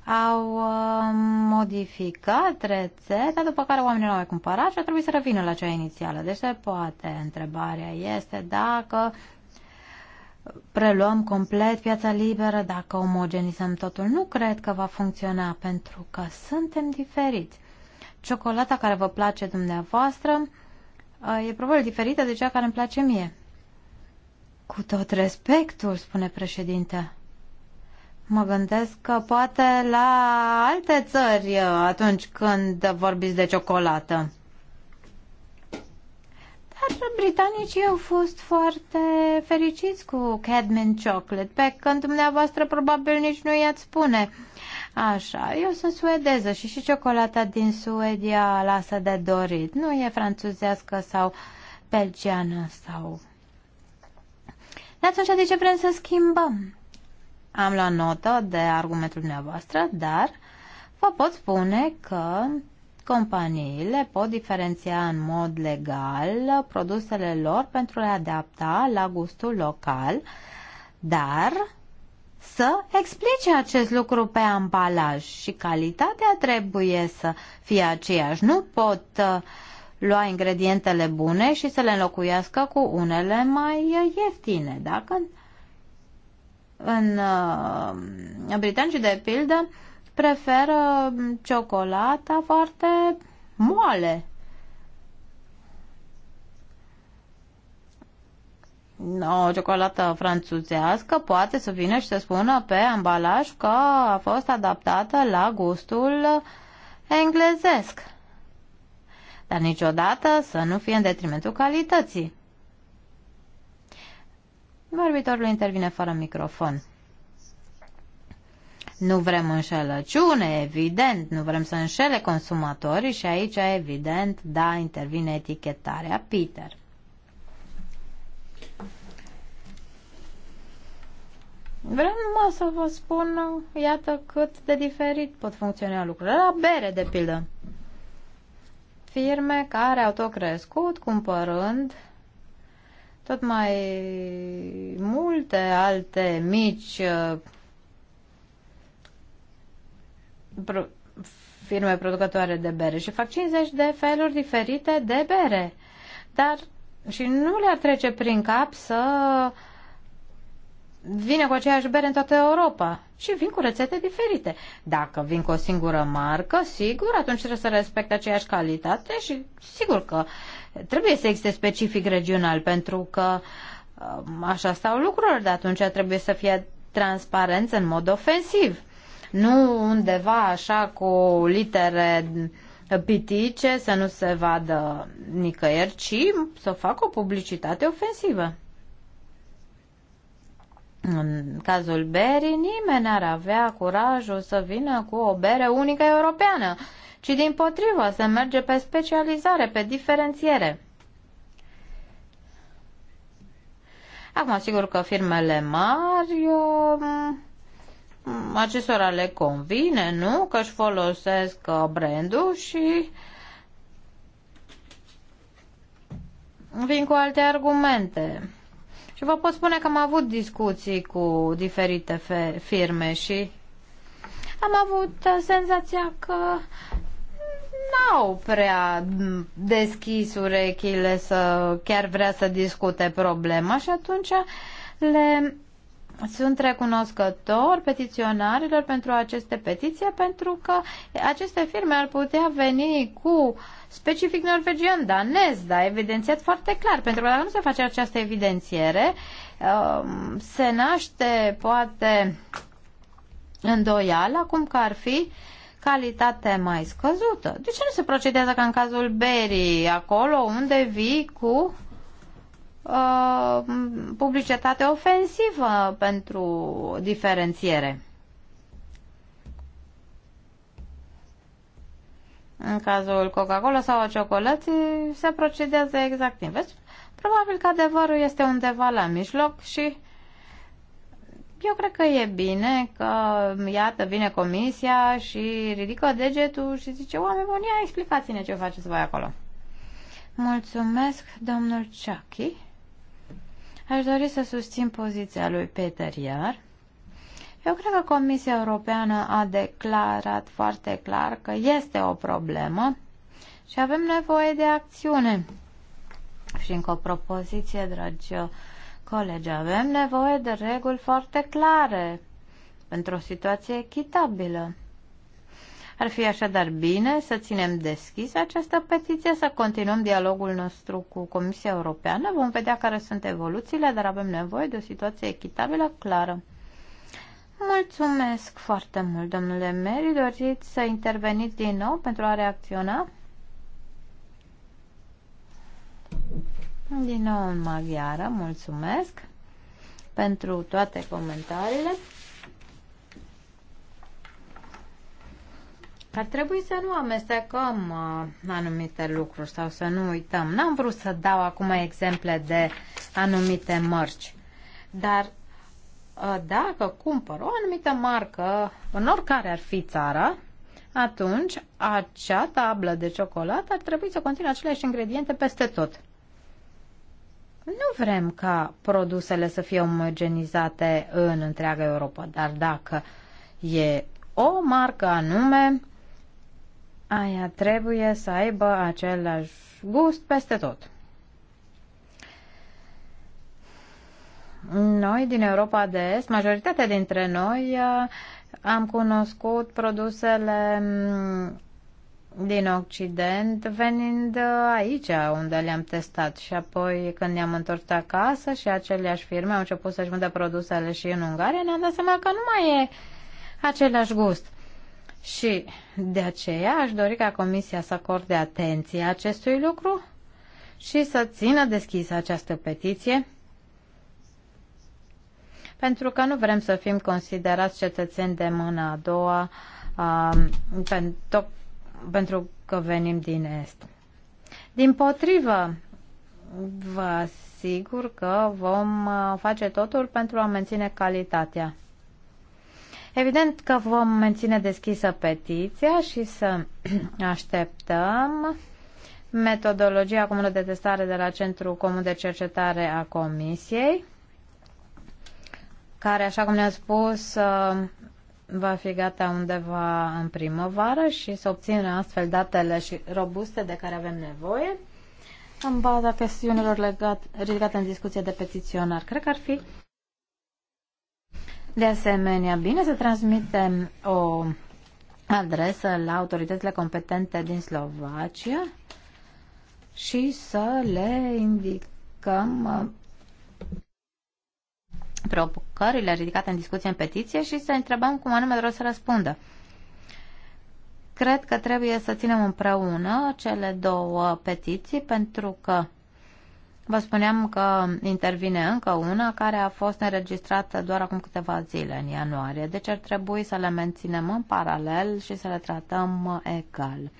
au uh, modificat rețeta, după care oamenii l-au mai cumpărat și a trebuit să revină la cea inițială. Deci se poate. Întrebarea este dacă preluăm complet piața liberă, dacă omogenizăm totul. Nu cred că va funcționa, pentru că suntem diferiți. Ciocolata care vă place dumneavoastră uh, e probabil diferită de cea care îmi place mie. Cu tot respectul, spune președinte. Mă gândesc că poate la alte țări uh, atunci când vorbiți de ciocolată. Dar britanicii au fost foarte fericiți cu Cadman Chocolate, pe când dumneavoastră probabil nici nu i-ați spune. Așa, eu sunt suedeză și și ciocolata din Suedia lasă de dorit. Nu e franțuzească sau belgiană sau... De atunci de ce vrem să schimbăm? Am luat notă de argumentul dumneavoastră, dar vă pot spune că companiile pot diferenția în mod legal produsele lor pentru a le adapta la gustul local, dar să explice acest lucru pe ambalaj și calitatea trebuie să fie aceeași. Nu pot uh, lua ingredientele bune și să le înlocuiască cu unele mai ieftine. Dacă în uh, britanicii, de pildă, preferă ciocolata foarte moale. O ciocolată franțuzească poate să vină și să spună pe ambalaj că a fost adaptată la gustul englezesc. Dar niciodată să nu fie în detrimentul calității. Vorbitorul intervine fără microfon. Nu vrem înșelăciune, evident, nu vrem să înșele consumatorii și aici, evident, da, intervine etichetarea Peter. Vreau numai să vă spun, iată, cât de diferit pot funcționa lucrurile. La bere, de pildă. Firme care au tot crescut cumpărând tot mai multe alte mici uh, firme producătoare de bere și fac 50 de feluri diferite de bere. Dar și nu le-ar trece prin cap să vine cu aceeași bere în toată Europa și vin cu rețete diferite. Dacă vin cu o singură marcă, sigur, atunci trebuie să respecte aceeași calitate și sigur că trebuie să existe specific regional, pentru că um, așa stau lucrurile, de atunci trebuie să fie transparență în mod ofensiv. Nu undeva așa cu litere pitice, să nu se vadă nicăieri, ci să facă o publicitate ofensivă. În cazul berii, nimeni n-ar avea curajul să vină cu o bere unică europeană ci din potrivă se merge pe specializare, pe diferențiere. Acum, sigur că firmele mari, mm, acestora le convine, nu? Că își folosesc uh, brandul și vin cu alte argumente. Și vă pot spune că am avut discuții cu diferite firme și am avut uh, senzația că n-au prea deschis urechile să chiar vrea să discute problema și atunci le sunt recunoscător petiționarilor pentru aceste petiții pentru că aceste firme ar putea veni cu specific norvegian, danez, dar evidențiat foarte clar, pentru că dacă nu se face această evidențiere, um, se naște poate îndoială, cum că ar fi calitate mai scăzută. De ce nu se procedează ca în cazul berii, acolo unde vii cu uh, publicitate ofensivă pentru diferențiere? În cazul Coca-Cola sau a ciocolății se procedează exact invers. Probabil că adevărul este undeva la mijloc și eu cred că e bine că, iată, vine comisia și ridică degetul și zice, oameni buni, ia explicați-ne ce faceți voi acolo. Mulțumesc, domnul Chucky. Aș dori să susțin poziția lui Peter Iar. Eu cred că Comisia Europeană a declarat foarte clar că este o problemă și avem nevoie de acțiune. Și încă o propoziție, dragi colegi, avem nevoie de reguli foarte clare pentru o situație echitabilă. Ar fi așadar bine să ținem deschis această petiție, să continuăm dialogul nostru cu Comisia Europeană. Vom vedea care sunt evoluțiile, dar avem nevoie de o situație echitabilă, clară. Mulțumesc foarte mult, domnule Meri. Doriți să interveniți din nou pentru a reacționa? Din nou în maghiară, mulțumesc pentru toate comentariile. Ar trebui să nu amestecăm uh, anumite lucruri sau să nu uităm. N-am vrut să dau acum exemple de anumite mărci, dar uh, dacă cumpăr o anumită marcă, în oricare ar fi țara, atunci acea tablă de ciocolată ar trebui să conțină aceleași ingrediente peste tot. Nu vrem ca produsele să fie omogenizate în întreaga Europa, dar dacă e o marcă anume, aia trebuie să aibă același gust peste tot. Noi, din Europa de Est, majoritatea dintre noi uh, am cunoscut produsele mm, din Occident venind uh, aici unde le-am testat și apoi când ne-am întors acasă și aceleași firme au început să-și vândă produsele și în Ungaria ne-am dat seama că nu mai e același gust. Și de aceea aș dori ca Comisia să acorde atenție acestui lucru și să țină deschisă această petiție pentru că nu vrem să fim considerați cetățeni de mână a doua um, pentru pentru că venim din Est. Din potrivă, vă asigur că vom uh, face totul pentru a menține calitatea. Evident că vom menține deschisă petiția și să așteptăm metodologia comună de testare de la Centrul Comun de Cercetare a Comisiei, care, așa cum ne-a spus, uh, va fi gata undeva în primăvară și să obțină astfel datele și robuste de care avem nevoie în baza chestiunilor legate, ridicate în discuție de petiționar. Cred că ar fi de asemenea bine să transmitem o adresă la autoritățile competente din Slovacia și să le indicăm provocările ridicate în discuție în petiție și să întrebăm cum anume vreau să răspundă. Cred că trebuie să ținem împreună cele două petiții pentru că vă spuneam că intervine încă una care a fost înregistrată doar acum câteva zile în ianuarie, deci ar trebui să le menținem în paralel și să le tratăm egal.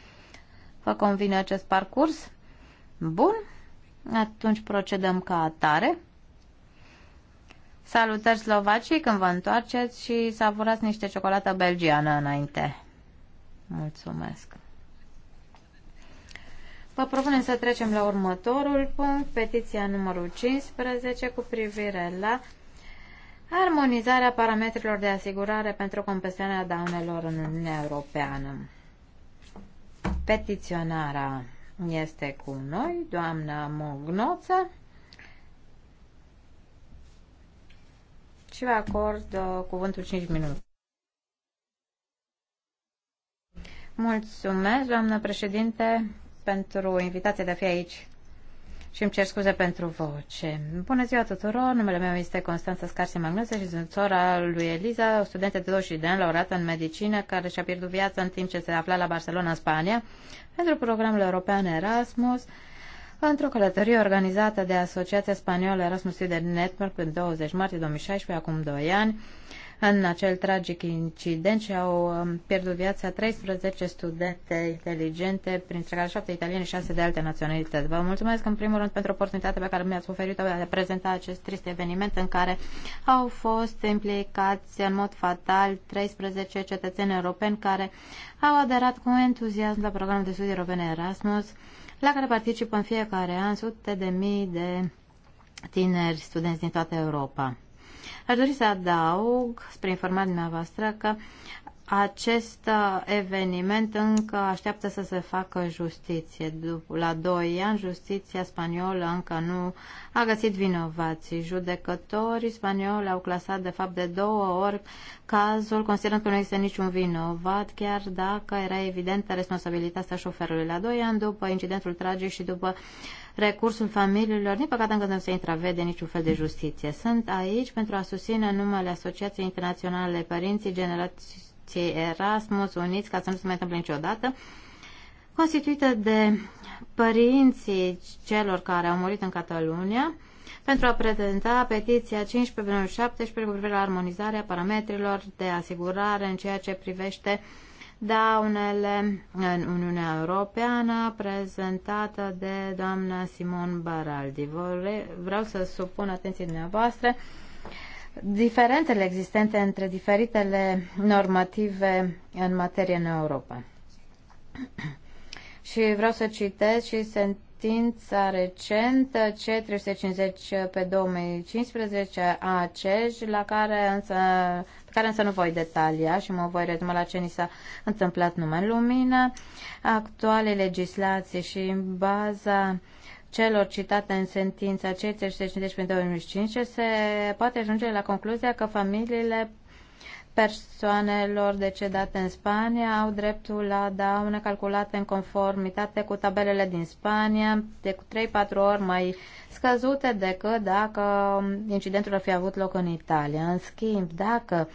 Vă convine acest parcurs? Bun, atunci procedăm ca atare. Salutări Slovacii când vă întoarceți și savurați niște ciocolată belgiană înainte. Mulțumesc! Vă propunem să trecem la următorul punct, petiția numărul 15 cu privire la armonizarea parametrilor de asigurare pentru compensarea daunelor în Uniunea Europeană. Petiționarea este cu noi, doamna Mognoță. și vă acord uh, cuvântul 5 minute. Mulțumesc, doamnă președinte, pentru invitația de a fi aici și îmi cer scuze pentru voce. Bună ziua tuturor, numele meu este Constanța Scarse Magnuse și sunt sora lui Eliza, o studentă de 20 de ani, laureată în medicină, care și-a pierdut viața în timp ce se afla la Barcelona, Spania, pentru programul european Erasmus, într-o călătorie organizată de Asociația Spaniolă Erasmus Student Network în 20 martie 2016, acum 2 ani. În acel tragic incident și-au um, pierdut viața 13 studente inteligente, printre care 7 italieni și 6 de alte naționalități. Vă mulțumesc în primul rând pentru oportunitatea pe care mi-ați oferit-o de a prezenta acest trist eveniment în care au fost implicați în mod fatal 13 cetățeni europeni care au aderat cu entuziasm la programul de studii europene Erasmus la care participă în fiecare an sute de mii de tineri studenți din toată Europa. Aș dori să adaug, spre informarea dumneavoastră, că acest uh, eveniment încă așteaptă să se facă justiție. La doi ani, justiția spaniolă încă nu a găsit vinovații. Judecătorii spanioli au clasat de fapt de două ori cazul, considerând că nu există niciun vinovat, chiar dacă era evidentă responsabilitatea șoferului. La doi ani, după incidentul tragic și după recursul familiilor, din păcate încă nu se intravede niciun fel de justiție. Sunt aici pentru a susține numele Asociației Internaționale Părinții Generații cei Erasmus uniți ca să nu se mai întâmple niciodată, constituită de părinții celor care au murit în Catalunia, pentru a prezenta petiția 15.17 cu privire la armonizarea parametrilor de asigurare în ceea ce privește daunele în Uniunea Europeană, prezentată de doamna Simon Baraldi. Vreau să supun atenție dumneavoastră diferențele existente între diferitele normative în materie în Europa. Și vreau să citesc și sentința recentă C350 pe 2015 a CEJ, la care însă, pe care însă nu voi detalia și mă voi rezuma la ce ni s-a întâmplat numai în lumină, actuale legislații și în baza uh, celor citate în sentința C350 deci, se poate ajunge la concluzia că familiile persoanelor decedate în Spania au dreptul la daune calculate în conformitate cu tabelele din Spania de 3-4 ori mai scăzute decât dacă incidentul ar fi avut loc în Italia. În schimb, dacă uh,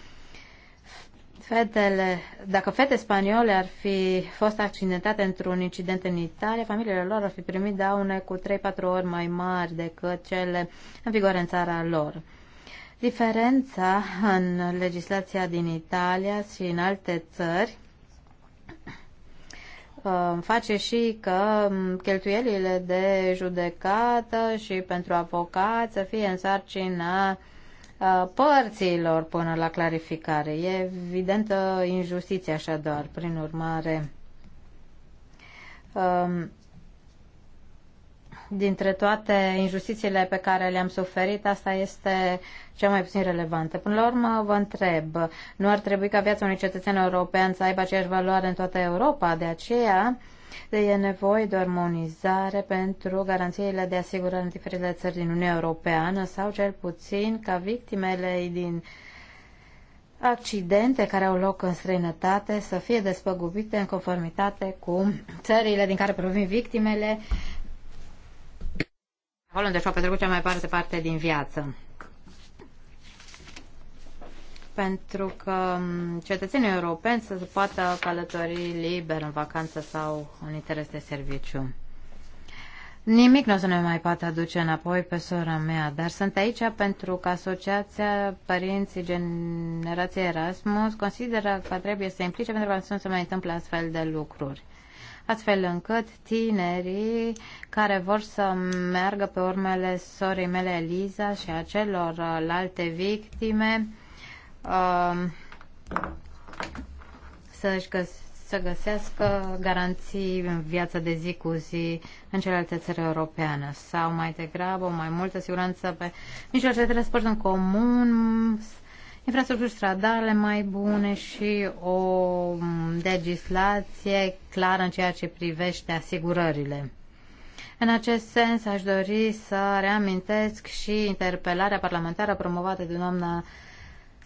fetele, dacă fete spaniole ar fi fost accidentate într-un incident în Italia, familiile lor ar fi primit daune cu 3-4 ori mai mari decât cele în vigoare în țara lor. Diferența în legislația din Italia și în alte țări um, face și că um, cheltuielile de judecată și pentru avocat să fie în sarcina Uh, părților până la clarificare. E evidentă injustiție așadar. Prin urmare, um, dintre toate injustițiile pe care le-am suferit, asta este cea mai puțin relevantă. Până la urmă, vă întreb, nu ar trebui ca viața unui cetățean european să aibă aceeași valoare în toată Europa? De aceea, uh, de e nevoie de armonizare pentru garanțiile de asigurare în diferitele țări din Uniunea Europeană sau cel puțin ca victimele din accidente care au loc în străinătate să fie despăgubite în conformitate cu țările din care provin victimele, acolo unde și-au petrecut cea mai parte parte din viață pentru că cetățenii europeni să se poată călători liber în vacanță sau în interes de serviciu. Nimic nu o să ne mai poate aduce înapoi pe sora mea, dar sunt aici pentru că Asociația Părinții Generației Erasmus consideră că trebuie să implice pentru că nu se mai întâmplă astfel de lucruri. Astfel încât tinerii care vor să meargă pe urmele sorii mele Eliza și a celorlalte victime Um, să-și găs- să găsească garanții în viața de zi cu zi în celelalte țări europeană sau mai degrabă o mai multă siguranță pe mijloace de transport în comun, infrastructuri stradale mai bune și o legislație clară în ceea ce privește asigurările. În acest sens, aș dori să reamintesc și interpelarea parlamentară promovată de doamna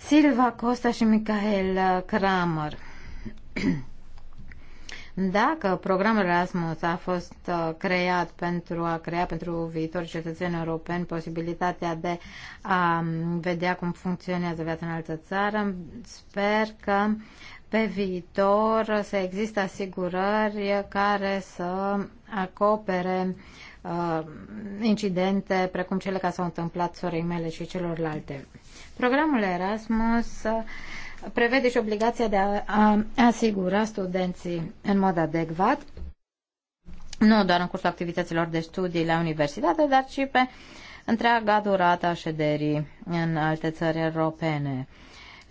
Silva Costa și Michael uh, Kramer. Dacă programul Erasmus a fost uh, creat pentru a crea pentru viitori cetățeni europeni posibilitatea de a um, vedea cum funcționează viața în altă țară, sper că pe viitor să există asigurări care să acopere uh, incidente precum cele care s-au întâmplat sorei mele și celorlalte. Programul Erasmus uh, prevede și obligația de a, a asigura studenții în mod adecvat, nu doar în cursul activităților de studii la universitate, dar și pe întreaga durată a șederii în alte țări europene.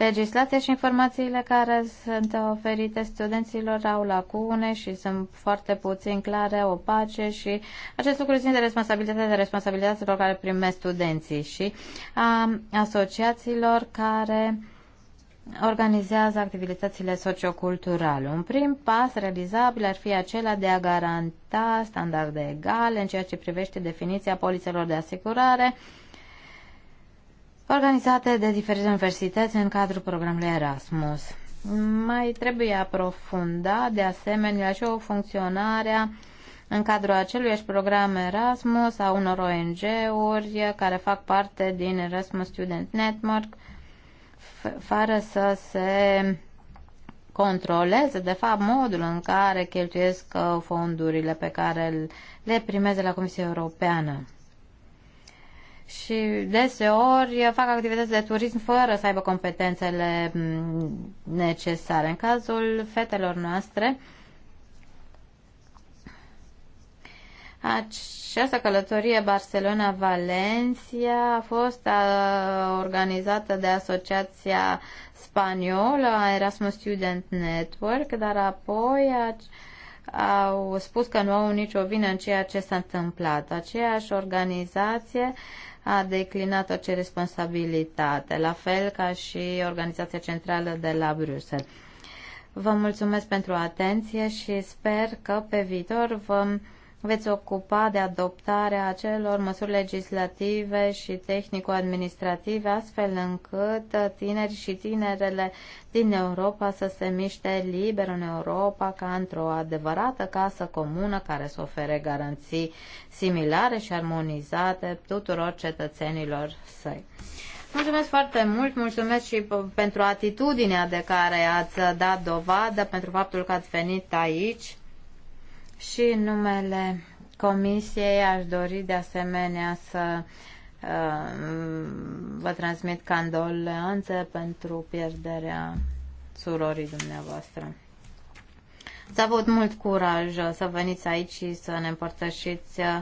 Legislația și informațiile care sunt oferite studenților au lacune și sunt foarte puțin clare, opace și acest lucru ține de responsabilitatea de responsabilitatea care primesc studenții și a asociațiilor care organizează activitățile socioculturale. Un prim pas realizabil ar fi acela de a garanta standarde egale în ceea ce privește definiția polițelor de asigurare, organizate de diferite universități în cadrul programului Erasmus. Mai trebuie aprofunda, de asemenea, și o funcționarea în cadrul aceluiași program Erasmus a unor ONG-uri care fac parte din Erasmus Student Network, fără să se controleze, de fapt, modul în care cheltuiesc uh, fondurile pe care le primeze la Comisia Europeană și deseori fac activități de turism fără să aibă competențele necesare. În cazul fetelor noastre, această călătorie Barcelona-Valencia a fost organizată de Asociația Spaniolă a Erasmus Student Network, dar apoi a au spus că nu au nicio vină în ceea ce s-a întâmplat. Aceeași organizație a declinat orice responsabilitate, la fel ca și Organizația Centrală de la Bruxelles. Vă mulțumesc pentru atenție și sper că pe viitor vom veți ocupa de adoptarea acelor măsuri legislative și tehnico-administrative, astfel încât uh, tinerii și tinerele din Europa să se miște liber în Europa ca într-o adevărată casă comună care să ofere garanții similare și armonizate tuturor cetățenilor săi. Mulțumesc foarte mult, mulțumesc și pentru atitudinea de care ați dat dovadă, pentru faptul că ați venit aici și în numele Comisiei aș dori de asemenea să uh, vă transmit candoleanțe pentru pierderea surorii dumneavoastră. S-a avut mult curaj să veniți aici și să ne împărtășiți uh,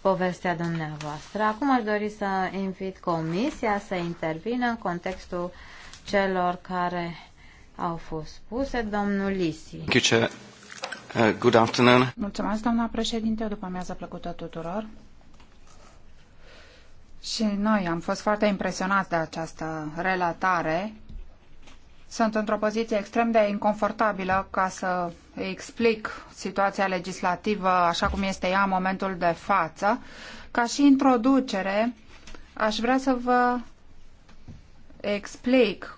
povestea dumneavoastră. Acum aș dori să invit comisia să intervină în contextul celor care au fost spuse. Domnul Lisi. Uh, good afternoon. Mulțumesc, doamna președinte. După amiază plăcută tuturor. Și noi am fost foarte impresionați de această relatare. Sunt într-o poziție extrem de inconfortabilă ca să explic situația legislativă așa cum este ea în momentul de față. Ca și introducere, aș vrea să vă explic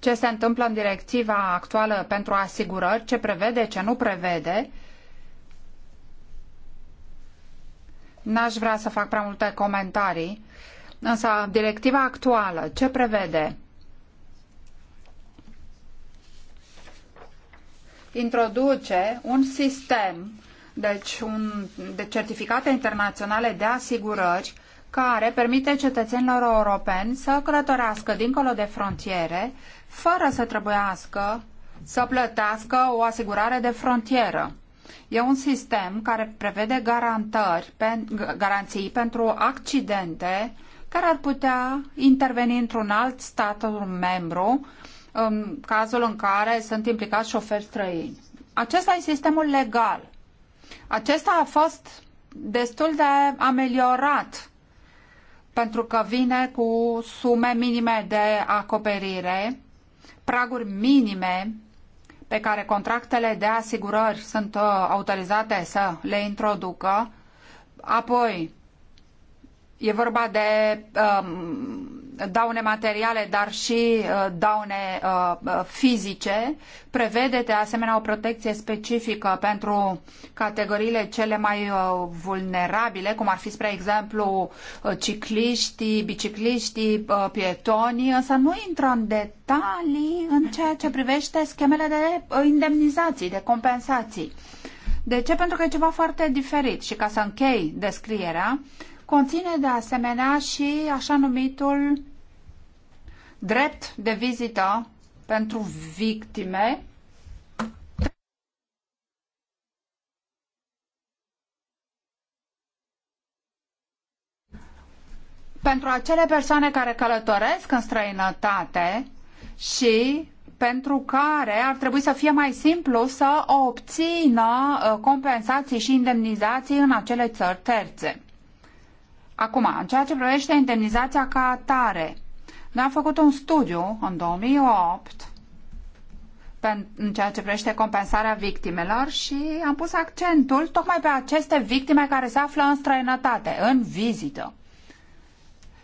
ce se întâmplă în directiva actuală pentru asigurări, ce prevede, ce nu prevede. N-aș vrea să fac prea multe comentarii, însă directiva actuală, ce prevede? Introduce un sistem, deci un, de certificate internaționale de asigurări care permite cetățenilor europeni să călătorească dincolo de frontiere fără să trebuiască să plătească o asigurare de frontieră. E un sistem care prevede garantări, pen, garanții pentru accidente care ar putea interveni într-un alt stat membru în cazul în care sunt implicați șoferi străini. Acesta e sistemul legal. Acesta a fost destul de ameliorat pentru că vine cu sume minime de acoperire, praguri minime pe care contractele de asigurări sunt uh, autorizate să le introducă. Apoi, e vorba de um, daune materiale, dar și uh, daune uh, uh, fizice, prevede de asemenea o protecție specifică pentru categoriile cele mai vulnerabile, cum ar fi, spre exemplu, cicliștii, bicicliștii, pietonii, însă nu intră în detalii în ceea ce privește schemele de indemnizații, de compensații. De ce? Pentru că e ceva foarte diferit și ca să închei descrierea, uh, conține de asemenea și așa numitul drept de vizită pentru victime pentru acele persoane care călătoresc în străinătate și pentru care ar trebui să fie mai simplu să obțină uh, compensații și indemnizații în acele țări terțe. Acum, în ceea ce privește indemnizația ca atare, noi am făcut un studiu în 2008 în ceea ce privește compensarea victimelor și am pus accentul tocmai pe aceste victime care se află în străinătate, în vizită.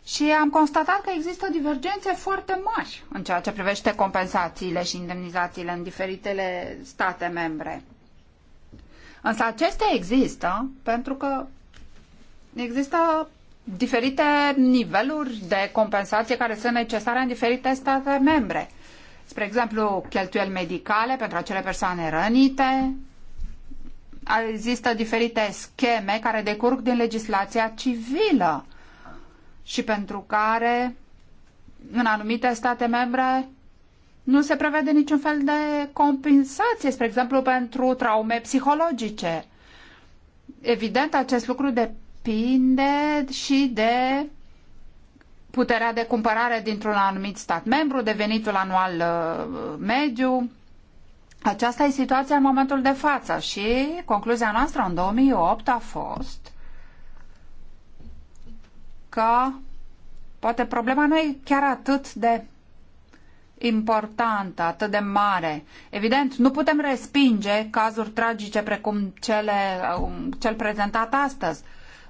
Și am constatat că există divergențe foarte mari în ceea ce privește compensațiile și indemnizațiile în diferitele state membre. Însă acestea există pentru că există diferite niveluri de compensație care sunt necesare în diferite state membre. Spre exemplu, cheltuieli medicale pentru acele persoane rănite. Există diferite scheme care decurg din legislația civilă și pentru care în anumite state membre nu se prevede niciun fel de compensație, spre exemplu, pentru traume psihologice. Evident, acest lucru de depinde și de puterea de cumpărare dintr-un anumit stat membru, de venitul anual uh, mediu. Aceasta e situația în momentul de față și concluzia noastră în 2008 a fost că poate problema nu e chiar atât de importantă, atât de mare. Evident, nu putem respinge cazuri tragice precum cele, uh, cel prezentat astăzi,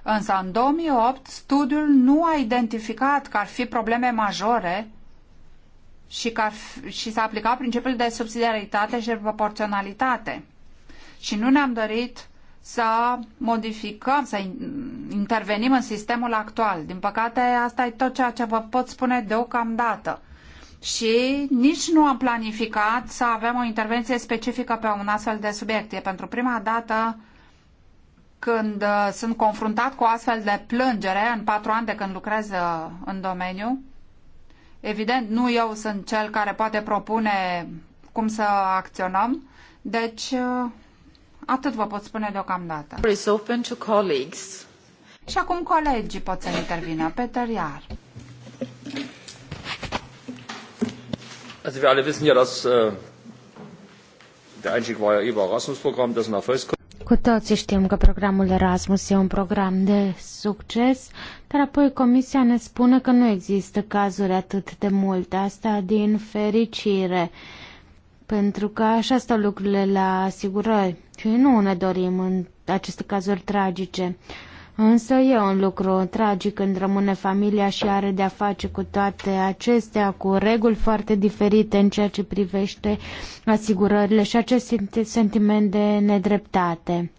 Însă în 2008 studiul nu a identificat că ar fi probleme majore și, că ar fi, și s-a aplicat principiul de subsidiaritate și de proporționalitate. Și nu ne-am dorit să modificăm, să intervenim în sistemul actual. Din păcate, asta e tot ceea ce vă pot spune deocamdată. Și nici nu am planificat să avem o intervenție specifică pe un astfel de subiect. E pentru prima dată uh, când uh, sunt confruntat cu astfel de plângere în patru ani de când lucrez uh, în domeniu, evident, nu eu sunt cel care poate propune cum să acționăm, deci uh, atât vă pot spune deocamdată. Și acum colegii pot să intervină. Peter Iar. Also wir alle wissen ja, dass äh, der Einstieg war ja eh über Erasmus-Programm, das ein Erfolg cu toții știm că programul Erasmus e un program de succes, dar apoi Comisia ne spune că nu există cazuri atât de multe. Asta din fericire, pentru că așa stau lucrurile la asigurări și nu ne dorim în aceste cazuri tragice. Însă e un lucru tragic când rămâne familia și are de-a face cu toate acestea, cu reguli foarte diferite în ceea ce privește asigurările și acest sentiment de nedreptate.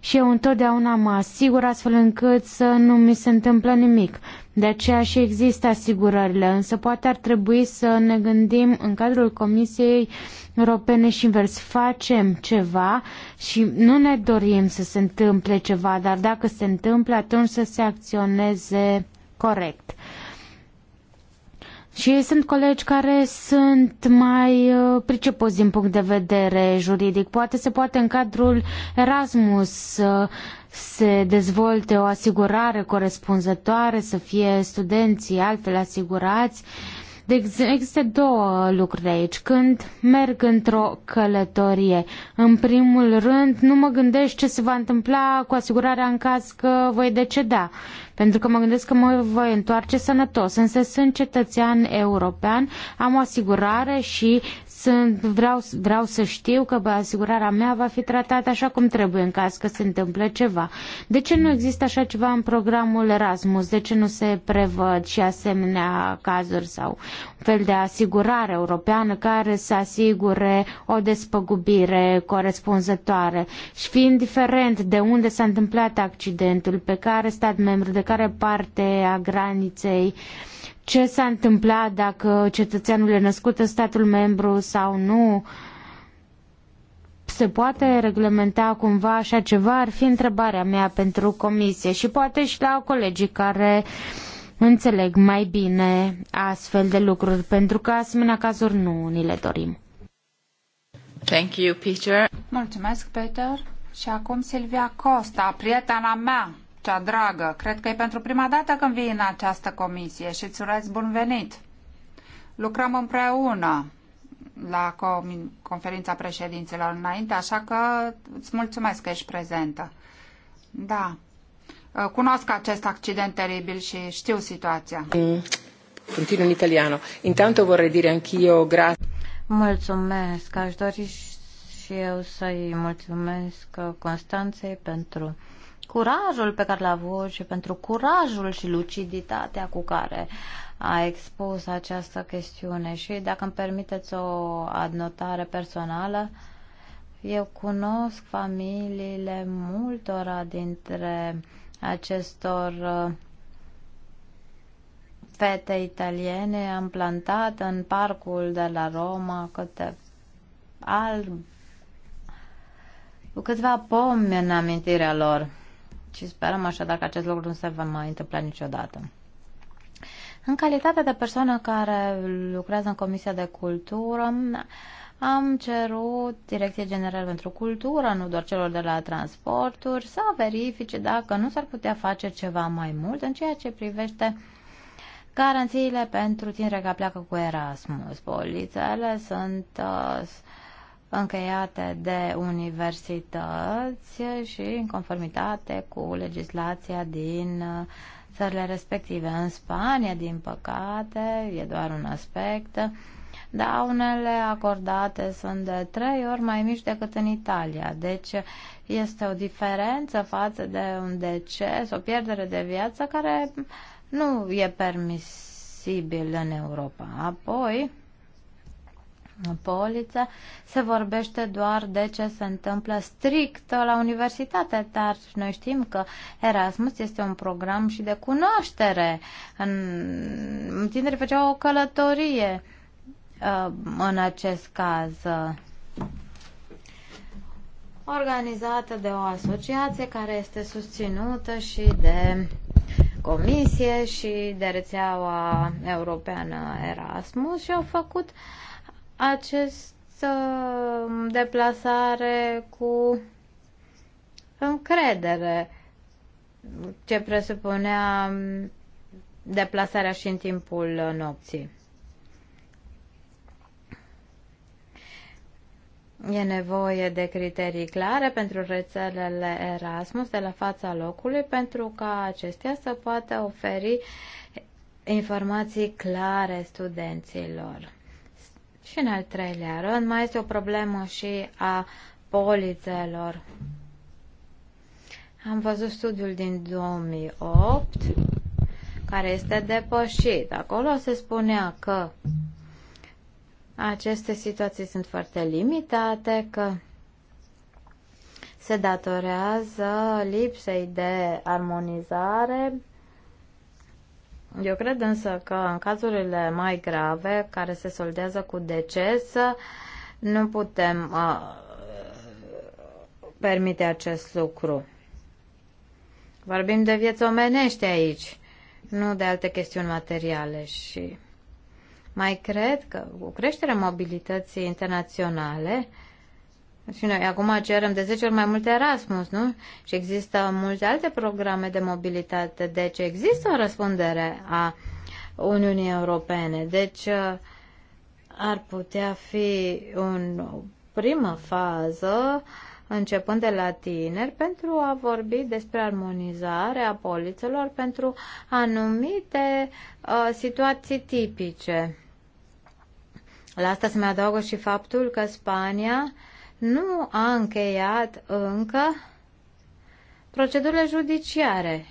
Și eu întotdeauna mă asigur astfel încât să nu mi se întâmplă nimic. De aceea și există asigurările, însă poate ar trebui să ne gândim în cadrul Comisiei Europene și invers, facem ceva și nu ne dorim să se întâmple ceva, dar dacă se întâmplă, atunci să se acționeze corect. Și sunt colegi care sunt mai uh, pricepuți din punct de vedere juridic. Poate se poate în cadrul Erasmus să se dezvolte o asigurare corespunzătoare, să fie studenții altfel asigurați. există două lucruri aici. Când merg într-o călătorie, în primul rând nu mă gândesc ce se va întâmpla cu asigurarea în caz că voi deceda pentru că mă gândesc că mă voi întoarce sănătos, însă sunt cetățean european, am o asigurare și sunt, vreau, vreau să știu că bă, asigurarea mea va fi tratată așa cum trebuie în caz că se întâmplă ceva. De ce nu există așa ceva în programul Erasmus? De ce nu se prevăd și asemenea cazuri sau un fel de asigurare europeană care să asigure o despăgubire corespunzătoare? Și fiind diferent de unde s-a întâmplat accidentul, pe care stat membru, de care parte a graniței, uh, ce s-a întâmplat dacă cetățeanul e născut în statul membru sau nu. Se poate reglementa cumva așa ceva? Ar fi întrebarea mea pentru comisie și poate și la colegii care înțeleg mai bine astfel de lucruri, pentru că asemenea cazuri nu ni le dorim. Thank you, Peter. Mulțumesc, Peter. Și acum Silvia Costa, prietena mea cea dragă. Cred că e pentru prima dată când vii în această comisie și îți urez bun venit. Lucrăm împreună la conferința președinților înainte, așa că îți mulțumesc că ești prezentă. Da. Uh, cunosc acest accident teribil și știu situația. Mm, Continu în italiano. Intanto vorrei dire anch'io grazie. Mulțumesc. Aș dori și eu să-i mulțumesc Constanței pentru curajul pe care l-a avut și pentru curajul și luciditatea cu care a expus această chestiune. Și dacă îmi permiteți o adnotare personală, eu cunosc familiile multora dintre acestor uh, fete italiene. Am plantat în parcul de la Roma câte alb, câțiva pomi în amintirea lor și sperăm așadar că acest lucru nu se va mai întâmpla niciodată. În calitate de persoană care lucrează în Comisia de Cultură, am cerut Direcție generală pentru Cultură, nu doar celor de la transporturi, să verifice dacă nu s-ar putea face ceva mai mult în ceea ce privește garanțiile pentru tineri care pleacă cu Erasmus. Polițele sunt uh, încheiate de universități și în conformitate cu legislația din uh, țările respective. În Spania, din păcate, e doar un aspect, daunele acordate sunt de trei ori mai mici decât în Italia. Deci este o diferență față de un deces, o pierdere de viață care nu e permisibil în Europa. Apoi, poliță, se vorbește doar de ce se întâmplă strict la universitate, dar noi știm că Erasmus este un program și de cunoaștere. În... Tinerii făceau o călătorie uh, în acest caz uh, organizată de o asociație care este susținută și de Comisie și de rețeaua europeană Erasmus și au făcut această uh, deplasare cu încredere ce presupunea um, deplasarea și în timpul uh, nopții. E nevoie de criterii clare pentru rețelele Erasmus de la fața locului pentru ca acestea să poată oferi informații clare studenților. Și în al treilea rând, mai este o problemă și a polițelor. Am văzut studiul din 2008 care este depășit. Acolo se spunea că aceste situații sunt foarte limitate, că se datorează lipsei de armonizare eu cred însă că în cazurile mai grave, care se soldează cu deces, nu putem uh, permite acest lucru. Vorbim de vieți omenești aici, nu de alte chestiuni materiale și mai cred că cu creșterea mobilității internaționale, uh, și noi acum cerem de 10 ori mai multe Erasmus, nu? Și există multe alte programe de mobilitate. Deci există o răspundere a Uniunii Europene. Deci uh, ar putea fi un, o primă fază începând de la tineri, pentru a vorbi despre armonizarea polițelor pentru anumite uh, situații tipice. La asta se mai adaugă și faptul că Spania uh, nu a încheiat încă procedurile judiciare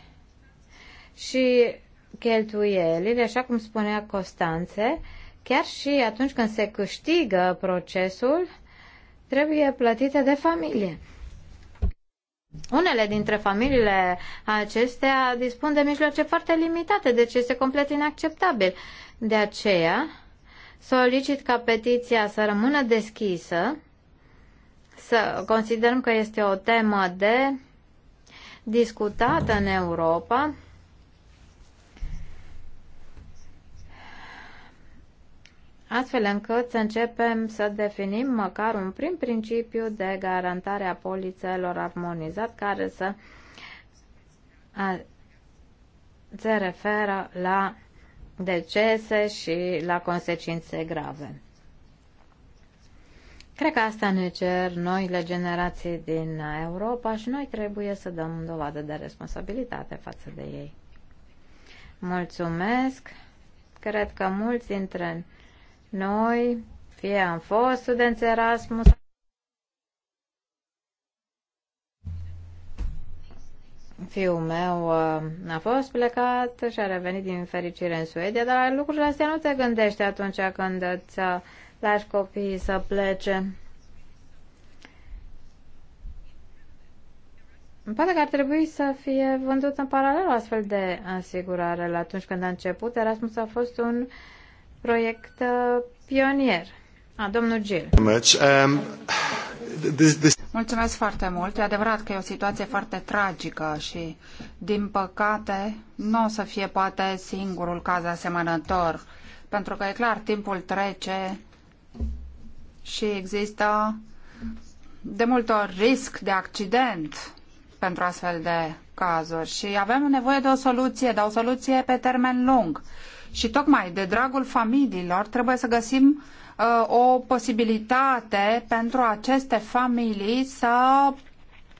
și cheltuielile, așa cum spunea Costanțe, chiar și atunci când se câștigă procesul, trebuie plătite de familie. Unele dintre familiile acestea dispun de mijloace foarte limitate, deci este complet inacceptabil. De aceea, solicit ca petiția să rămână deschisă să considerăm că este o temă de discutată în Europa. astfel încât să începem să definim măcar un prim principiu de garantare a polițelor armonizat care să a, se referă la decese și la consecințe grave. Cred că asta ne cer noile generații din Europa și noi trebuie să dăm dovadă de responsabilitate față de ei. Mulțumesc! Cred că mulți dintre noi, fie am fost studenți Erasmus, Fiul meu uh, a fost plecat și a revenit din fericire în Suedia, dar lucrurile astea nu te gândești atunci când îți uh, lași copiii să plece. Îmi pare că ar trebui să fie vândut în paralel o astfel de asigurare. La atunci când a început, Erasmus a fost un proiect uh, pionier. A, domnul Gil. Um, Mulțumesc foarte mult. E adevărat că e o situație foarte tragică și, din păcate, nu o să fie poate singurul caz asemănător. Pentru că, e clar, timpul trece, și există de multe ori risc de accident pentru astfel de cazuri și avem nevoie de o soluție, dar o soluție pe termen lung. Și tocmai de dragul familiilor trebuie să găsim uh, o posibilitate pentru aceste familii să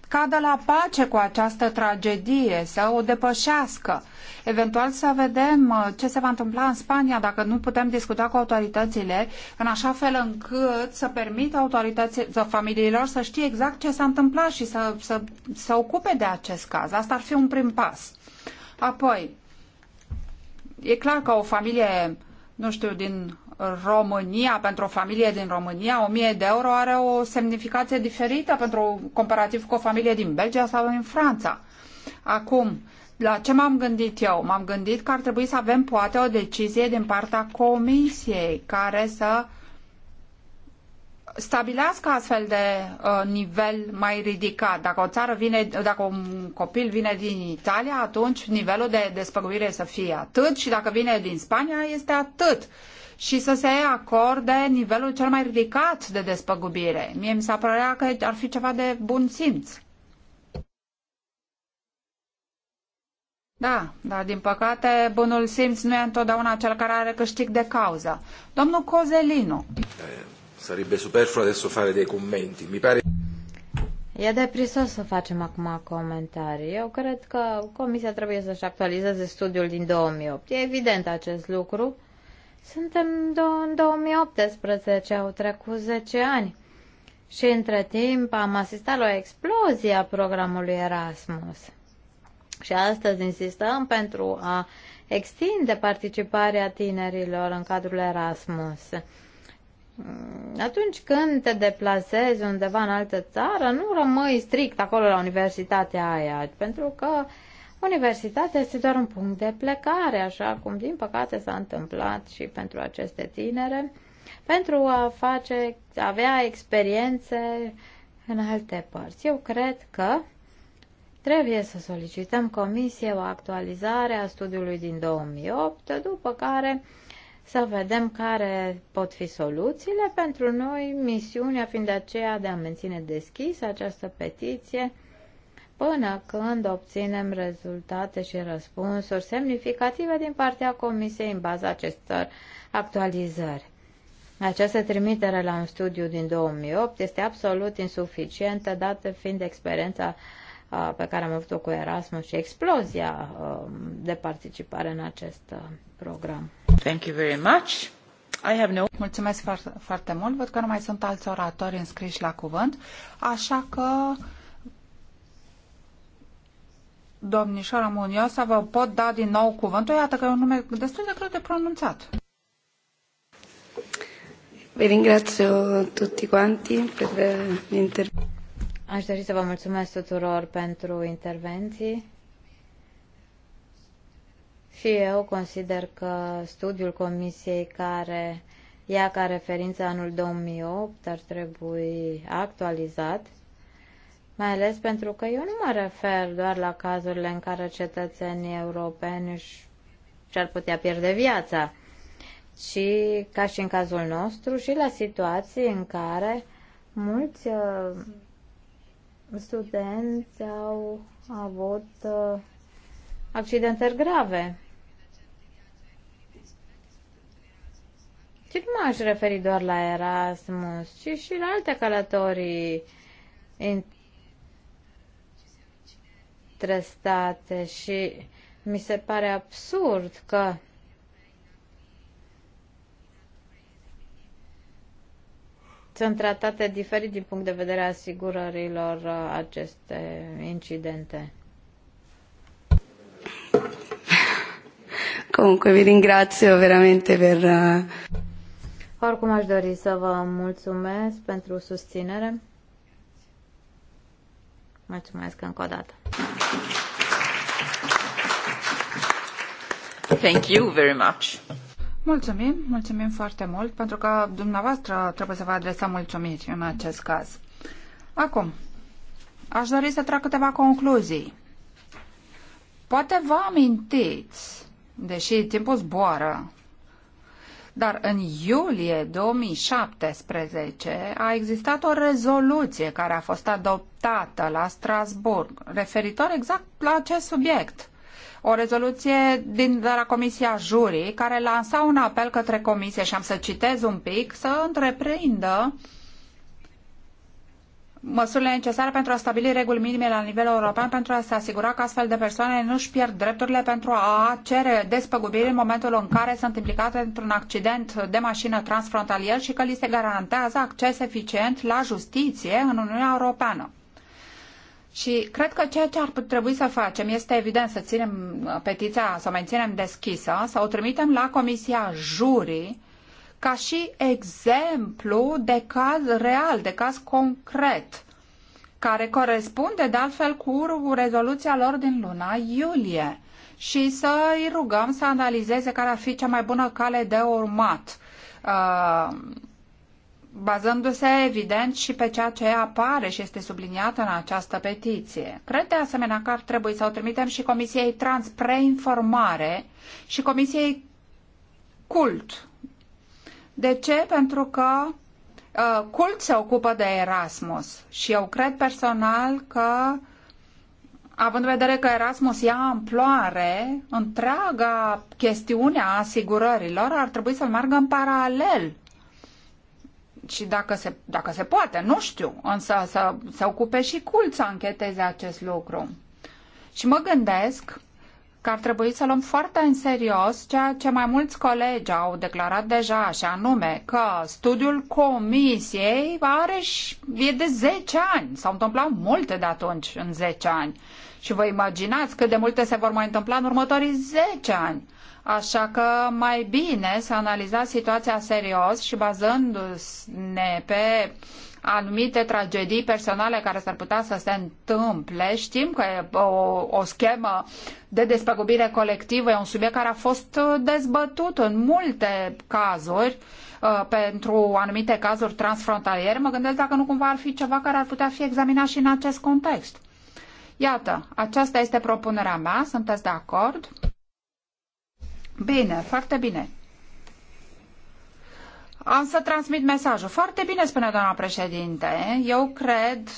cadă la pace cu această tragedie, să o depășească. Eventual să vedem uh, ce se va întâmpla în Spania dacă nu putem discuta cu autoritățile în așa fel încât să permită autorităților, familiilor să știe exact ce s-a întâmplat și să, să să ocupe de acest caz. Asta ar fi un prim pas. Apoi, e clar că o familie, nu știu, din România, pentru o familie din România, 1000 de euro are o semnificație diferită pentru comparativ cu o familie din Belgia sau în Franța. Acum, la ce m-am gândit eu? M-am gândit că ar trebui să avem poate o decizie din partea comisiei care să stabilească astfel de uh, nivel mai ridicat. Dacă o țară vine, dacă un copil vine din Italia, atunci nivelul de despăguire să fie atât și dacă vine din Spania este atât. Uh, și să se acorde nivelul cel mai ridicat de despăgubire. Mie mi s-a părea că ar fi ceva de bun simț. Da, dar din păcate bunul simț nu e întotdeauna cel care are câștig de cauză. Domnul Cozelino. Eh, sarebbe superfluo adesso fare dei commenti. Mi pare... E deprisos să facem acum comentarii. Eu cred că comisia trebuie să-și actualizeze studiul din 2008. E evident acest lucru. Suntem în 2018, au trecut 10 ani. Și între timp am asistat la o explozie a programului Erasmus. Și astăzi insistăm pentru a extinde participarea tinerilor în cadrul Erasmus. Atunci când te deplasezi undeva în altă țară, nu rămâi strict acolo la universitatea aia, pentru că uh, Universitatea este doar un punct de plecare, așa cum din păcate s-a întâmplat și pentru aceste tinere, pentru a face, a avea experiențe în alte părți. Eu cred că trebuie să solicităm comisie o actualizare a studiului din 2008, după care să vedem care pot fi soluțiile pentru noi, misiunea fiind aceea de a menține deschisă această petiție până când obținem rezultate și răspunsuri semnificative din partea Comisiei în baza acestor actualizări. Această trimitere la un studiu din 2008 este absolut insuficientă, dată fiind experiența pe care am avut-o cu Erasmus și explozia de participare în acest program. Thank you very much. I have no... Mulțumesc foarte, foarte mult. Văd că nu mai sunt alți oratori înscriși la cuvânt, așa că domnișoara Muniosa, vă pot da din nou cuvântul. Iată că e un nume destul de greu de pronunțat. Vă ringrazio tutti quanti per l'intervento. Aș dori să vă mulțumesc tuturor pentru intervenții. Și eu consider că studiul comisiei care ia ca referință anul 2008 ar trebui actualizat mai ales pentru că eu nu mă refer doar la cazurile în care cetățenii europeni și-ar putea pierde viața, ci, ca și în cazul nostru, și la situații în care mulți uh, studenți au avut uh, accidente grave. Și nu m-aș referi doar la Erasmus, ci și la alte călătorii trestate și mi se pare absurd că sunt tratate diferit din punct de vedere asigurărilor uh, aceste incidente. Comunque vi ringrazio veramente per... Uh, Oricum aș dori să vă mulțumesc pentru susținere. Mulțumesc încă o dată. Thank you very much. Mulțumim, mulțumim foarte mult, pentru că dumneavoastră trebuie să vă adresa mulțumiri în acest caz. Acum, aș dori să trag câteva concluzii. Poate vă amintiți, deși timpul zboară, dar în iulie 2017 a existat o rezoluție care a fost adoptată la Strasburg referitor exact la acest subiect – o rezoluție din de la Comisia Jurii care lansa un apel către Comisie și am să citez un pic să întreprindă măsurile necesare pentru a stabili reguli minime la nivel european pentru a se asigura că astfel de persoane nu își pierd drepturile pentru a cere despăgubiri în momentul în care sunt implicate într-un accident de mașină transfrontalier și că li se garantează acces eficient la justiție în Uniunea Europeană. Și cred că ceea ce ar trebui să facem este evident să ținem petiția, să o menținem deschisă, să o trimitem la Comisia Jurii ca și exemplu de caz real, de caz concret, care corespunde de altfel cu rezoluția lor din luna iulie și să îi rugăm să analizeze care ar fi cea mai bună cale de urmat. Uh, bazându-se evident și pe ceea ce apare și este subliniat în această petiție. Cred de asemenea că ar trebui să o trimitem și Comisiei Trans preinformare și Comisiei Cult. De ce? Pentru că uh, Cult se ocupă de Erasmus și eu cred personal că Având în vedere că Erasmus ia amploare, întreaga chestiune a asigurărilor ar trebui să meargă în paralel și dacă se, dacă se poate, nu știu, însă să se ocupe și cult să încheteze acest lucru. Și mă gândesc că ar trebui să luăm foarte în serios ceea ce mai mulți colegi au declarat deja, și anume că studiul comisiei are și e de 10 ani. S-au întâmplat multe de atunci în 10 ani. Și vă imaginați cât de multe se vor mai întâmpla în următorii 10 ani. Așa că mai bine să analizați situația serios și bazându-ne pe anumite tragedii personale care s-ar putea să se întâmple. Știm că e o, o schemă de despăgubire colectivă e un subiect care a fost dezbătut în multe cazuri uh, pentru anumite cazuri transfrontaliere. Mă gândesc dacă nu cumva ar fi ceva care ar putea fi examinat și în acest context. Iată, aceasta este propunerea mea, sunteți de acord? Bine, foarte bine. Am să transmit mesajul. Foarte bine, spune doamna președinte. Eu cred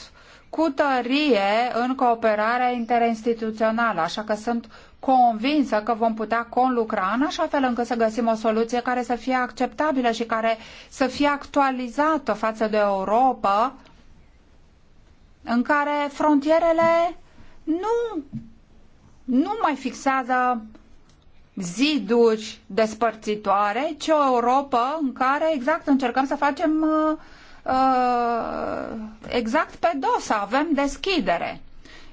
cu tărie în cooperarea interinstituțională, așa că sunt convinsă că vom putea conlucra în așa fel încât să găsim o soluție care să fie acceptabilă și care să fie actualizată față de Europa, în care frontierele nu, nu mai fixează ziduri despărțitoare, ci o Europa în care exact încercăm să facem uh, uh, exact pe dos, să avem deschidere.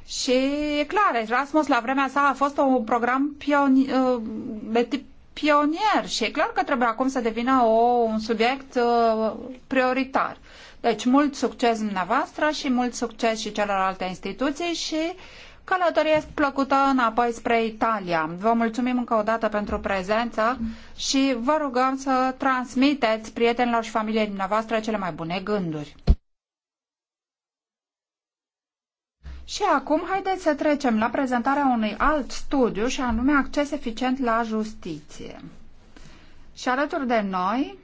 Și e clar, Erasmus la vremea sa a fost un program pioni, uh, de tip pionier și e clar că trebuie acum să devină o, un subiect uh, prioritar. Deci mult succes dumneavoastră și mult succes și celorlalte instituții și călătorie plăcută înapoi spre Italia. Vă mulțumim încă o dată pentru prezență și vă rugăm să transmiteți prietenilor și familiei dumneavoastră cele mai bune gânduri. Și acum haideți să trecem la prezentarea unui alt studiu și anume acces eficient la justiție. Și alături de noi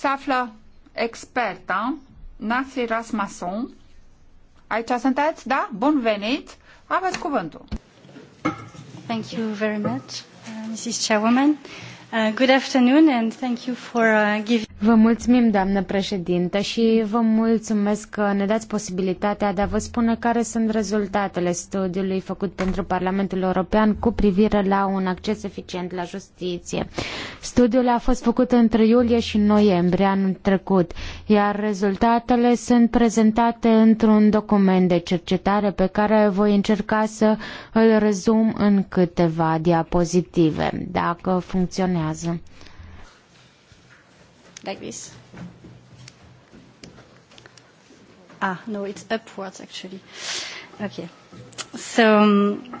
se află experta Nasi Rasmason. Aici sunteți? Da? Bun venit! Aveți cuvântul. Thank you very much, uh, Mrs. Chairwoman. Uh, good afternoon and thank you for uh, giving... Vă mulțumim, doamnă președintă, și vă mulțumesc că ne dați posibilitatea de a vă spune care sunt rezultatele studiului făcut pentru Parlamentul European cu privire la un acces eficient la justiție. Studiul a fost făcut între iulie și noiembrie anul trecut, iar rezultatele sunt prezentate într-un document de cercetare pe care voi încerca să îl rezum în câteva diapozitive, dacă funcționează urmează. Like this. Ah, no, it's upwards actually. Okay. So, um,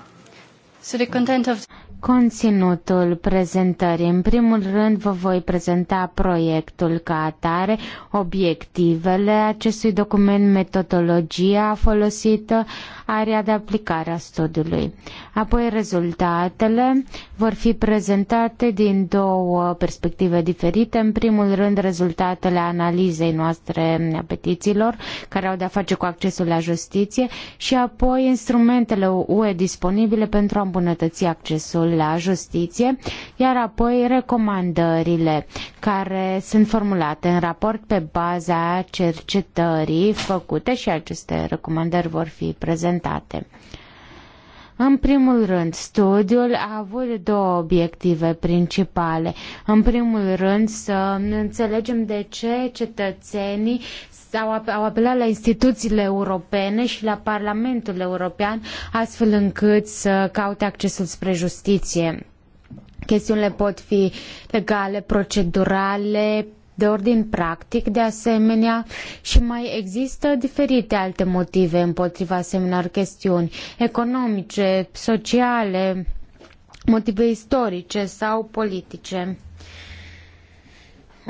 so the content of Conținutul prezentării. În primul rând vă voi prezenta proiectul ca atare, obiectivele acestui document, metodologia folosită, area de aplicare a studiului. Apoi rezultatele vor fi prezentate din două perspective diferite. În primul rând rezultatele analizei noastre a petițiilor care au de-a face cu accesul la justiție și apoi instrumentele UE disponibile pentru a îmbunătăți accesul la justiție, iar apoi recomandările care sunt formulate în raport pe baza cercetării făcute și aceste recomandări vor fi prezentate prezentate. În primul rând, studiul a avut două obiective principale. În primul rând, să înțelegem de ce cetățenii sau au apelat la instituțiile europene și la Parlamentul European astfel încât să caute accesul spre justiție. Chestiunile pot fi legale, procedurale, de ordin practic, de asemenea, și mai există diferite alte motive împotriva asemenea chestiuni economice, sociale, motive istorice sau politice.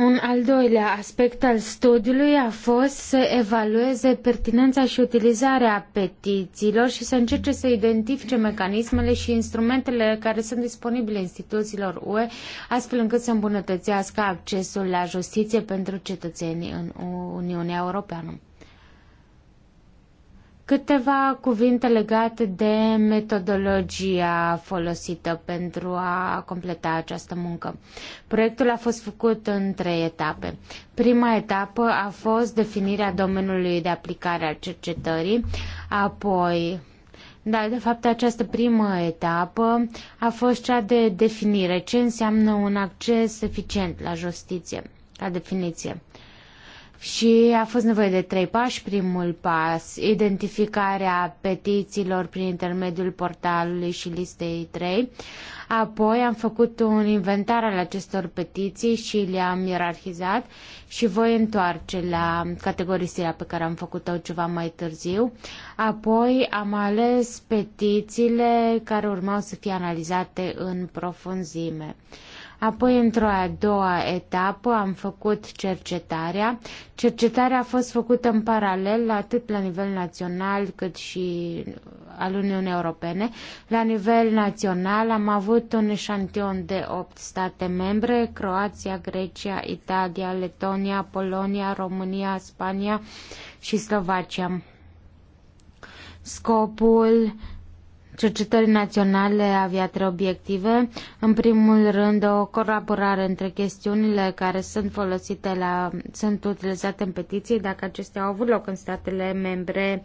Un al doilea aspect al studiului a fost să evalueze pertinența și utilizarea petițiilor și să încerce să identifice mecanismele și instrumentele care sunt disponibile instituțiilor UE, astfel încât să îmbunătățească accesul la justiție pentru cetățenii în Uniunea Europeană. Câteva cuvinte legate de metodologia folosită pentru a completa această muncă. Proiectul a fost făcut în trei etape. Prima etapă a fost definirea domeniului de aplicare al cercetării, apoi da, de fapt, această primă etapă a fost cea de definire. Ce înseamnă un acces eficient la justiție, ca definiție? și a fost nevoie de trei pași. Primul pas, identificarea petițiilor prin intermediul portalului și listei 3. Apoi am făcut un inventar al acestor petiții și le-am ierarhizat și voi întoarce la categorisirea pe care am făcut-o ceva mai târziu. Apoi am ales petițiile care urmau să fie analizate în profunzime. Apoi, într-o a doua etapă, am făcut cercetarea. Cercetarea a fost făcută în paralel, atât la nivel național cât și uh, al Uniunii Europene. La nivel național am avut un eșantion de 8 state membre, Croația, Grecia, Italia, Letonia, Polonia, România, Spania și Slovacia. Scopul cercetării naționale avea trei obiective. În primul rând, o colaborare între chestiunile care sunt folosite la, sunt utilizate în petiții, dacă acestea au avut loc în statele membre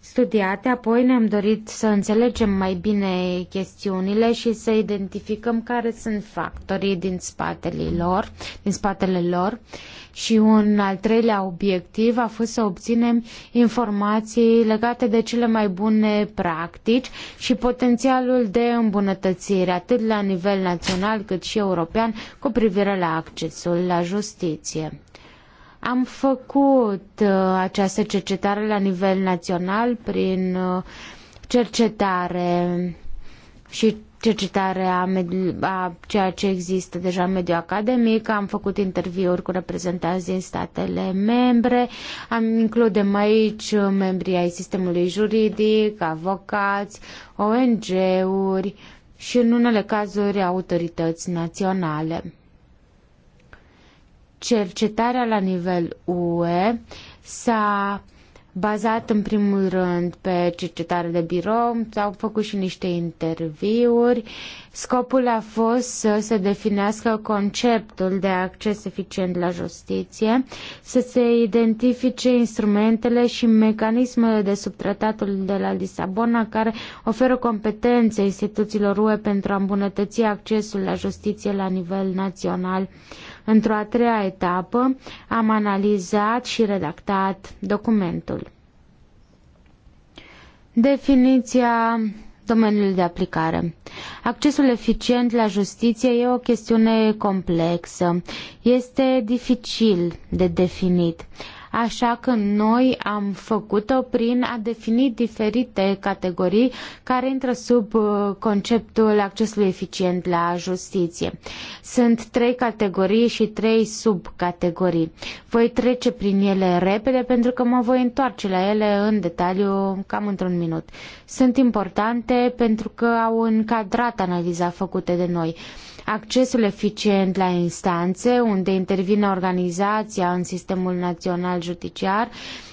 studiate, apoi ne-am dorit să înțelegem mai bine chestiunile și să identificăm care sunt factorii din spatele lor, din spatele lor. Și un al treilea obiectiv a fost să obținem informații legate de cele mai bune practici și potențialul de îmbunătățire, atât la nivel național cât și european, cu privire la accesul la justiție. Am făcut uh, această cercetare la nivel național prin uh, cercetare și cercetarea a ceea ce există deja în mediul academic, am făcut interviuri cu reprezentanți din statele membre, am includem aici uh, membrii ai sistemului juridic, avocați, ONG-uri și în unele cazuri autorități naționale cercetarea la nivel UE s-a bazat în primul rând pe cercetare de birou, s-au făcut și niște interviuri. Scopul a fost să se definească conceptul de acces eficient la justiție, să se identifice instrumentele și mecanismele de subtratatul de la Lisabona care oferă competențe instituțiilor UE pentru a îmbunătăți accesul la justiție la nivel național Într-o a treia etapă am analizat și redactat documentul. Definiția domeniului de aplicare. Accesul eficient la justiție e o chestiune complexă. Este dificil de definit. Așa că noi am făcut-o prin a defini diferite categorii care intră sub uh, conceptul accesului eficient la justiție. Sunt trei categorii și trei subcategorii. Voi trece prin ele repede pentru că mă voi întoarce la ele în detaliu cam într-un minut. Sunt importante pentru că au încadrat analiza făcută de noi accesul eficient la instanțe, unde intervine organizația în sistemul național judiciar,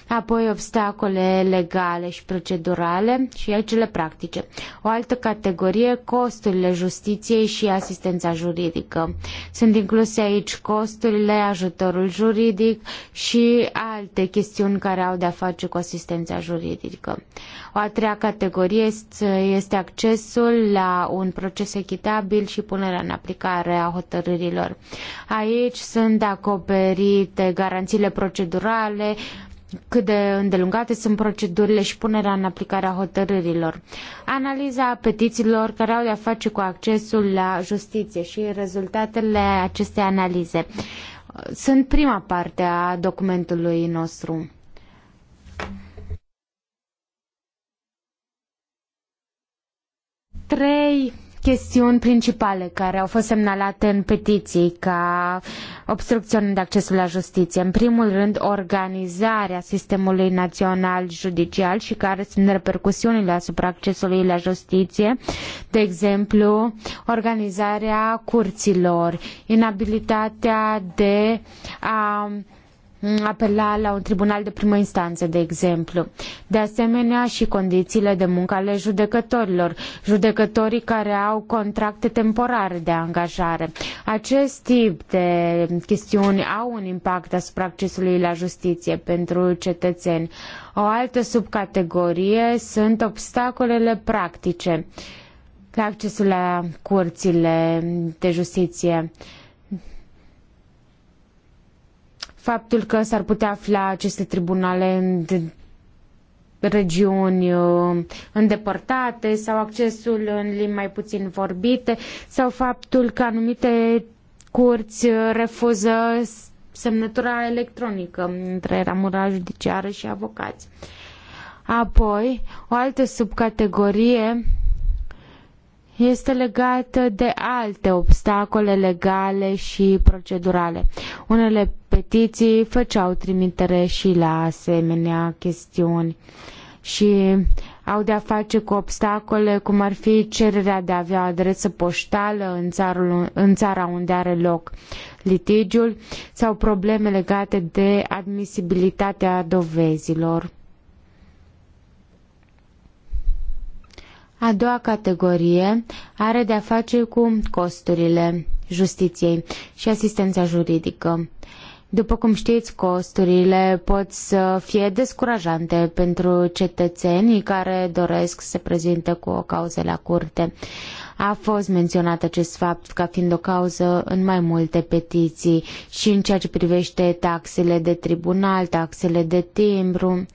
apoi obstacole legale și procedurale și cele practice. O altă categorie, costurile justiției și asistența juridică. Sunt incluse aici costurile, ajutorul juridic și alte chestiuni care au de-a face cu asistența juridică. O a treia categorie este accesul la un proces echitabil și punerea în aplicare a hotărârilor. Aici sunt acoperite garanțiile procedurale, cât de îndelungate sunt procedurile și punerea în aplicare a hotărârilor. Analiza petițiilor care au de-a face cu accesul la justiție și rezultatele acestei analize sunt prima parte a documentului nostru. Trei chestiuni principale care au fost semnalate în petiții ca obstrucționând accesul la justiție. În primul rând, organizarea sistemului național judicial și care sunt repercusiunile asupra accesului la justiție, de exemplu, organizarea curților, inabilitatea de a Mm, apela la un tribunal de primă instanță, de exemplu. De asemenea, și condițiile de muncă ale judecătorilor, judecătorii care au contracte temporare de angajare. Acest tip de chestiuni au un impact asupra accesului la justiție pentru cetățeni. O altă subcategorie sunt obstacolele practice la accesul la curțile de justiție faptul că s-ar putea afla aceste tribunale în regiuni uh, îndepărtate sau accesul în limbi mai puțin vorbite sau faptul că anumite curți uh, refuză semnătura electronică între ramura judiciară și avocați. Apoi, o altă subcategorie este legată de alte obstacole legale și procedurale. Unele petiții făceau trimitere și la asemenea chestiuni și au de-a face cu obstacole, cum ar fi cererea de a avea adresă poștală în, țarul, în țara unde are loc litigiul sau probleme legate de admisibilitatea dovezilor. A doua categorie are de-a face cu costurile justiției și asistența juridică. După cum știți, costurile pot să fie descurajante pentru cetățenii care doresc să prezinte cu o cauză la curte. A fost menționat acest fapt ca fiind o cauză în mai multe petiții și în ceea ce privește taxele de tribunal, taxele de timbru.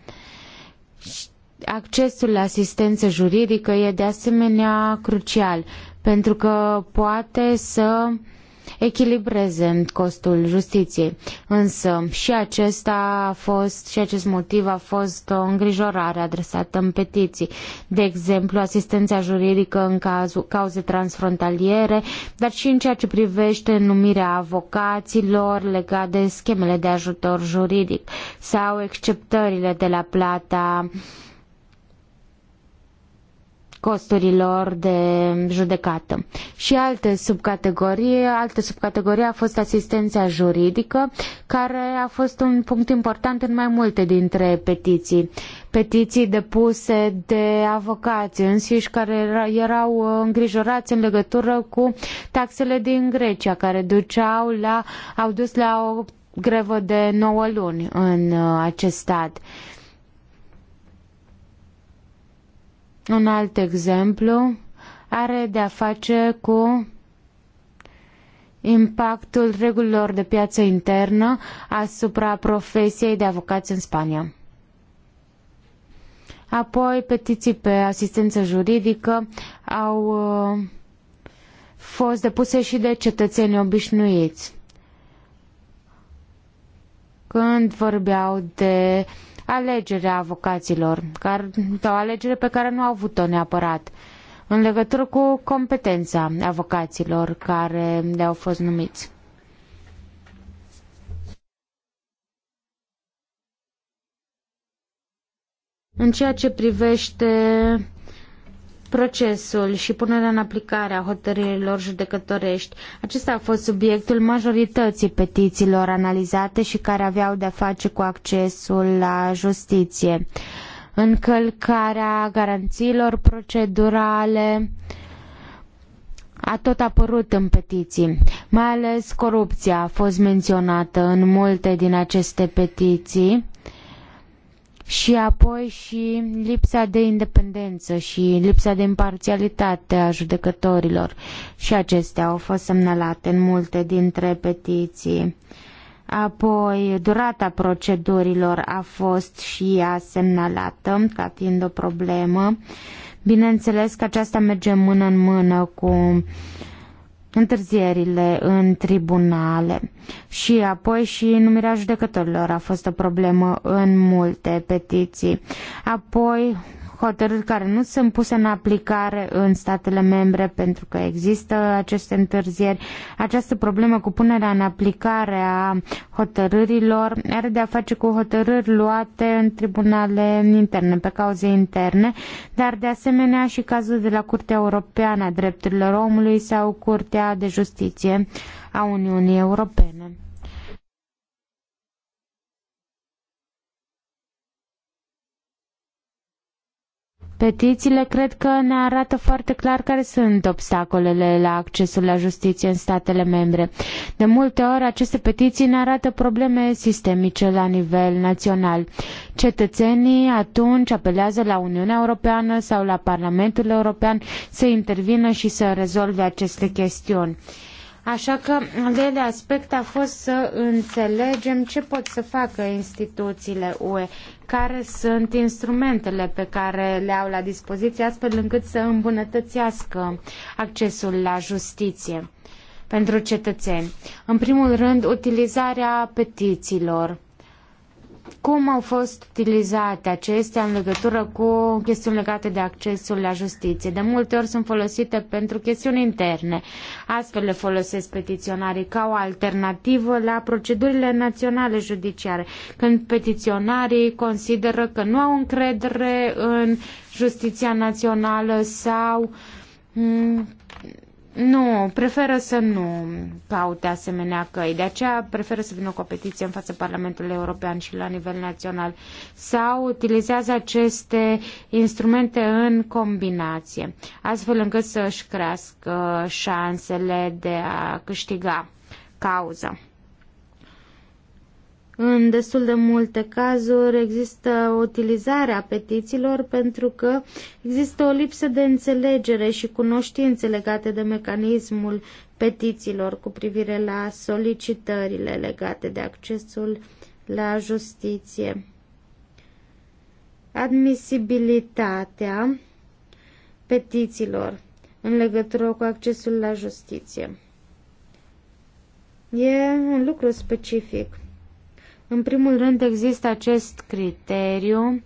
Accesul la asistență juridică e de asemenea crucial pentru că poate să echilibreze costul justiției. Însă și acesta a fost, și acest motiv a fost o îngrijorare adresată în petiții. De exemplu, asistența juridică în cazu cauze transfrontaliere, dar și în ceea ce privește numirea avocaților legat de schemele de ajutor juridic sau exceptările de la plata costurilor de judecată. Și alte subcategorie, alte subcategorie a fost asistența juridică, care a fost un punct important în mai multe dintre petiții. Petiții depuse de avocați însiși care erau uh, îngrijorați în legătură cu taxele din Grecia, care duceau la, au dus la o grevă de 9 luni în uh, acest stat. Un alt exemplu are de a face cu impactul regulilor de piață internă asupra profesiei de avocați în Spania. Apoi, petiții pe asistență juridică au uh, fost depuse și de cetățeni obișnuiți. Când vorbeau de uh, alegerea avocaților, care, o alegere pe care nu au avut-o neapărat, în legătură cu competența avocaților care le-au fost numiți. În ceea ce privește procesul și punerea în aplicare a hotărârilor judecătorești. Acesta a fost subiectul majorității petițiilor analizate și care aveau de-a face cu accesul la justiție. Încălcarea garanțiilor procedurale a tot apărut în petiții. Mai ales corupția a fost menționată în multe din aceste petiții și apoi și lipsa de independență și lipsa de imparțialitate a judecătorilor. Și acestea au fost semnalate în multe dintre petiții. Apoi, durata procedurilor a fost și ea semnalată ca fiind o problemă. Bineînțeles că aceasta merge mână în mână cu uh, întârzierile în tribunale și apoi și numirea judecătorilor a fost o problemă în multe petiții. Apoi hotărâri care nu sunt puse în aplicare în statele membre pentru că există aceste întârzieri. Această problemă cu punerea în aplicare a hotărârilor are de a face cu hotărâri luate în tribunale interne, pe cauze interne, dar de asemenea și cazul de la Curtea Europeană a Drepturilor Omului sau Curtea de Justiție a Uniunii Europene. Petițiile cred că ne arată foarte clar care sunt obstacolele la accesul la justiție în statele membre. De multe ori aceste petiții ne arată probleme sistemice la nivel național. Cetățenii atunci apelează la Uniunea Europeană sau la Parlamentul European să intervină și să rezolve aceste chestiuni. Așa că al doilea aspect a fost să înțelegem ce pot să facă instituțiile UE, care sunt instrumentele pe care le au la dispoziție, astfel încât să îmbunătățească accesul la justiție pentru cetățeni. În primul rând, utilizarea petițiilor cum au fost utilizate acestea în legătură cu chestiuni legate de accesul la justiție? De multe ori sunt folosite pentru chestiuni interne. Astfel le folosesc petiționarii ca o alternativă la procedurile naționale judiciare, când petiționarii consideră că nu au încredere în justiția națională sau nu, preferă să nu caute asemenea căi. De aceea preferă să vină cu o petiție în fața Parlamentului European și la nivel național. Sau utilizează aceste instrumente în combinație, astfel încât să își crească șansele de a câștiga cauza. În destul de multe cazuri există utilizarea petițiilor pentru că există o lipsă de înțelegere și cunoștințe legate de mecanismul petițiilor cu privire la solicitările legate de accesul la justiție. Admisibilitatea petițiilor în legătură cu accesul la justiție. E un lucru specific. În primul rând există acest criteriu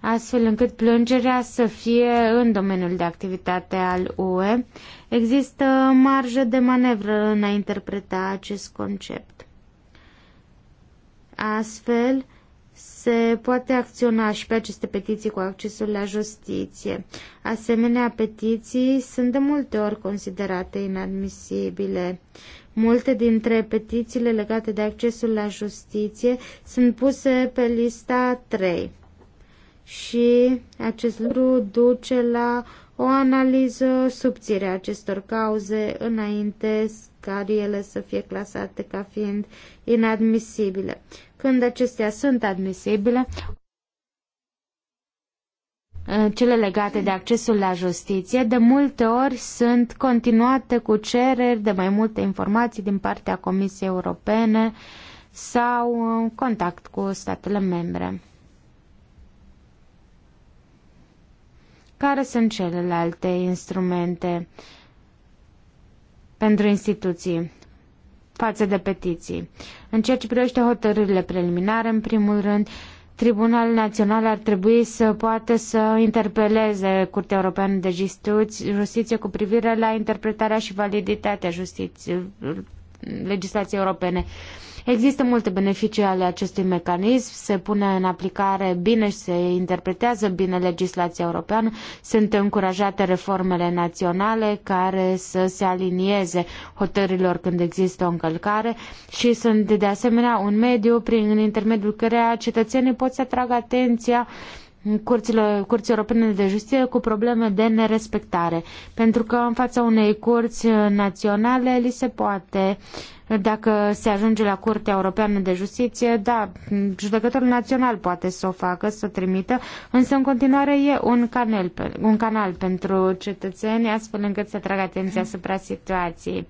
astfel încât plângerea să fie în domeniul de activitate al UE. Există marjă de manevră în a interpreta acest concept. Astfel, se poate acționa și pe aceste petiții cu accesul la justiție. Asemenea, petiții sunt de multe ori considerate inadmisibile. Multe dintre petițiile legate de accesul la justiție sunt puse pe lista 3 și acest lucru duce la o analiză subțire a acestor cauze înainte ca ele să fie clasate ca fiind inadmisibile. Când acestea sunt admisibile, cele legate de accesul la justiție, de multe ori sunt continuate cu cereri de mai multe informații din partea Comisiei Europene sau contact cu statele membre. Care sunt celelalte instrumente pentru instituții față de petiții? În ceea ce privește hotărârile preliminare, în primul rând, uh, Tribunal Național ar trebui să poată să interpeleze Curtea Europeană de Justiție cu privire la interpretarea și validitatea justiției legislației europene. Uh, Există multe beneficii ale acestui mecanism, se pune în aplicare bine și se interpretează bine legislația europeană, sunt încurajate reformele naționale care să se alinieze hotărilor când există o încălcare și sunt de asemenea un mediu prin intermediul căreia cetățenii pot să atragă atenția curților, curții europene de justiție cu probleme de nerespectare. Pentru că în fața unei curți naționale li se poate dacă se ajunge la Curtea Europeană de Justiție, da, judecătorul național poate să o facă, să o trimită, însă în continuare e un canal, un canal pentru cetățeni, astfel încât să atragă atenția asupra situației.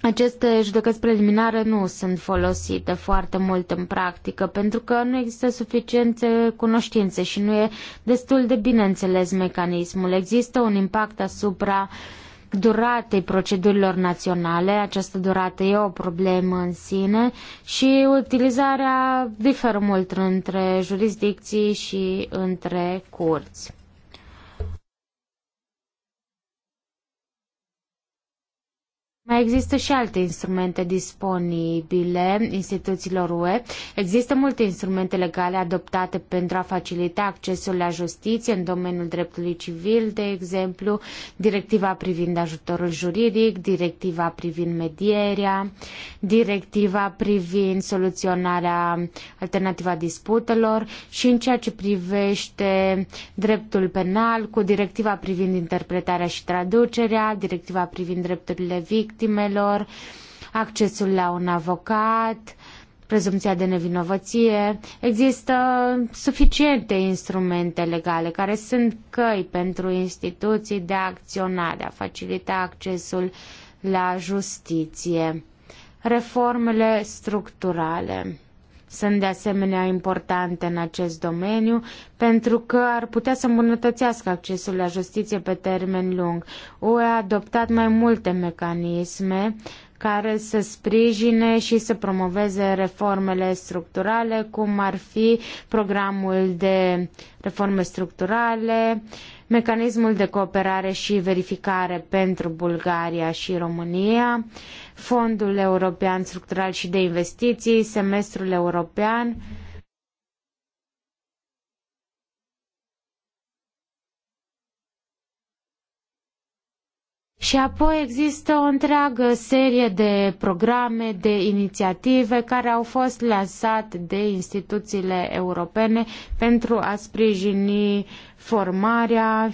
Aceste judecăți preliminare nu sunt folosite foarte mult în practică pentru că nu există suficiente cunoștințe și nu e destul de bine înțeles mecanismul. Există un impact asupra uh, duratei procedurilor naționale, această durată e o problemă în sine și utilizarea diferă mult între jurisdicții și între curți. Mai există și alte instrumente disponibile instituțiilor UE. Există multe instrumente legale adoptate pentru a facilita accesul la justiție în domeniul dreptului civil, de exemplu, directiva privind ajutorul juridic, directiva privind medierea, directiva privind soluționarea alternativa disputelor și în ceea ce privește dreptul penal cu directiva privind interpretarea și traducerea, directiva privind drepturile victimei victimelor, accesul la un avocat, prezumția de nevinovăție. Există suficiente instrumente legale care sunt căi pentru instituții de a acționa, de a facilita accesul la justiție. Reformele structurale sunt de asemenea importante în acest domeniu pentru că ar putea să îmbunătățească accesul la justiție pe termen lung. UE a adoptat mai multe mecanisme care să sprijine și să promoveze reformele structurale, cum ar fi programul de reforme structurale, uh, mecanismul de cooperare și verificare pentru Bulgaria și România, Fondul European Structural și de Investiții, Semestrul European, Și apoi există o întreagă serie de programe, de inițiative care au fost lansate de instituțiile europene pentru a sprijini formarea,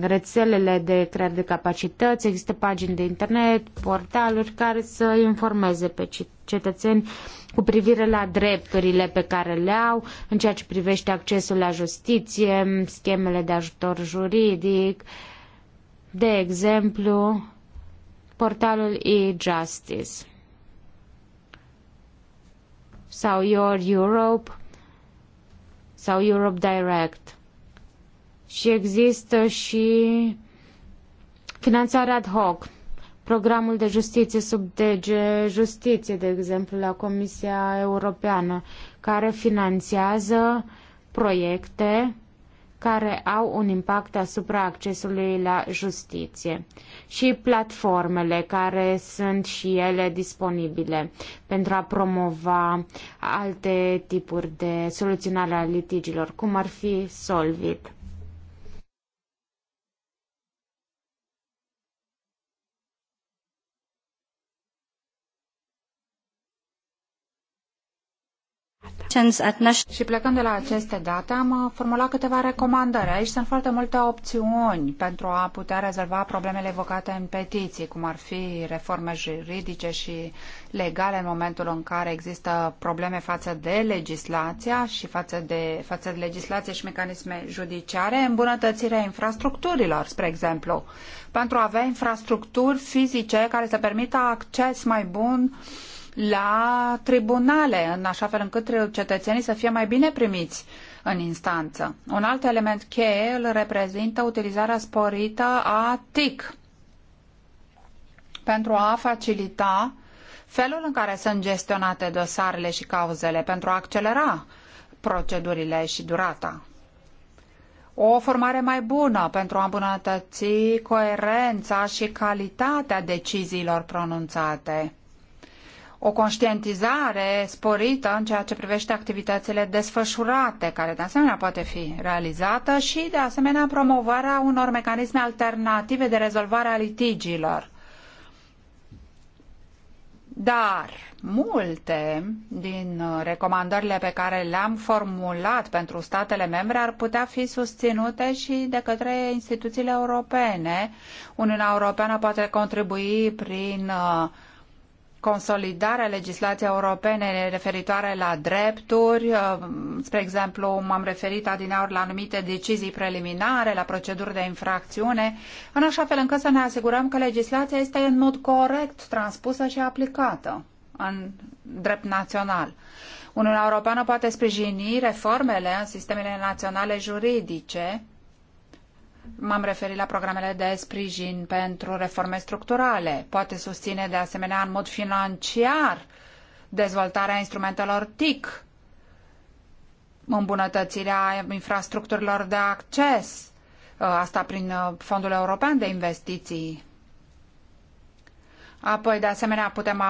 rețelele de creare de capacități, există pagini de internet, portaluri care să informeze pe cetățeni cu privire la drepturile pe care le au în ceea ce privește accesul la justiție, schemele de ajutor juridic, uh, de exemplu, portalul e-justice sau Your Europe sau Europe Direct. Și există și finanțarea ad hoc, programul de justiție sub DG Justiție, de exemplu, la Comisia Europeană, care finanțează proiecte care au un impact asupra accesului la justiție și platformele care sunt și ele disponibile pentru a promova alte tipuri de soluționare a litigilor, cum ar fi Solvit. Și plecând de la aceste date, am uh, formulat câteva recomandări. Aici sunt foarte multe opțiuni pentru a putea rezolva problemele evocate în petiții, cum ar fi reforme juridice și legale în momentul în care există probleme față de legislația și față de, față de legislație și mecanisme judiciare, îmbunătățirea infrastructurilor, spre exemplu, pentru a avea infrastructuri fizice care să permită acces mai bun uh, la tribunale, în așa fel încât cetățenii să fie mai bine primiți în instanță. Un alt element cheie îl reprezintă utilizarea sporită a TIC pentru a facilita felul în care sunt gestionate dosarele și cauzele, pentru a accelera procedurile și durata o formare mai bună pentru a îmbunătăți coerența și calitatea deciziilor pronunțate o conștientizare sporită în ceea ce privește activitățile desfășurate, care de asemenea poate fi realizată și de asemenea promovarea unor mecanisme alternative de rezolvare a litigiilor. Dar multe din uh, recomandările pe care le-am formulat pentru statele membre ar putea fi susținute și de către instituțiile europene. Uniunea Europeană poate contribui prin uh, consolidarea legislației europene referitoare la drepturi. Uh, spre exemplu, m-am referit adineauri la anumite decizii preliminare, la proceduri de infracțiune, în așa fel încât să ne asigurăm că legislația este în mod corect transpusă și aplicată în drept național. Uniunea Europeană poate sprijini reformele în sistemele naționale juridice M-am referit la programele de sprijin pentru reforme structurale. Poate susține de asemenea în mod financiar dezvoltarea instrumentelor TIC, îmbunătățirea infrastructurilor de acces, ă, asta prin ă, Fondul European de Investiții. Apoi, de asemenea, putem ă,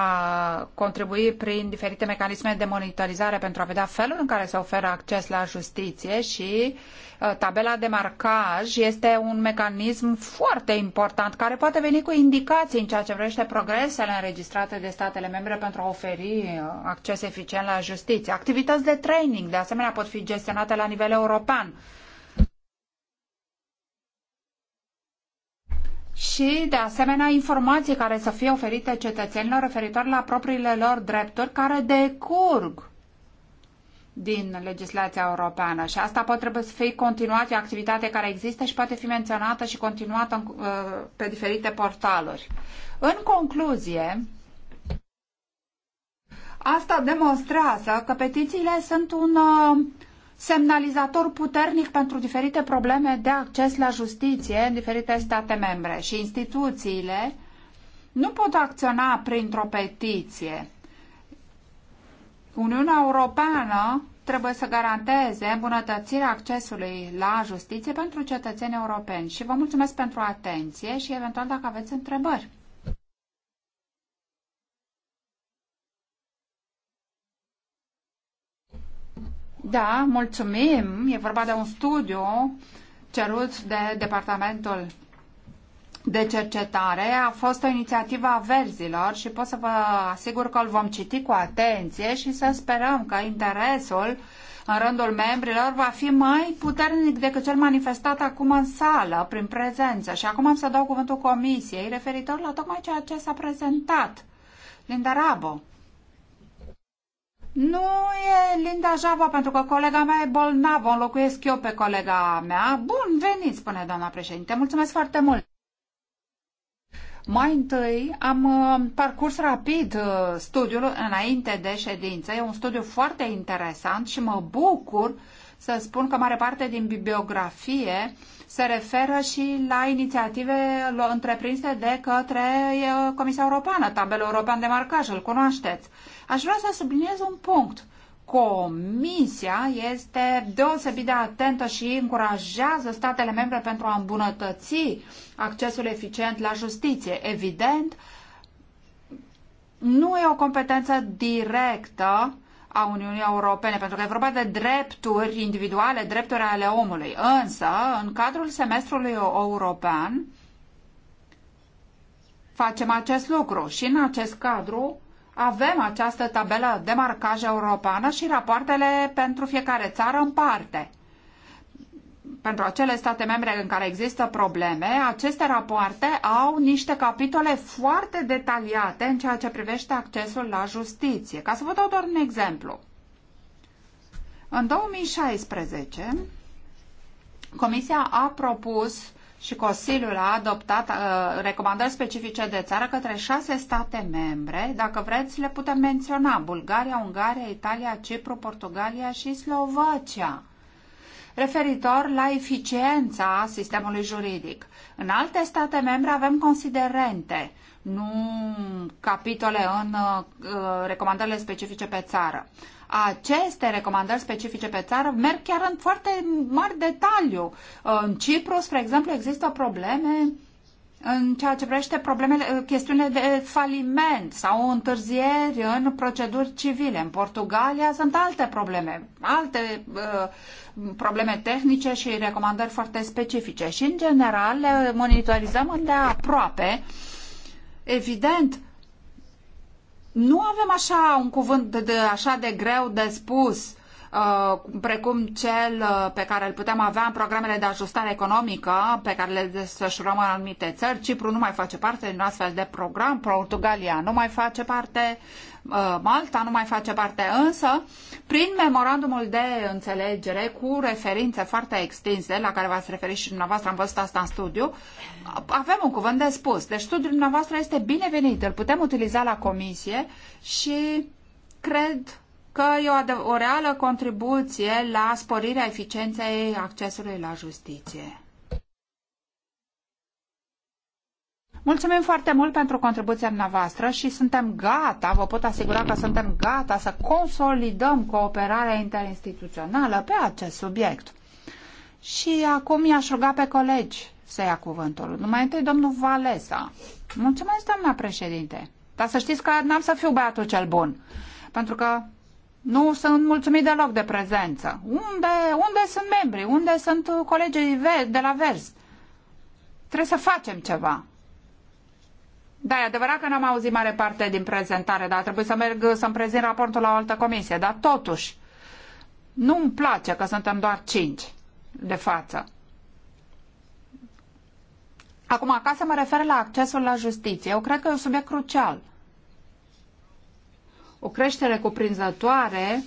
contribui prin diferite mecanisme de monitorizare pentru a vedea felul în care se oferă acces la justiție și Uh, tabela de marcaj este un mecanism foarte important care poate veni cu indicații în ceea ce privește progresele înregistrate de statele membre pentru a oferi uh, acces eficient la justiție. Activități de training, de asemenea, pot fi gestionate la nivel european. și, de asemenea, informații care să fie oferite cetățenilor referitor la propriile lor drepturi care decurg din legislația europeană și asta poate trebuie să fie continuată, o activitate care există și poate fi menționată și continuată în, uh, pe diferite portaluri. În concluzie, asta demonstrează că petițiile sunt un uh, semnalizator puternic pentru diferite probleme de acces la justiție în diferite state membre și instituțiile nu pot acționa printr-o petiție. Uniunea Europeană trebuie să garanteze îmbunătățirea accesului la justiție pentru cetățenii europeni. Și vă mulțumesc pentru atenție și eventual dacă aveți întrebări. Da, mulțumim. E vorba de un studiu cerut de Departamentul de cercetare a fost o inițiativă a verzilor și pot să vă asigur că îl vom citi cu atenție și să sperăm că interesul în rândul membrilor va fi mai puternic decât cel manifestat acum în sală, prin prezență. Și acum am să dau cuvântul comisiei referitor la tocmai ceea ce s-a prezentat. Linda Rabo. Nu e Linda Javo, pentru că colega mea e bolnavă, înlocuiesc eu pe colega mea. Bun venit, spune doamna președinte. Mulțumesc foarte mult. Mai întâi am uh, parcurs rapid uh, studiul înainte de ședință. E un studiu foarte interesant și mă bucur să spun că mare parte din bibliografie se referă și la inițiative întreprinse de către uh, Comisia Europeană, tabelul european de marcaj, îl cunoașteți. Aș vrea să subliniez un punct. Comisia este deosebit de atentă și încurajează statele membre pentru a îmbunătăți accesul eficient la justiție. Evident, nu e o competență directă a Uniunii Europene, pentru că e vorba de drepturi individuale, drepturi ale omului. Însă, în cadrul semestrului european, facem acest lucru și în acest cadru avem această tabelă de marcaj europeană și rapoartele pentru fiecare țară în parte. Pentru acele state membre în care există probleme, aceste rapoarte au niște capitole foarte detaliate în ceea ce privește accesul la justiție. Ca să vă dau doar un exemplu. În 2016, Comisia a propus și Consiliul a adoptat uh, recomandări specifice de țară către șase state membre. Dacă vreți, le putem menționa. Bulgaria, Ungaria, Italia, Cipru, Portugalia și Slovacia. Referitor la eficiența sistemului juridic. În alte state membre avem considerente, nu capitole în uh, recomandările specifice pe țară. Uh, aceste recomandări specifice pe țară merg chiar în foarte mari detaliu. Uh, în Cipru, spre exemplu, există probleme în ceea ce privește problemele, uh, chestiunile de faliment sau întârzieri în proceduri civile. În Portugalia sunt alte probleme, alte uh, probleme tehnice și recomandări foarte specifice. Și, în general, le monitorizăm îndeaproape. Evident, nu avem așa un cuvânt de, de, așa de greu de spus Uh, precum cel uh, pe care îl putem avea în programele de ajustare economică pe care le desfășurăm în anumite țări. Cipru nu mai face parte din astfel de program, Portugalia nu mai face parte, uh, Malta nu mai face parte, însă prin memorandumul de înțelegere cu referințe foarte extinse la care v-ați referit și dumneavoastră, am văzut asta în studiu, avem un cuvânt de spus. Deci studiul dumneavoastră este binevenit, îl putem utiliza la comisie și cred că e o, o reală contribuție la sporirea eficienței accesului la justiție. Mulțumim foarte mult pentru contribuția noastră și suntem gata, vă pot asigura că suntem gata să consolidăm cooperarea interinstituțională pe acest subiect. Și acum i-aș ruga pe colegi să ia cuvântul. Numai întâi domnul Valesa. Mulțumesc, doamna președinte. Dar să știți că n-am să fiu băiatul cel bun. Pentru că nu sunt mulțumit deloc de prezență. Unde, unde sunt membrii? Unde sunt colegii de la Vers? Trebuie să facem ceva. Da, e adevărat că n-am auzit mare parte din prezentare, dar trebuie să merg să-mi prezint raportul la o altă comisie. Dar totuși, nu îmi place că suntem doar cinci de față. Acum, ca să mă refer la accesul la justiție, eu cred că e un subiect crucial o creștere cuprinzătoare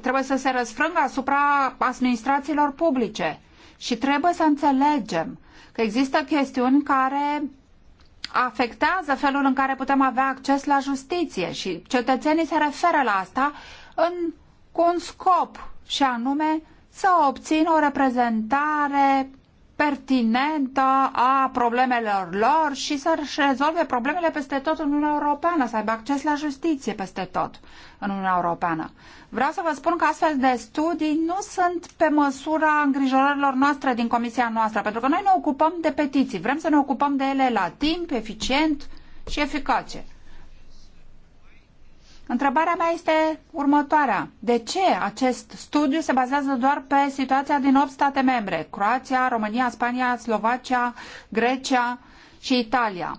trebuie să se răsfrângă asupra administrațiilor publice și trebuie să înțelegem că există chestiuni care afectează felul în care putem avea acces la justiție și cetățenii se referă la asta în, cu un scop și anume să obțină o reprezentare pertinentă a problemelor lor și să-și rezolve problemele peste tot în Uniunea Europeană, să aibă acces la justiție peste tot în Uniunea Europeană. Vreau să vă spun că astfel de studii nu sunt pe măsura îngrijorărilor noastre din comisia noastră, pentru că noi ne ocupăm de petiții, vrem să ne ocupăm de ele la timp, eficient și eficace. Întrebarea mea este următoarea. De ce acest studiu se bazează doar pe situația din 8 state membre? Croația, România, Spania, Slovacia, Grecia și Italia.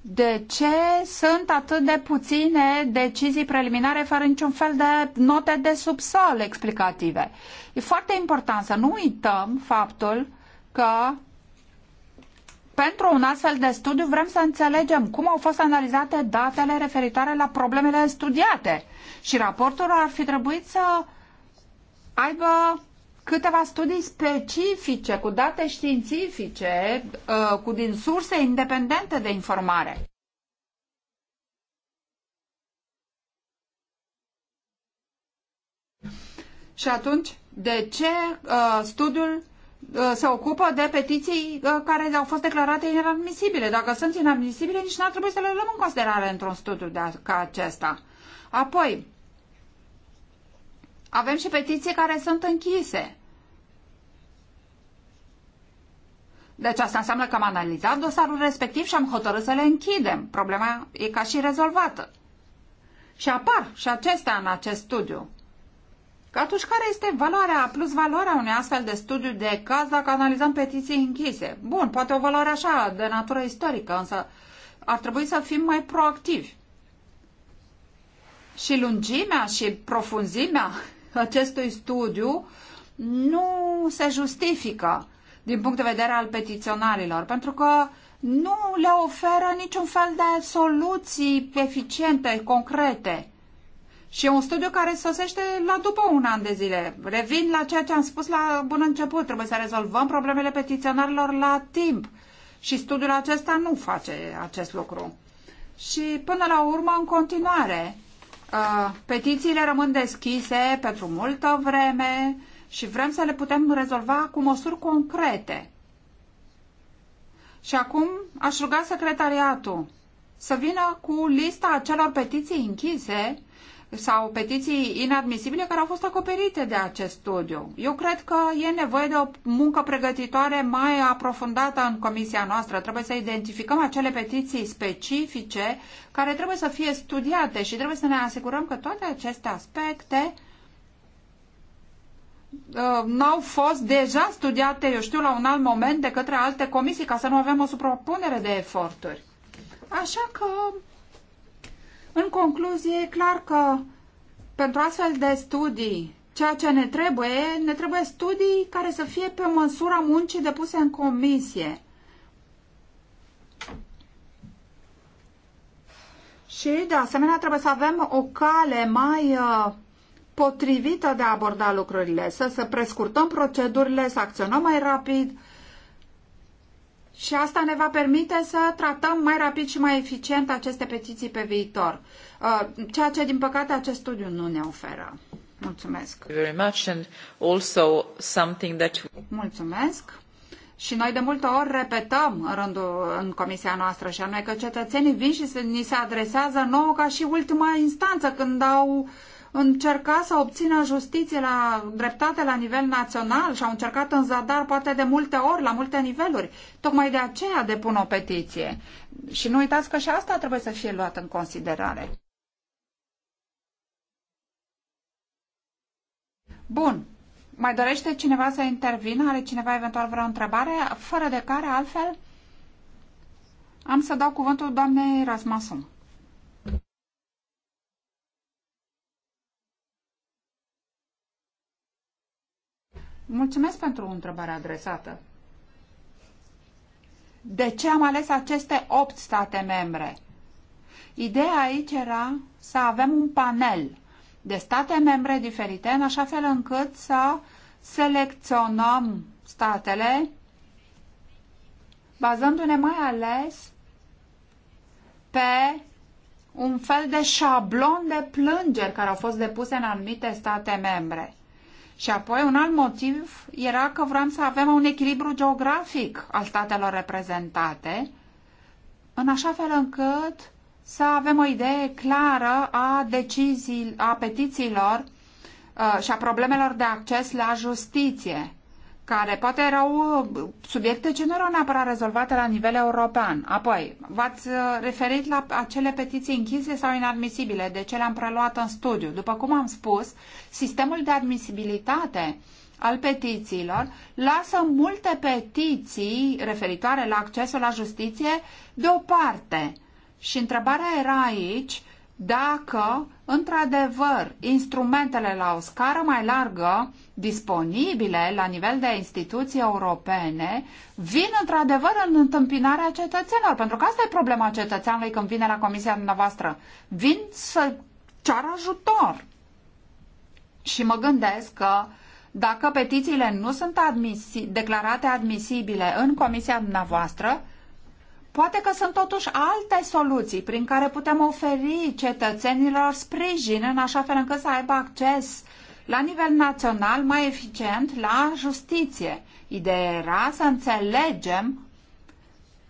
De ce sunt atât de puține decizii preliminare fără niciun fel de note de subsol explicative? E foarte important să nu uităm faptul că pentru un astfel de studiu vrem să înțelegem cum au fost analizate datele referitoare la problemele studiate. Și raportul ar fi trebuit să aibă câteva studii specifice, cu date științifice, uh, cu din surse independente de informare. Și atunci, de ce uh, studiul Uh, se ocupă de petiții uh, care au fost declarate inadmisibile. Dacă sunt inadmisibile, nici n-ar trebui să le luăm în considerare într-un studiu de ca acesta. Apoi, avem și petiții care sunt închise. Deci asta înseamnă că am analizat dosarul respectiv și am hotărât să le închidem. Problema e ca și rezolvată. Și apar și acestea în acest studiu. Că atunci care este valoarea, plus valoarea unui astfel de studiu de caz dacă analizăm petiții închise? Bun, poate o valoare așa, de natură istorică, însă ar trebui să fim mai proactivi. Și lungimea și profunzimea acestui studiu nu se justifică din punct de vedere al petiționarilor, pentru că nu le oferă niciun fel de soluții eficiente, concrete. Și e un studiu care sosește la după un an de zile. Revin la ceea ce am spus la bun început. Trebuie să rezolvăm problemele petiționarilor la timp. Și studiul acesta nu face acest lucru. Și până la urmă, în continuare, uh, petițiile rămân deschise pentru multă vreme și vrem să le putem rezolva cu măsuri concrete. Și acum aș ruga secretariatul să vină cu lista acelor petiții închise sau petiții inadmisibile care au fost acoperite de acest studiu. Eu cred că e nevoie de o muncă pregătitoare mai aprofundată în comisia noastră. Trebuie să identificăm acele petiții specifice care trebuie să fie studiate și trebuie să ne asigurăm că toate aceste aspecte uh, n-au fost deja studiate, eu știu, la un alt moment de către alte comisii, ca să nu avem o suprapunere de eforturi. Așa că în concluzie, e clar că pentru astfel de studii, ceea ce ne trebuie, ne trebuie studii care să fie pe măsura muncii depuse în comisie. Și, de asemenea, trebuie să avem o cale mai uh, potrivită de a aborda lucrurile, să, să prescurtăm procedurile, să acționăm mai rapid, și asta ne va permite să tratăm mai rapid și mai eficient aceste petiții pe viitor, uh, ceea ce, din păcate, acest studiu nu ne oferă. Mulțumesc. Very much and also something that... Mulțumesc. Și noi de multe ori repetăm în rândul în comisia noastră și anume că cetățenii vin și se, ni se adresează nouă ca și ultima instanță când au uh, încerca să obțină justiție la dreptate la nivel național și au încercat în zadar poate de multe ori, la multe niveluri. Tocmai de aceea depun o petiție. Și nu uitați că și asta trebuie să fie luat în considerare. Bun. Mai dorește cineva să intervină? Are cineva eventual vreo întrebare? Fără de care, altfel, am să dau cuvântul doamnei Rasmasum. Mulțumesc pentru întrebarea adresată. De ce am ales aceste opt state membre? Ideea aici era să avem un panel de state membre diferite, în așa fel încât să selecționăm statele bazându-ne mai ales pe un fel de șablon de plângeri care au fost depuse în anumite state membre. Și apoi un alt motiv era că vrem să avem un echilibru geografic al statelor reprezentate, în așa fel încât să avem o idee clară a decizii, a petițiilor uh, și a problemelor de acces la justiție care poate erau uh, subiecte ce nu erau neapărat rezolvate la nivel european. Apoi, v-ați uh, referit la acele petiții închise sau inadmisibile, de ce le-am preluat în studiu. După cum am spus, sistemul de admisibilitate al petițiilor lasă multe petiții referitoare la accesul la justiție deoparte. Și întrebarea era aici dacă, într-adevăr, instrumentele la o scară mai largă disponibile la nivel de instituții europene vin, într-adevăr, în întâmpinarea cetățenilor. Pentru că asta e problema cetățeanului când vine la comisia dumneavoastră. Vin să ceară ajutor. Și mă gândesc că dacă petițiile nu sunt admisi, declarate admisibile în comisia dumneavoastră, Poate că sunt totuși alte soluții prin care putem oferi cetățenilor sprijin în așa fel încât să aibă acces la nivel național mai eficient la justiție. Ideea era să înțelegem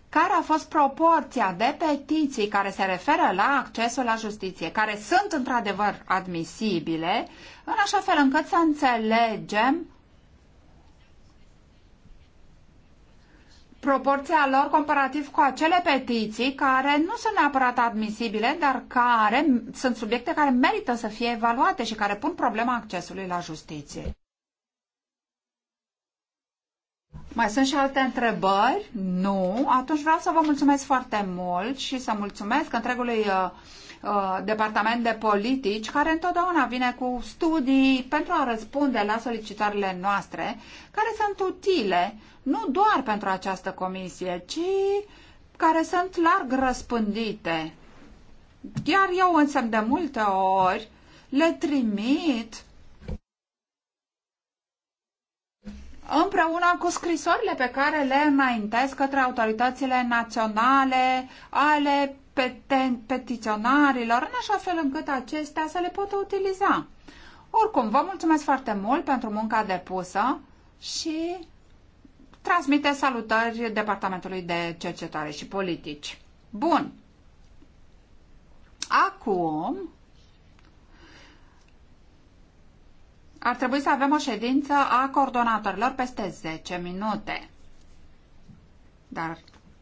care a fost proporția de petiții care se referă la accesul la justiție, care sunt într-adevăr admisibile, în așa fel încât să înțelegem proporția lor comparativ cu acele petiții care nu sunt neapărat admisibile, dar care sunt subiecte care merită să fie evaluate și care pun problema accesului la justiție. Mai sunt și alte întrebări? Nu. Atunci vreau să vă mulțumesc foarte mult și să mulțumesc întregului uh, uh, departament de politici care întotdeauna vine cu studii pentru a răspunde la solicitările noastre, care sunt utile nu doar pentru această comisie, ci care sunt larg răspândite. Chiar eu însă de multe ori le trimit împreună cu scrisorile pe care le înaintez către autoritățile naționale ale petiționarilor, în așa fel încât acestea să le pot utiliza. Oricum, vă mulțumesc foarte mult pentru munca depusă și transmite salutări Departamentului de Cercetare și Politici. Bun. Acum ar trebui să avem o ședință a coordonatorilor peste 10 minute. Dar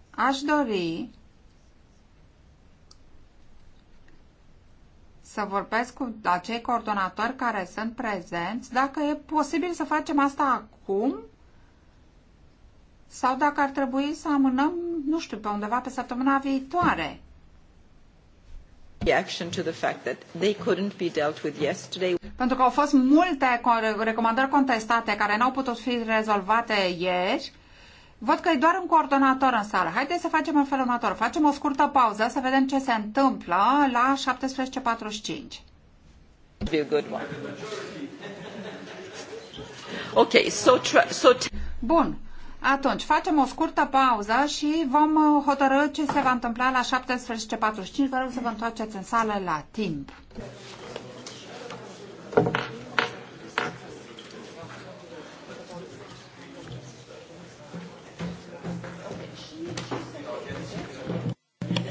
aș dori să vorbesc cu acei coordonatori care sunt prezenți, dacă e posibil să facem asta acum sau dacă ar trebui să amânăm, nu știu, pe undeva pe săptămâna viitoare. Pentru că au fost multe recomandări contestate care n-au putut fi rezolvate ieri, Văd că e doar un coordonator în sală. Haideți să facem în felul următor. Facem o scurtă pauză să vedem ce se întâmplă la 17.45. good one. Okay, Bun. Atunci, facem o scurtă pauză și vom uh, hotărâ ce se va întâmpla la 17.45. Vă rog să vă întoarceți în sală la timp.